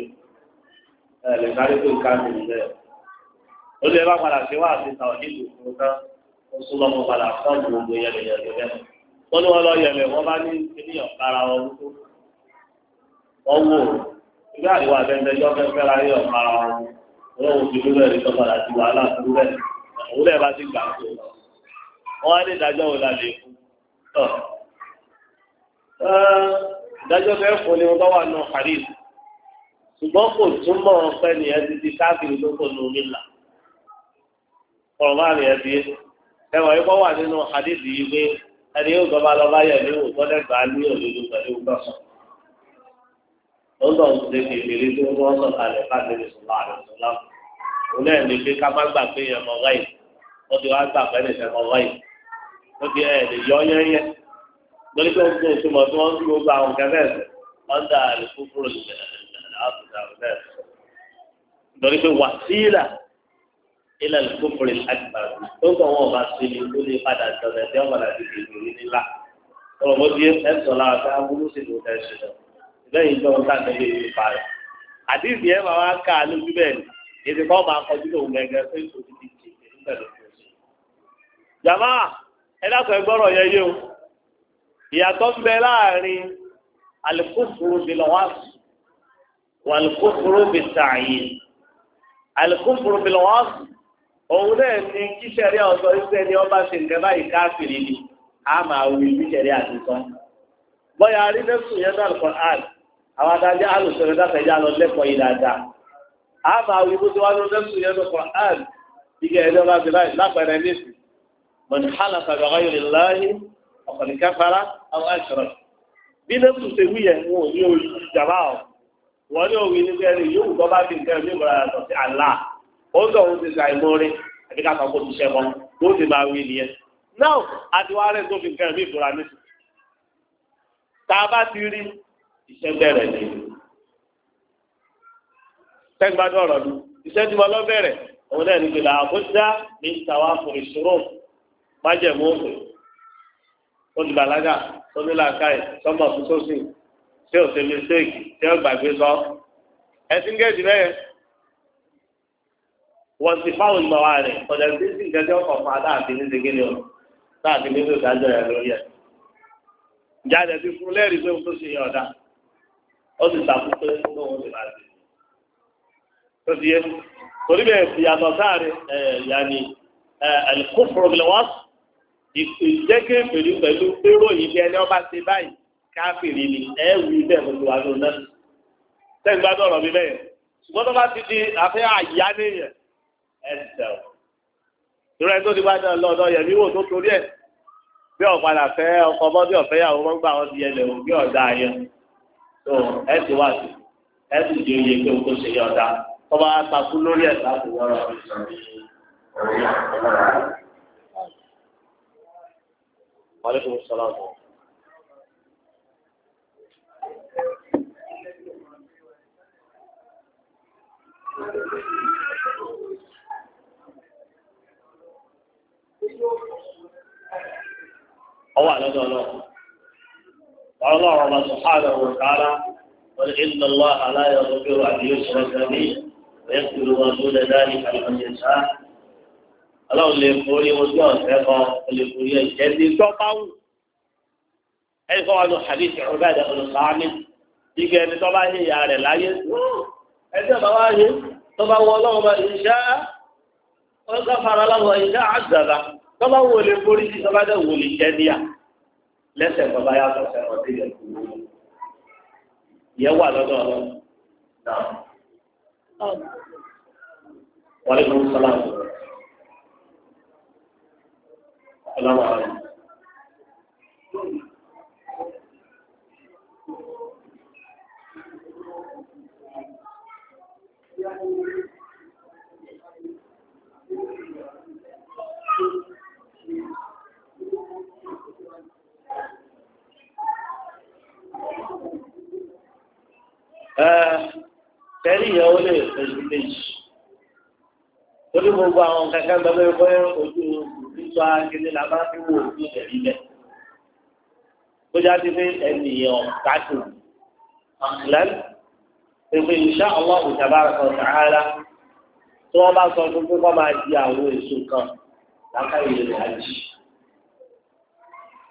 ẹ lè sáré tó káàkiri bẹ́ẹ̀ bá padà sí wá àti tán. ọsùnmọ́ mo padà fọ́ọ̀mù gbogbo yẹlẹyẹlẹ lẹ́nu wọ́n ní wọ́n lọ yẹlẹ wọ́n bá ní ènìyàn kára wọn wúkú wọ́n wò ìgbà àríwá abẹ́ńdẹ́ yọ fẹ́fẹ́ ra yọ kára wọn wọ́n wò sí lúbẹ̀ rí tọ́padà sí wàhálà lúbẹ̀ òwúlẹ̀ bá ti gbà tó wọ́n á ní ìdájọ́ wò la lè fún tọ́ ìdájọ́ bẹ́ẹ̀ fún ni wọ́n bá wà nù kàdís ṣùgbọ́n kò túmọ̀ ọ̀pẹ́ nìyẹn ti di káàkiri tó nù mí là ọ̀rọ̀ ẹwà yìí kọ́ wà nínú hadith yìí pé ẹni yóò gbọ́ bá lọ bá yẹ̀ ní òótọ́ lẹ́gbàá ní òdodo pẹ̀lú gbọ́sọ̀ lọ́dọ̀ ṣe kékeré tó ń wọ́n sọ̀tà lẹ̀ káàkiri sọ̀tà rẹ̀ sọ̀tà òun náà ní pé ká má gbà pé yẹn mọ̀ ráì wọ́n ti wá gbà pé ẹnì sẹ́mọ̀ ráì wọ́n ti ẹ̀ lè yọ yẹ́yẹ́ lórí pé oṣù tó mọ̀ tí wọ́n ń gbogbo àwọn kẹfẹ́ wọ́n dà lè fún ilẹ̀ kókòrè àgbàdo tó ń bọ̀ wọn bá sí ni ó lè padà sọ̀rọ̀ ẹ̀dẹ́ wọn láti fi ìròyìn nílá ọ̀rọ̀ bó di ẹ̀ sọ̀rọ̀ àti abúlé sì ló fẹ́ ṣe lọ lẹ́yìn tó ń tàn lé ìlú parẹ́ àdìsí ẹ̀ máa wá ká lójú bẹ́ẹ̀ ni èdè kan máa kọjú lòun gẹ́gẹ́ pé kò ti ti ìlú pẹ̀lú oṣù. jàmá ẹ dákun ẹ gbọ́rọ̀ yẹ yé o ìyàtọ̀ ń bẹ láàrin alikófuru òun náà ni kíṣẹ̀rí ọ̀sọ́ iṣẹ́ ni ọba ṣe nǹkan báyìí káàkiri ni a máa wí kíṣẹ̀rí àtúntọ́. bọ́yá rí lẹ́sùn yẹn náà kọ́ àn àwọn adájọ́ alùsọ̀rọ̀ dáfẹ́jà lọ lẹ́kọ̀ọ́ yìí dáadáa. a máa wí bó ti wá lọ lẹ́sùn yẹn náà kọ́ àn ìgbà ẹ̀dọ́ bá ti báyìí lápẹ̀rẹ̀ nísì. mọ̀n hàlà sàgbàgbà yìí láàyè ọ̀kọ̀lẹ̀ kẹfàrà àwọn àṣọrọ̀ ó sọ òun ti ṣàìmọ́rin àti ká sọ́kó ti ṣẹ́kọ́ ló ti máa wí nìyẹn. náà àti wàá rẹ̀ tó fi nǹkan mí ìfura ní. tá a bá ti rí iṣẹ́ bẹ̀rẹ̀ ni. tẹ́gbàdọ́ ọ̀rọ̀ lu iṣẹ́ tí mo lọ bẹ̀rẹ̀ òun náà ní gbèlà àbújá ní tàwa fòrè ṣòro májẹ̀mú òfin olùbàlágà onílàákàyè sọmọ fúnṣọ́sìn tí ò ṣe mistake tí ó gbàgbé sọ ẹ̀sìn gẹ̀ẹ́sì bẹ́ẹ̀ wọ́n ti fáwọn ìgbà wa rẹ̀ ọ̀dà tí sì ń gẹ́gẹ́ ọkọ̀ fún adáàfin ní segele o láàfin nínú ìdájọ́ rẹ̀ lórí ẹ̀. jáde ti fún lẹ́rìí pé o tó ṣe ọ̀dà ó sì sàkó pé ó ń lè máa ṣe. tó ti yẹ torí bẹ́ẹ̀ ìyàtọ̀ sáàrin yanni ẹ̀ẹ́dẹ̀kú fúrọ́gìlẹ́wọ́sì ìjẹ́kẹ́ pẹ̀lú pẹ̀lú pérò yìí bí ẹni ọba ṣe báyìí káfìrí ni ẹ wù í bẹ́ẹ̀ lọ́dọ̀ àdó náà. sẹ́yìn gbádùn ọ̀rọ̀ mi bẹ́ẹ̀ ṣùgbọ́n tó bá ti di àfẹ́ àyá nìyẹn ẹ̀sẹ̀ o. ìrọ̀ ẹ̀ tó ti bá dán lọ́dọ̀ yẹ̀mí wò tó torí ẹ̀ bí ọ̀padà fẹ́ ọkọ bọ́ bí ọ̀fẹ́ yàwó wọ́n gbà wọ́n ti yẹlẹ̀ o bí ọ̀dà yẹn. tó ẹ̀ ti sí ẹ̀ di oyè pé o kò ṣe yẹ ọ̀dà tó bá takú lórí ẹ̀ láti wọ́n rọ̀ Aleykum salaam. Thank you. ọwọ́ àlọ́dọ̀ ọlọ́run ọlọ́run ọba sọ̀hánà wọ̀ sáárá wọ́n ní lọ́lọ́ aláyọ̀ lókèrò àdéhùn ọ̀sẹ̀ ní ẹ̀kúrú wọn tó lẹ dání kàlùmọ̀jẹ̀ sá ọlọ́run lè forí ojú ọ̀sẹ̀ kan lè forí ẹ̀jẹ̀ ní tọ́páwù ẹ̀yìn kọ́ wọn lọ hadith ọ̀gá ìdá olùsàánì ìgbẹ́ ẹni tọ́ bá yé ìyá rẹ̀ láyé ẹ̀jẹ̀ bàbá yé tọ́ tọ́ba wo lè forí sí tọ́ba dẹ̀ wo lè jẹ́ níyà lẹ́sẹ̀ tọ́ba yà sọ sẹ́wọ̀n sí ilẹ̀ kúrú yẹ wà lọ́dọ̀ náà. wàlẹ́ kò sọ́lá tó ọlọ́wọ́ rẹ̀. Thank you. tẹ́lí ìyàwó lè fẹ́jú méjì torí gbogbo àwọn kankan gbọ́dọ̀ ẹgbẹ́ ojú ìtọ́ akéde la bá fi wò ó ní ìdẹ̀rí bẹ́ẹ̀ tó jáde pé ènìyàn kàtó àkùlẹ́lì pèpè ìṣá àwọn òjàmbá kan sàárà tí wọ́n bá sọ fún pé wọ́n máa di àwọn èso kan lákàyè rẹ̀ àjì.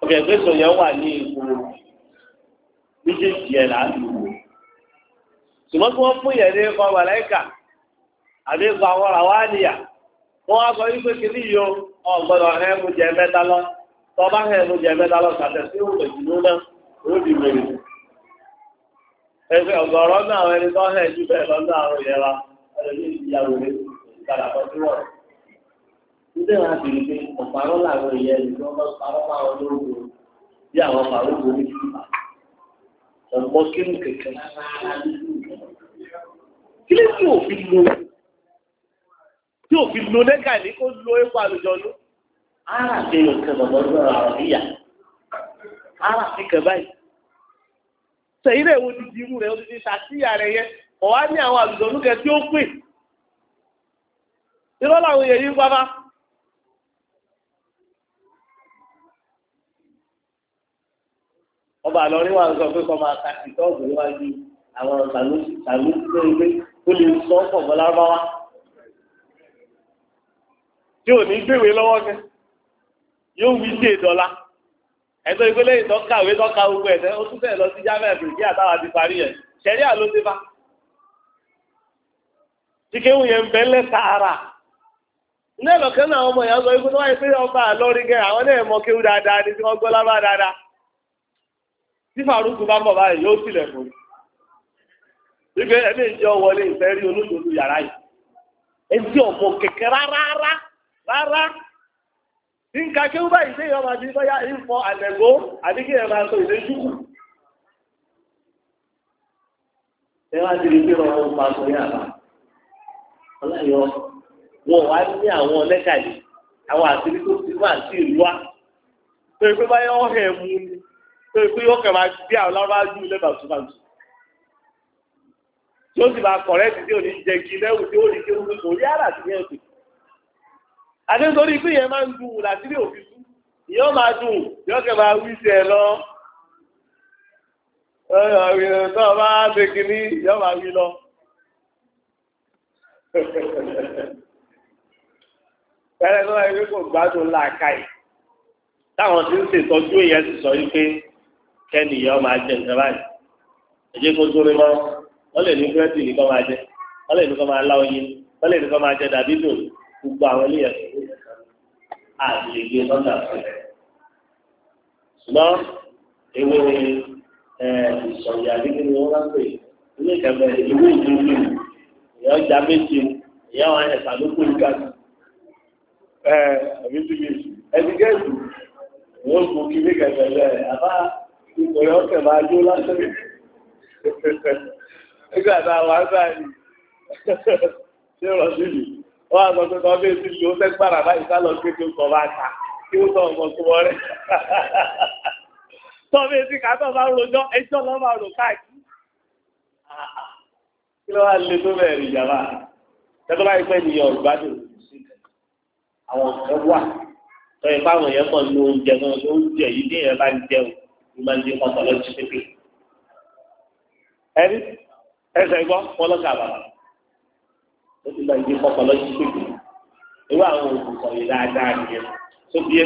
ọ̀gẹ̀gbẹ́sọ̀ yẹn wà ní ipò méjèèjì ẹ̀ láàbù. ṣùgbọ́n tí wọ́n fún yẹn ní ẹ̀kọ́ màláìkà àbí ẹ̀kọ́ àwọn ọ̀rọ̀ wá nìyà wọ́n á sọ wípé kìíní yìí o ọ̀gbọ́dọ̀ ẹ̀ jẹ mẹ́ta lọ tọ́ bá ẹ̀ jẹ mẹ́ta lọ sàtẹ̀ sí òun mèrè. ẹgbẹ́ ọ̀gọ̀rọ̀ àwọn ẹni tó hẹ̀ bẹ́ẹ̀ àrùn ìyàwó rẹ̀ ọmọ kínú kẹ̀kẹ́ kí ló tí òfin lo tí òfin lo lẹ́gà ní kó lo epo àlùjọ ló ara àti nǹkan bàbá ló ara sẹ́yìn rẹ̀ wo irú rẹ̀ sàtìyà rẹ̀ yẹ ọ̀wá ní àwọn àlùjọ ló kẹ tí ó pè irọ́ làwọn èèyàn yìí ọba àlọ́rí wa sọ pé kọ́ máa ka níwájú àwọn sàlùsì sàlùsì tó ń gbé kó lè sọ ọkọ̀ bọ́lá bá tí ò ní gbèwé lọ́wọ́ kẹ yóò wí sí ìdọ́lá ìpínlẹ̀ ìtọ́kàwé tọ́ka gbogbo ó tún bẹ̀rẹ̀ lọ sí àtàwà ti parí ẹ̀ ṣẹ̀rí ti fa yẹn ń bẹ́ ní ẹ̀lọ́kẹ́ náà ọmọ sọ ikú tó wáyé pé ọba àlọ́rí tí faruku bá mọ̀ báyìí yóò tilẹ̀ fún un wípé ẹni ìjọ wọlé ìfẹ́ rí olóṣèlú yàrá yìí etí ọmọ kẹkẹ rárá rárá nǹkan kí wọ́n máa sọ ẹ wá di wọn wá ní àwọn lẹ́kàlì àwọn àtìrí tó ti wá sí ìlú wa pé pé tó ikú yóò kẹ̀ máa bí àwọn lọ́wọ́ ju ilé bàtú bàtú tí ó sì máa kọ̀rẹ́ ti tí ò ní kí lẹ́wù tí ó ní kí ó kò rí àrà sí yẹn sùn ikú yẹn máa ń dùn wù láti rí òfin tú ìyẹn máa dùn yóò kẹ̀ máa wí sí ẹ lọ ọ̀rọ̀ tó o bá ṣe kínní yóò máa wí lọ ẹ̀rẹ́ tó wáyé pé kò gbádùn láàká táwọn tí ń ṣètọ́jú èèyàn ti sọ yìí pé kẹ́ni ìyá ọmọ ajẹ́ nǹkan báyìí ẹ̀jẹ̀ kó tó ní mọ́ wọ́n lè ní búrẹ́dì nìkan máa jẹ wọ́n lè nìkan máa lá oyin wọ́n lè nìkan máa jẹ dàbí dùn gbogbo àwọn eléyà àgbègbè lọ́dà ṣùgbọ́n ewé ìsọ̀yà gẹ́gẹ́ ni wọ́n bá pè ilé ìkẹ́fẹ́ ìwé ìdúró ìyá ọjà méje ìyá àwọn ẹ̀fà ló kó ìgbà ẹ̀ẹ́dẹ́gbẹ̀ẹ́sì ẹ̀ẹ́dẹ́gbẹ̀ẹ́sì wọ́n kò kí ilé ìkẹ́fẹ́ lẹ́ẹ̀ ìkòrè ọ̀kẹ́ máa jó lásán nígbà tá wà gbà ní ṣé rọ̀sí bá ta rojọ́ ẹjọ́ lọ́ máa káàkiri kí ló lè tó bẹ̀rẹ̀ ìjàmbá tẹ́tọ́ báyìí pẹ́ ní ọ̀gbá tó sí àwọn ọ̀sẹ̀ wà tọ́ ìfáwọn ló máa ń dín pátá lọ́jọ́ pépè. ẹni ẹsẹ̀ gbọ́ pọ́lọ́kà bàbà ó ti máa ń dín pátá lọ́jọ́ pépè. irú àwọn oògùn sọ̀rọ̀ dáadáa nìyẹn tó bí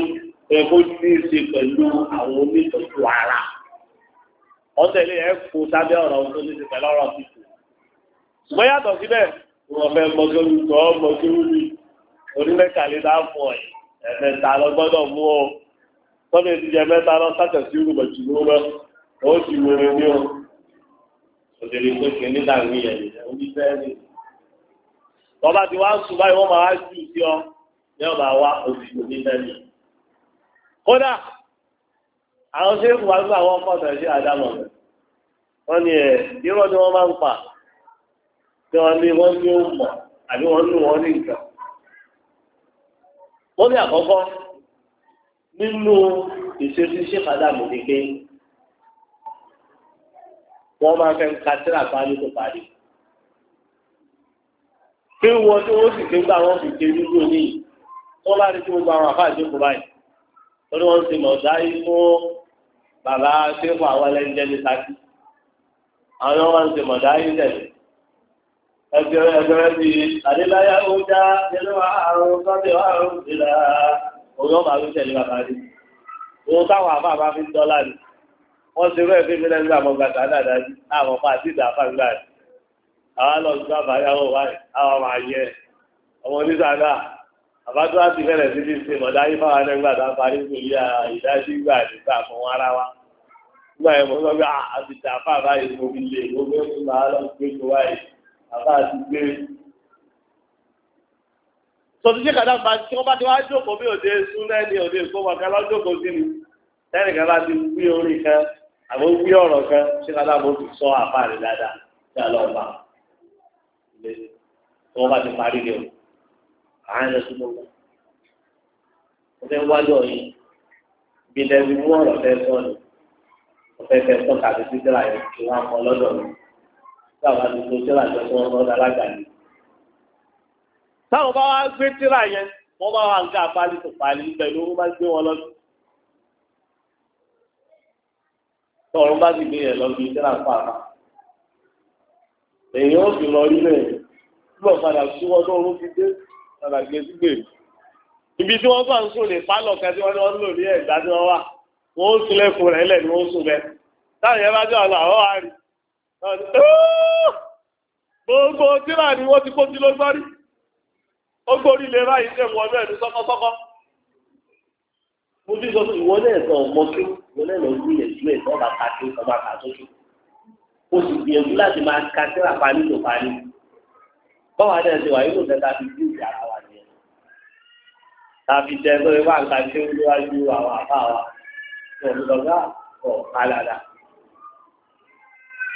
ẹ kó ní í ṣe pẹ̀lú àwọn onítọ̀jú ara. ọ̀sẹ̀ ilé ẹ̀ kó sábẹ́ ọ̀rọ̀ tó ní ti pẹ̀lú ọ̀rọ̀ fífò. ṣùgbọ́n yàtọ̀ síbẹ̀ wọ́n fẹ́ mọ̀kẹ́rù tọ́ mọ̀kẹ́rù ni onímẹ̀kàlẹ́dá fún ẹ̀ ẹ̀fẹ̀ ta lọ gbọ́dọ̀ mú ọ tọ́lá ti jẹ mẹ́ta lọ sákà sí rúbọ̀ jù ló rọ ó ti wèrè ní o òdèrè tó kì ní láàrin yẹn ní bẹ́ẹ̀ tọ́ba ti wá ń sùn báyìí wọ́n máa jù sí ọ ní ọ̀bà wa òsì ní bẹ́ẹ̀ kódà àwọn ṣé wà nígbà wọn kọ́ ọ̀sẹ̀ sí àdámọ̀ rẹ̀ wọ́n ní ẹ̀ irọ́ ni wọ́n máa ń pa tí wọ́n ní wọ́n ní ó mọ̀ àbí wọ́n ní wọ́n ní nǹkan. wọ́n ní àkọ́kọ́ nínú ìṣesí ṣèkádà mọ̀ ní pé wọ́n máa fẹ́ ka tíra parí tó parí. pé wọ́n tí wọ́n sì kéwà wọ́n fi ké dúdú ní wọ́n bá rí tí gbogbo àwọn àfáà jókòó báyìí wọ́n ní wọ́n ti mọ̀ dáyé fún bàbá sẹ́kọ̀ọ́ àwọn ẹlẹ́njẹ́ ní sákì àwọn wọn ti mọ̀ dáyé tẹ̀lé ẹgbẹ̀rẹ̀ ẹgbẹ̀rẹ̀ bíi àdébáyá ó dá nínú àrùn sọ́dẹ̀ àrùn ìlà òun ọba ló tẹ̀lé bàbá rí òun táwọn àbá bá fi ń dọ́là rí wọ́n ti rẹ́ fífi lẹ́nu gbà mọ́ gbàtà rí àwọn ọmọ àti ìdá àfà gbà rí àwọn lọ sí bàbá yàwó wáyé àwọn máa yẹ ọmọ onísàdá àbájọ láti bẹ̀rẹ̀ sí ní ṣe mọ̀dá yí fáwọn ẹgbẹ́ àti àǹfààní nítorí ìdájí gbà nígbà fún ara wa nígbà yẹn mo sọ pé àti ìdá àfà báyìí mo fi lè mo fẹ́ fún sọtú ṣe kàdá bá tí wọ́n bá ti wá jókòó bí òde súnlẹ̀ ní òde ìkọ́wà kan lọ́jọ́kọ̀ọ́ sí ni lẹ́yìn kan láti wí orin kan àbó wí ọ̀rọ̀ kan ṣe kàdá bó ti sọ àbá rẹ̀ dáadáa tí a lọ tí wọ́n bá ti parí lé o àárín ẹ̀sùn tó wọ́n. fẹ́ wájú ọ̀yìn bí lẹ́bi mú ọ̀rọ̀ fẹ́ sọ ni mo fẹ́ fẹ́ sọ kàdé sí tíra yẹn kí wọ́n kọ́ lọ́dọ̀ mi táwọn bá wá gbé tíra yẹn wọ́n bá wá nǹkan àpálí tó pálí pẹ̀lú wọ́n bá gbé wọn lọ sí. tọrọ bá sì gbé yẹn lọ bí tíra ń pa àpá. èèyàn ó sì lọ rí lẹ̀ lọ padà sí wọn tó rún fi dé padà gbé sí gbè. ibi tí wọ́n bá ń sùn lè pálọ̀ kan tí wọ́n lò ní ẹ̀gbá tí wọ́n wà wọ́n ó sùn lẹ́kùn rẹ̀ lẹ̀ ni wọ́n sùn bẹ́ẹ̀. táwọn yẹn bá jọ àlọ́ àwọn àárín. gbogbo tíra ni wọ́n ti kó sí lọ́gbọ́n rí ó lè ráyìí tẹ̀ wọ́n náà ní sọ́kọ́sọ́kọ́. mo fi sọ fún ìwọ ẹ̀sán ọmọ kí ìwọ náà lọ gbìyànjú ẹ̀ sọ́ba pàṣẹ ọba pàṣẹ o sì gbìyànjú láti máa ka síra parí tó parí báwa náà ṣe wà yóò kẹta fi bí ìjà àwa nìyẹn tàbí jẹ pé wà ń ka ṣé ó léwájú àwọn àbá wa ọ̀dọ́ lọ́gá ọ̀ kálàdà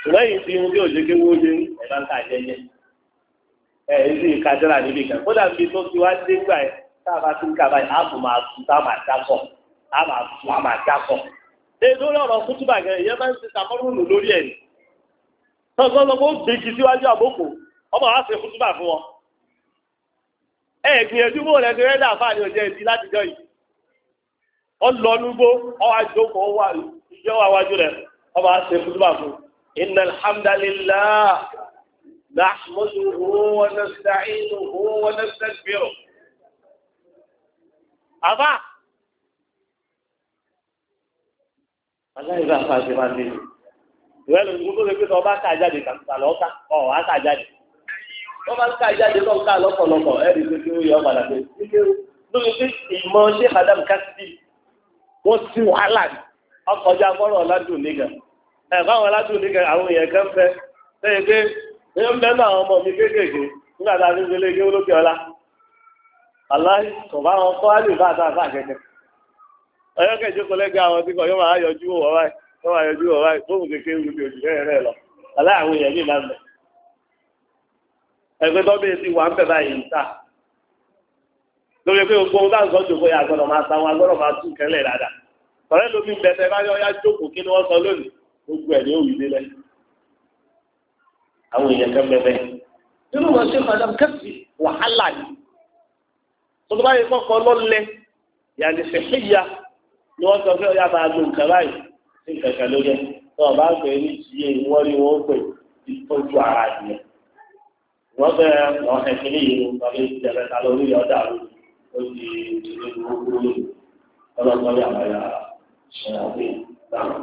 ṣùgbọ́n èyí ti ń bí òṣèké wó lé ń ta jẹ́jẹ́ ẹ ilé níbi kan kódà bí tó ti wá dé gbà ẹ káàbá tí káàbá yìí àbò máa tún tá máa dákọ̀ á máa tún á máa kútùbà gẹ̀rẹ́ ìyẹn máa ń ṣe sàmọ́rùnù lórí ẹ̀ tọ́gbọ́n lọ́gbọ́n gbèjì síwájú àbókò ọmọ wa ṣe kútùbà fún wọn. ẹ gbìyànjú bó rẹ ti rẹ́dà fáàní ọjọ́ ìdí láti jọ yìí. ọ lọ nugbó ọ wá jókòó rẹ ọmọ wa ṣe kútùbà fún. innal hamdalillah نحمده ونستعينه ونستكبره أبا Allah ìgbà fàṣẹ máa ní ìwé ló ń gbogbo pé tó bá ká jáde kà ká lọ ká ọ á ká jáde tó bá ká jáde tó ká lọ́pọ̀lọpọ̀ ẹ̀rí tó ti yọ padà pé lórí pé ìmọ̀ ṣé madam kásìtì wọ́n sí wàhálà ọkọjá fọ́rọ̀ ọ̀làdùn nìkan ẹ̀ fáwọn ọ̀làdùn nìkan àwọn èèyàn kan fẹ́ sẹ́yìn pé èyí ẹgbẹ́ tó ti wà ń bẹ̀ báyìí lórí pé gbogbo ohun táwọn kó yà gbọ́dọ̀ máa sa wọn agbọ́dọ̀ máa tún kẹ́lẹ̀ dáadáa ọ̀rẹ́ lómi bẹ̀tẹ̀ bá yọ ya jókòó kí ni wọ́n sọ lónìí gbogbo ẹ̀ ní òwì àwọn èèyàn kan bẹ́ẹ̀ bẹ́ẹ̀ wọn ṣe madam kẹ́sì wàhálà ni tọ́tọ́ báyìí kọ́kọ́ lọ́lẹ̀ yàní fẹ̀híyà ni wọ́n sọ pé ọ̀yà máa lo nǹkan báyìí sí nǹkan kan ló jẹ́ tó o bá pè é ní ìṣiyẹ ìwọ́n rí wọn pè ìtọ́jú ara nìyẹn wọ́n bẹ ọ̀hẹ́ kìíní yìí ló ọlọ́gbọ́n yàrá yàrá ṣe àgbẹ̀ náà.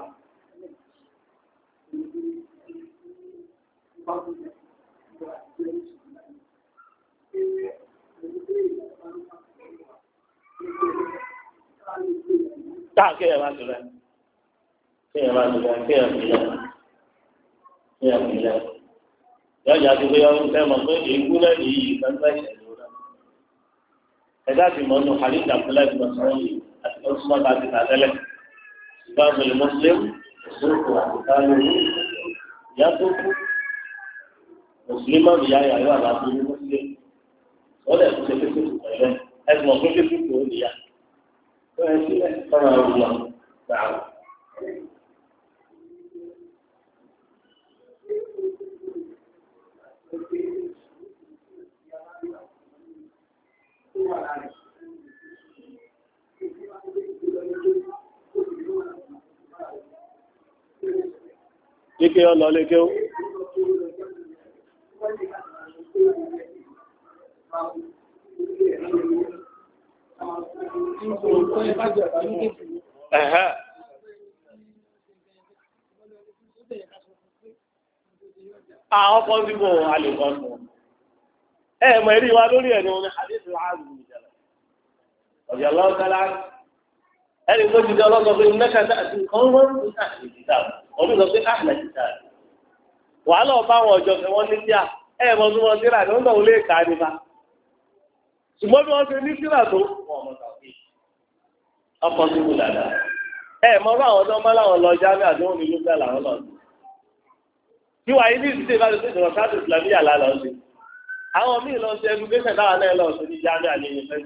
Táà kéèyàn máa dùn rẹ̀, kéèyàn máa dùn rẹ̀, kéèyàn fi lẹ̀, kéèyàn fi lẹ̀. Yọ̀ọ̀yà ti pé ọdún fẹ́ mọ̀ pé èékú náà nìyí ìgbàgbọ́ ìṣẹ̀lẹ̀ rẹ̀. Ẹ̀dá ti mọ̀ nù Hàlí Dàbúlẹ̀ ti mọ̀ sọ́rọ̀ yìí àti ọdún mọ́ta ti tà tẹ́lẹ̀. Ìgbà mọ̀lẹ́mọ́sílẹ̀, òṣèlú àti ìtàlẹ́ ìyá tó kú mùsùlùmí máa ń yá yàrá àlá tó ní mùsùlùmí wọ́n dẹ̀ tún ṣe pé kókò pẹ̀lẹ́ ẹ̀sùn ọ̀gbìn pé kókò ó nìyà tó ẹ sílẹ̀ fọ́nà ọ̀rùn lọ gbàù. Ike ọlọ́lé kéwú. Ẹ̀hẹ́. Àwọn ọkọ̀ sí mọ̀ alẹ́kọ̀ọ́ sọ. Ẹ mọ̀ èrí wa lórí ẹni wọn ni àdéṣù àrùn ìjẹ̀lẹ̀. Ọ̀yọ̀ lọ́gbẹ́lá. Ẹni tó ti jẹ́ ọlọ́gbọ́n pé mẹ́ta àti nǹkan wọ́n ń wàhálà ọba àwọn ọjọ́ fẹ́ wọ́n ní tíà ẹ̀ mọ́ tó wọ́n tíra ní lè kà á nípa ṣùgbọ́n bí wọ́n ṣe ní tíra tó ọkọ̀ tó wù dáadáa ẹ̀ mọ́ àwọn tó ń láwọn lọ ní àdéhùn ní lókè làwọn lọ sí. bí wàá yí ní ìdílé bá ti ṣe ìdìbò sáà ìsìlámíyà lá sí. àwọn míì lọ sí ẹdúgbẹ́sẹ̀ táwọn náà lọ sí ní jáde àlejò fẹ́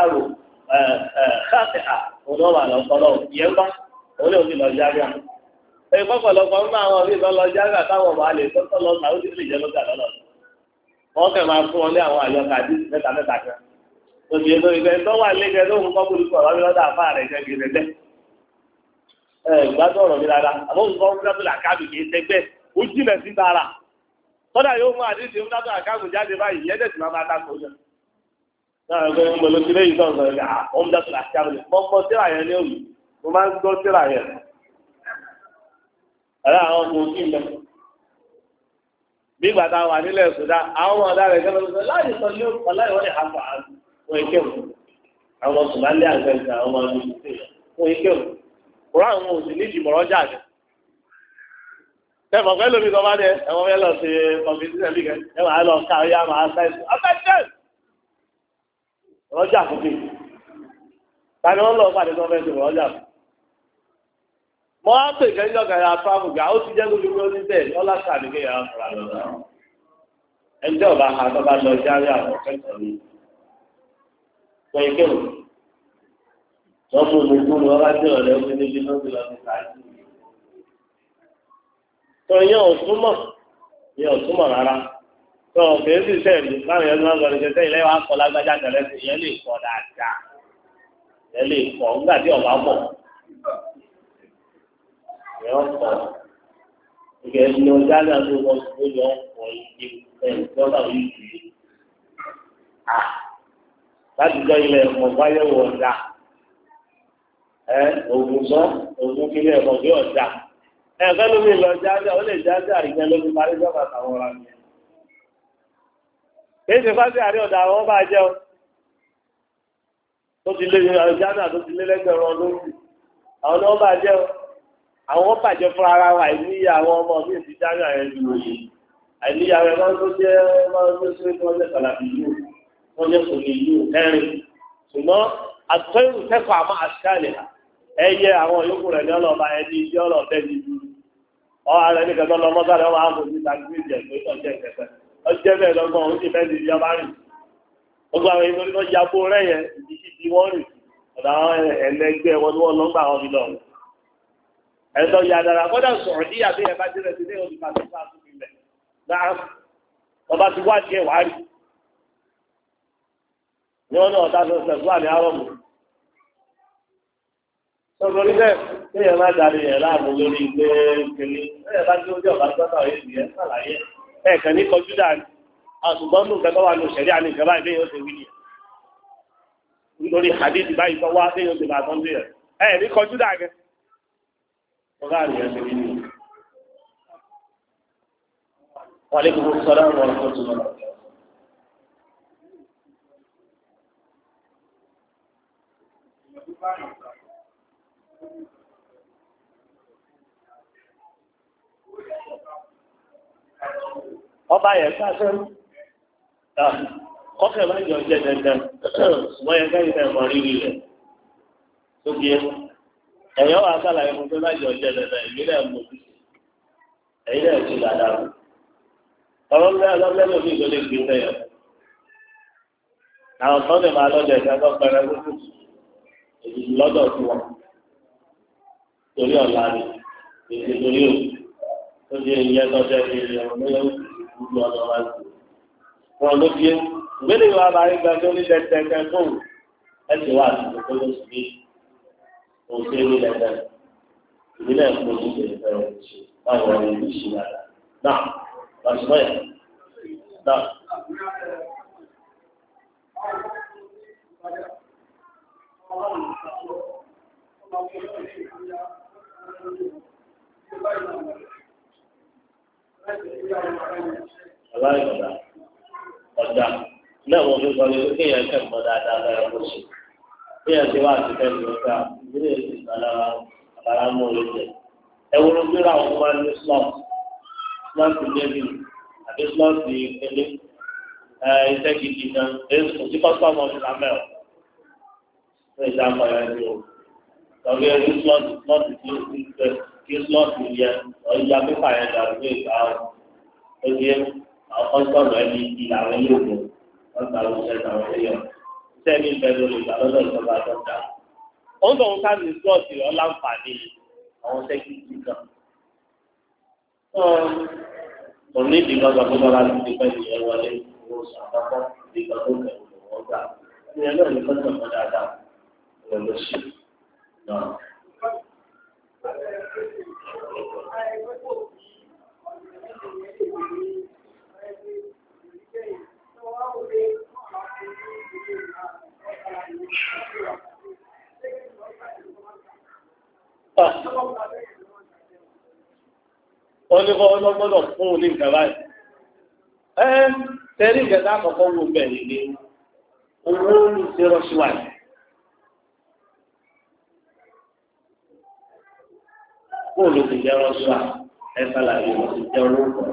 tó wọ́n káàkiri ọlọ́wà lọ́kọ́lọ́ ìyẹn bá òun ò lọ jágà. ẹ̀yìn ń bá àwọn ọ̀rẹ́ ìbọn lọ jágà táwọn ọba lè tọ́tọ́ lọ sàúdí lè jẹ́ lọ́gà lọ́lọ́. wọ́n kẹ́ máa fún ọ ní àwọn àyọkà dí mẹ́ta mẹ́ta kan. òbí ètò ìgbẹ́ tó wà lé kẹ́ lóhun kọ́ kúrú sọ̀rọ̀ mi lọ́dà àfáà rẹ̀ kẹ́ gẹ̀rẹ́ náà ẹgbẹ́ ń gbọ́dọ̀ sílẹ̀ yìí sọ̀rọ̀ sọ̀rọ̀ yà ah, wọ́n dá sílẹ̀ àti àbẹ̀lẹ̀ mọ́ mọ́ sílẹ̀ yẹn ní òyì mo máa ń gbọ́ sílẹ̀ yẹn. ẹ̀rọ àwọn ọmọ òfin lẹ bí gbàtà wà nílẹ̀ ṣùdá àwọn ọmọ ọ̀dà rẹ̀ gẹ́gẹ́ láì sọ ní ọ̀láyọ̀wọ́ ni àpò àwọn ìkẹ́wò àwọn ọmọ sùmálẹ́ àgbẹ̀ǹkà àwọn ọmọ ìkẹ́wò ìkẹ́wò kúrò àwọn òsì ní ìjìmọ̀rọ̀ jáde tẹ̀fọ̀ pẹ́ lómi kan bá dẹ ẹ̀wọ̀n fẹ́ lọ rọ́jà fúnfì tani wọ́n lọ pàdé tó fẹ́ ṣe rọ́jà fún. mọ́ á pè kẹ́jọ́ kan yà ó ti jẹ́ lójú ló ní bẹ́ẹ̀ sàmì kí yà ya fura lọ́la ẹjọ́ ọba àtọ́ba lọ járe àwọn ike ọ̀lẹ́ tó tó kèésì sẹ́ẹ̀lì báwo yẹn ló máa gbọ́dọ̀ ṣe sẹ́yìn lẹ́yìn kọ́ lágbájá tẹ̀lé sí ìyẹn lè kọ́ dáadáa ìyẹn lè kọ́ nígbà tí ọba pọ̀ kọ́ ìgbẹ́ ní ọjà náà ló wọ́n yọ ìdí ẹ̀yìn bá wí jù yìí. à láti jọ ilẹ̀ ẹ̀kọ́ báyẹ̀ ẹ ògùn sọ ògùn ẹ̀kọ́ bí lọ jáde ó lè jáde parí kéèsì fásitì àrí ọ̀dà àwọn bá jẹ́ ọ tó ti lé jádà tó ti lé lẹ́gbẹ̀rún ọdún àwọn náà jẹ́ ọ àwọn bàjẹ́ jẹ́ máa àwọn yòókù rẹ̀ ní ọlọ́ba ẹni iṣẹ́ ọlọ́ọ̀bẹ ni ọ ara ẹni kẹtọ́ lọ mọ́sálẹ̀ wọn á kò sí tàbí ìjẹ̀ ọjọ́ lọ́gbọ̀n ó sì fẹ́ lè rìn gbogbo àwọn ìwé tó yabó rẹ̀ yẹn ìdíṣì tí wọ́n rìn ọ̀dà àwọn ẹlẹgbẹ́ wọn wọ́n lọ wọn bí ẹ̀sọ́ ya dára sọ̀rọ̀ ní àbí ẹ̀fà tí rẹ̀ ti dé òbí fún àtúntò ilẹ̀ náà ọba ti wá díẹ̀ wá rí. ní wọn ní ọ̀tá tó sẹ̀ fún àmì àrọ̀ mù. sọ̀rọ̀ ẹ̀ẹ̀kan ní kọjú dáadé àṣùgbọ́n ní nǹkan tó ní òṣèré àní ìjọba ìbí yóò ṣe nítorí hadithi báyìí tó wá bí yóò ṣe bí ẹ̀ ẹ̀ ní kọjú dáadé ọgá àríyàn ṣe wí ni. wàlé gbogbo sọdá wọn lọ tó lọ. Thank you. ọba yẹn sáfẹ́ kọ́kẹ́ bá jọ jẹ dandan ṣùgbọ́n yẹn káyìí náà mọ rírì rẹ̀ tó bí ẹ̀yọ́ wa sàlàyé mo fẹ́ bá jọ jẹ dandan èmi náà mọ bí ẹ̀yìn náà ti dàda rẹ̀ ọ̀rọ̀ ń bẹ́ ọlọ́gbẹ́lẹ́ mi ló lè gbé sẹ́yọ̀ àwọn kan lè máa lọ́dọ̀ ẹ̀ka tó pẹrẹ lókùn lọ́dọ̀ tó wà torí ọ̀la rẹ̀ èyí torí òkú tó di ẹ̀yìn ẹ̀dọ́jọ́ ìrìn àwọn ọmọ gbogbo ọ̀dọ̀ wa sí. Wọ́n ló fi ìgbélé wa bá rí gbàgbé ní lẹ́tẹ̀ẹ̀tẹ̀ fún ẹ̀sìn wa àti gbogbo ló sì bí òṣè ní lẹ́tẹ̀. Ìbílẹ̀ ń pọ̀ nígbè ìfẹ́ òṣè báwo ni ìlú ṣì wà dà. Náà, lọ́sọ̀rọ̀ yẹn. Náà. Thank you aláìmọ̀dá ọ̀dà náà wọ́n fi sọ pé kéèyàn kẹ́ mọ́ dáadáa lọ́yọ̀ kó ṣe kéèyàn ti wá àti fẹ́ẹ́ lọ́gbà ìdílé èsì ìgbàlára àbára mọ́ olóòjẹ ẹwúrọ́ bí ra òun máa ń ní slọ́ọ̀t slọ́ọ̀tì débi àbí slọ́ọ̀tì pélé iṣẹ́ gidi gan kò sí kọ́sọ́ọ̀mù ọ̀sùn lámẹ́ ọ̀ fún ìjà àpọ̀yọ̀ ẹni o lọ́gbẹ́ ẹni slọ́ọ̀tì slọ́ọ̀tì tí ó ti kí slọ́ọ̀tì yẹ ọ̀ya pépà yẹn dàrú ní ìgbà oge ọ̀sọ̀rọ̀ ẹni ìlà àwọn ilé òkú wọ́n gba àwọn àwọn ilé yẹn iṣẹ́ ìgbà lọ́dọ̀ ìjọba dọ́kítà. òun tó ń ká ní slọ́ọ̀tì rẹ̀ ọ̀làǹfààní àwọn sẹ́kìtì kan. òní ìdìgbà gbà tó bára ti di pẹ́ẹ́lí ẹ wọlé owó sàkọ́kọ́ ìdìgbà tó kẹ̀wé lọ́wọ́ gbà. ẹni ẹlẹ́rìí Oníkọ́ ah. ọlọ́gbọ́dọ̀ fún un ní ìjọba ẹ̀. Ẹ tẹ́rí ìjẹta àkọ́kọ́ wo bẹ̀rẹ̀ ní owó olùsẹ́rọ̀ síwájú. Bó ló ti jẹ́ rọ́ṣà ẹ sàlàyé ló jẹ́ olóòkọ̀.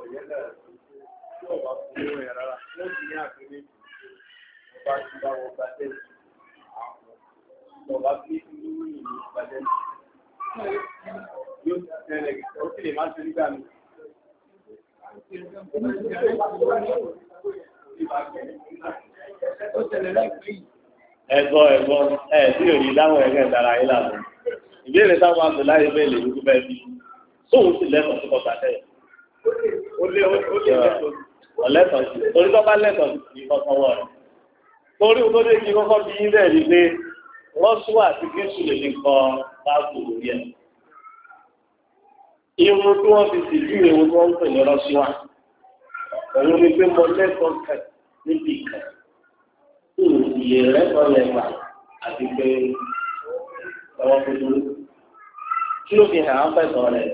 Ọ̀yẹ́dà tó wà fún ẹ̀rọ rárá, wọ́n ti ní àfihàn bá ti bá wọ gbàdẹ́sì àwọn ọba bí nínú ìlú gbàdẹ́sì yóò tẹ̀lẹ̀ ó sì lè má ti nígbà mi. Ẹ̀gbọ́n ẹ̀gbọ́n ẹ̀ tí ò ní dáhùn ẹ̀gbẹ́ ìdára yìí làbọ̀. Ìbéèrè táwọn àgbẹ̀láyé bẹ́ẹ̀ lè dúdú bẹ́ẹ̀ bí. Sóhun sì lẹ́tọ̀ọ́ sí kọ̀ọ̀tà tẹ̀yẹ̀. Ó lé ó lé sí. Ọ̀lẹ́tọ̀ọ́ bá lẹ́tọ̀ọ́ sí kọ̀ọ̀tàn rẹ̀ torí o tó lè fi bí yín bẹ́ẹ̀ pé rọ́ṣù àti gíṣù lè fi kọ́ báàbù lórí ẹ̀. irun tí wọ́n fi sì ju irun wọ́n pè ní rọ́ṣù òun ni pé mo lẹ́kọ̀ọ́ kẹ̀ níbi kẹ̀ tí mo sì yẹ lẹ́kọ̀ọ́ lẹ́gbà àti pé ọwọ́ tó dúró. kí ló fi hàn án fẹ̀sọ̀ rẹ̀?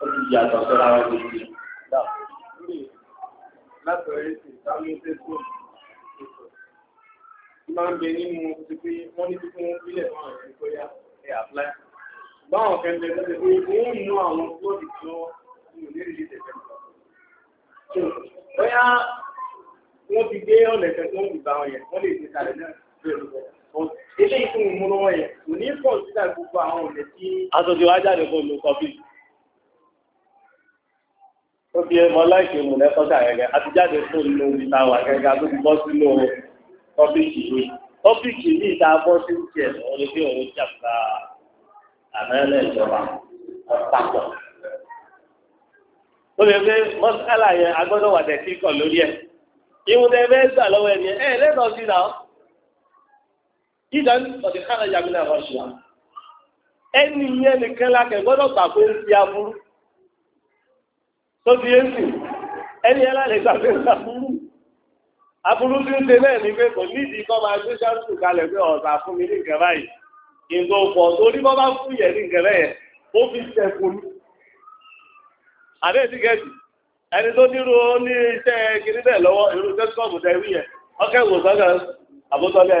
ó ti yàtọ̀ sọ́ra wọn gbèsè náà látọ̀rí sí ìtàlóṣẹ́sọ́ máa ń bẹ nínú ti pé wọ́n ní fífún ilẹ̀ fún àwọn ẹ̀kọ́ yá ẹ̀ apply. báwọn kan bẹ lọ́sẹ̀ pé wọ́n ń ná àwọn bọ́ọ̀dì tí wọ́n ń lè rí tẹ̀tẹ̀. bóyá wọ́n ti gbé ọ̀nà ẹ̀kẹ́ tó ń gbà wọn yẹn wọ́n lè ṣe kalẹ̀ náà bẹ́ẹ̀ lọ́wọ́. eléyìí fún ìmúlọ́wọ́ yẹn kò ní pọ̀ sí ó ẹ mọ láìpẹ́ mú lẹ́kọ́sà àtijáde fún inú omi ta wà gẹ́gẹ́ tó ti sínú tọ́pìkì yìí tọ́pìkì yìí ta bọ́ sí tiẹ̀ lọ́wọ́ ní bí òun jàpá àmẹ́lẹ̀ ìjọba ọ̀pàpọ̀. ó lè gbé mọ́sálà yẹn agbọ́dọ̀ wà dẹ̀ kíkọ̀ lórí ẹ̀ ìwọ̀n tẹ fẹ́ gbà lọ́wọ́ ẹ̀ ní ẹ̀ lẹ́tọ̀ọ́ sí náà ìdán ọ̀dẹ̀ kára yàgbé náà rọ̀ ṣùgbọ́n ẹni yẹn nìkan lákẹ́ gbọ́dọ̀ gbà pé ń fi aburú tó ti ẹni ẹ lálẹ́ gbàgbé aburú aburú tí ń náà ní pé kò nídìí kọ́ máa gbé sáńtù kalẹ̀ pé ọ̀sà fún mi ní báyìí nǹkan pọ̀ torí bọ́ bá fún yẹ̀ ní nǹkan bẹ́ẹ̀ ó fi ní. ẹni tó ní iṣẹ́ kiri bẹ́ẹ̀ lọ́wọ́ irú ọkẹ́ àbótọ́lẹ́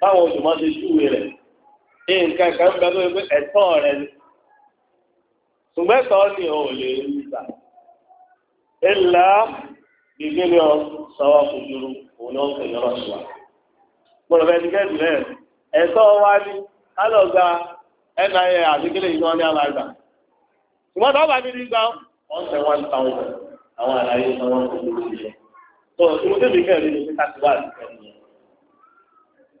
báwọn olùmọ̀ ṣe júwe rẹ̀ ní nǹkan kan bẹ tó yẹ pé ẹ̀tọ́ rẹ̀ ni ṣùgbọ́n ẹ̀tọ́ ni ò lè rí gbà ńlá gbígbé ní ọ sọ́wọ́ kùdúrú òun ló ń pè ní rọ̀ṣùwà gbọ́dọ̀ bẹ́ẹ̀ ti kẹ́ẹ̀dù rẹ̀ ẹ̀tọ́ wa ni alọ́gba ẹ̀ka ẹ̀ àdékélé yìí wọ́n ní alága ṣùgbọ́n tó bá mi rí gbà wọ́n tẹ̀ one thousand àwọn àlàyé sọ́wọ́ kùdúrú yẹn tó ìmúdébìkẹ́ rí ni ká ti wá àdékẹ́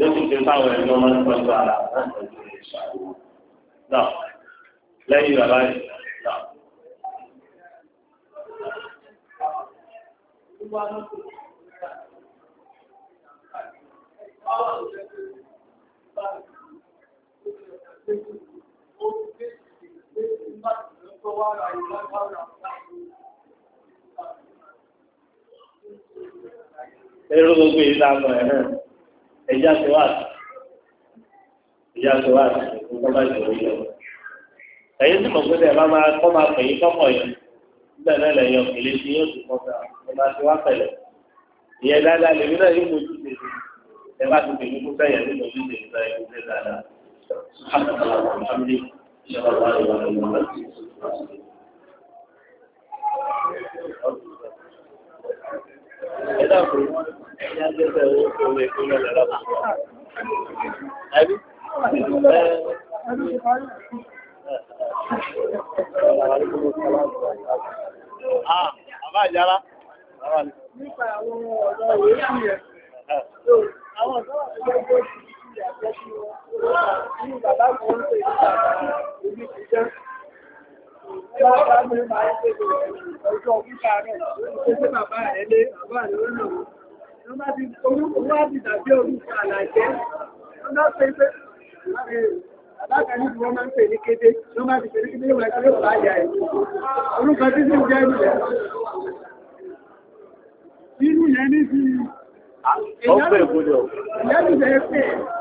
yóò sì fi fáwọn ẹni ọmọ ní pẹ̀lú ara láti ọjọ́ ìṣàkóso náà lẹ́yìn bàbá yìí náà. Èrò gbogbo ìlànà ẹ̀ náà. ẹ̀yà ṣe wá sí ìyá ṣe wá sí ìfún bá ìṣòro yẹ wọ. ẹ̀yin tí mo gbé bẹ́ẹ̀ máa máa kọ́ máa pè yín kọ́kọ̀ yẹn bẹ́ẹ̀ náà lẹ́yìn òkèlè tí yóò ti kọ́kọ́ ẹ máa ti wá pẹ̀lẹ́ ìyẹn dáadáa lèmi náà yóò mojú ṣe ẹ bá ti pè mí sẹ́yìn ní mojú ṣe ìgbà ẹ̀ kó dáadáa. Thank you ẹ̀dá kò ní ajẹ́sẹ̀ owó tó lè kó lọ lọ́la bá. Àbí? Ah, àbá ìjára. Nípa àwọn ọ̀dọ́ òwe sí ẹ̀. Àwọn ọ̀dọ́ àgbẹ̀gbẹ̀ sí ìyàgbẹ́ sí wọn. Nínú bàbá kan ń pè ní bàbá orí ti jẹ́. Àbákan ní wọ́n máa ń pè ní kéde, ló máa ti pè ní kéde ìwọ̀n ẹgbẹ̀rẹ̀ ọ̀pá àyà ẹ̀. Orúkọ tí sí jẹ́ ìrìnlẹ̀. Nínú yẹn ní ti... Ọ̀pẹ̀ ìgbòdò. Ìyẹ́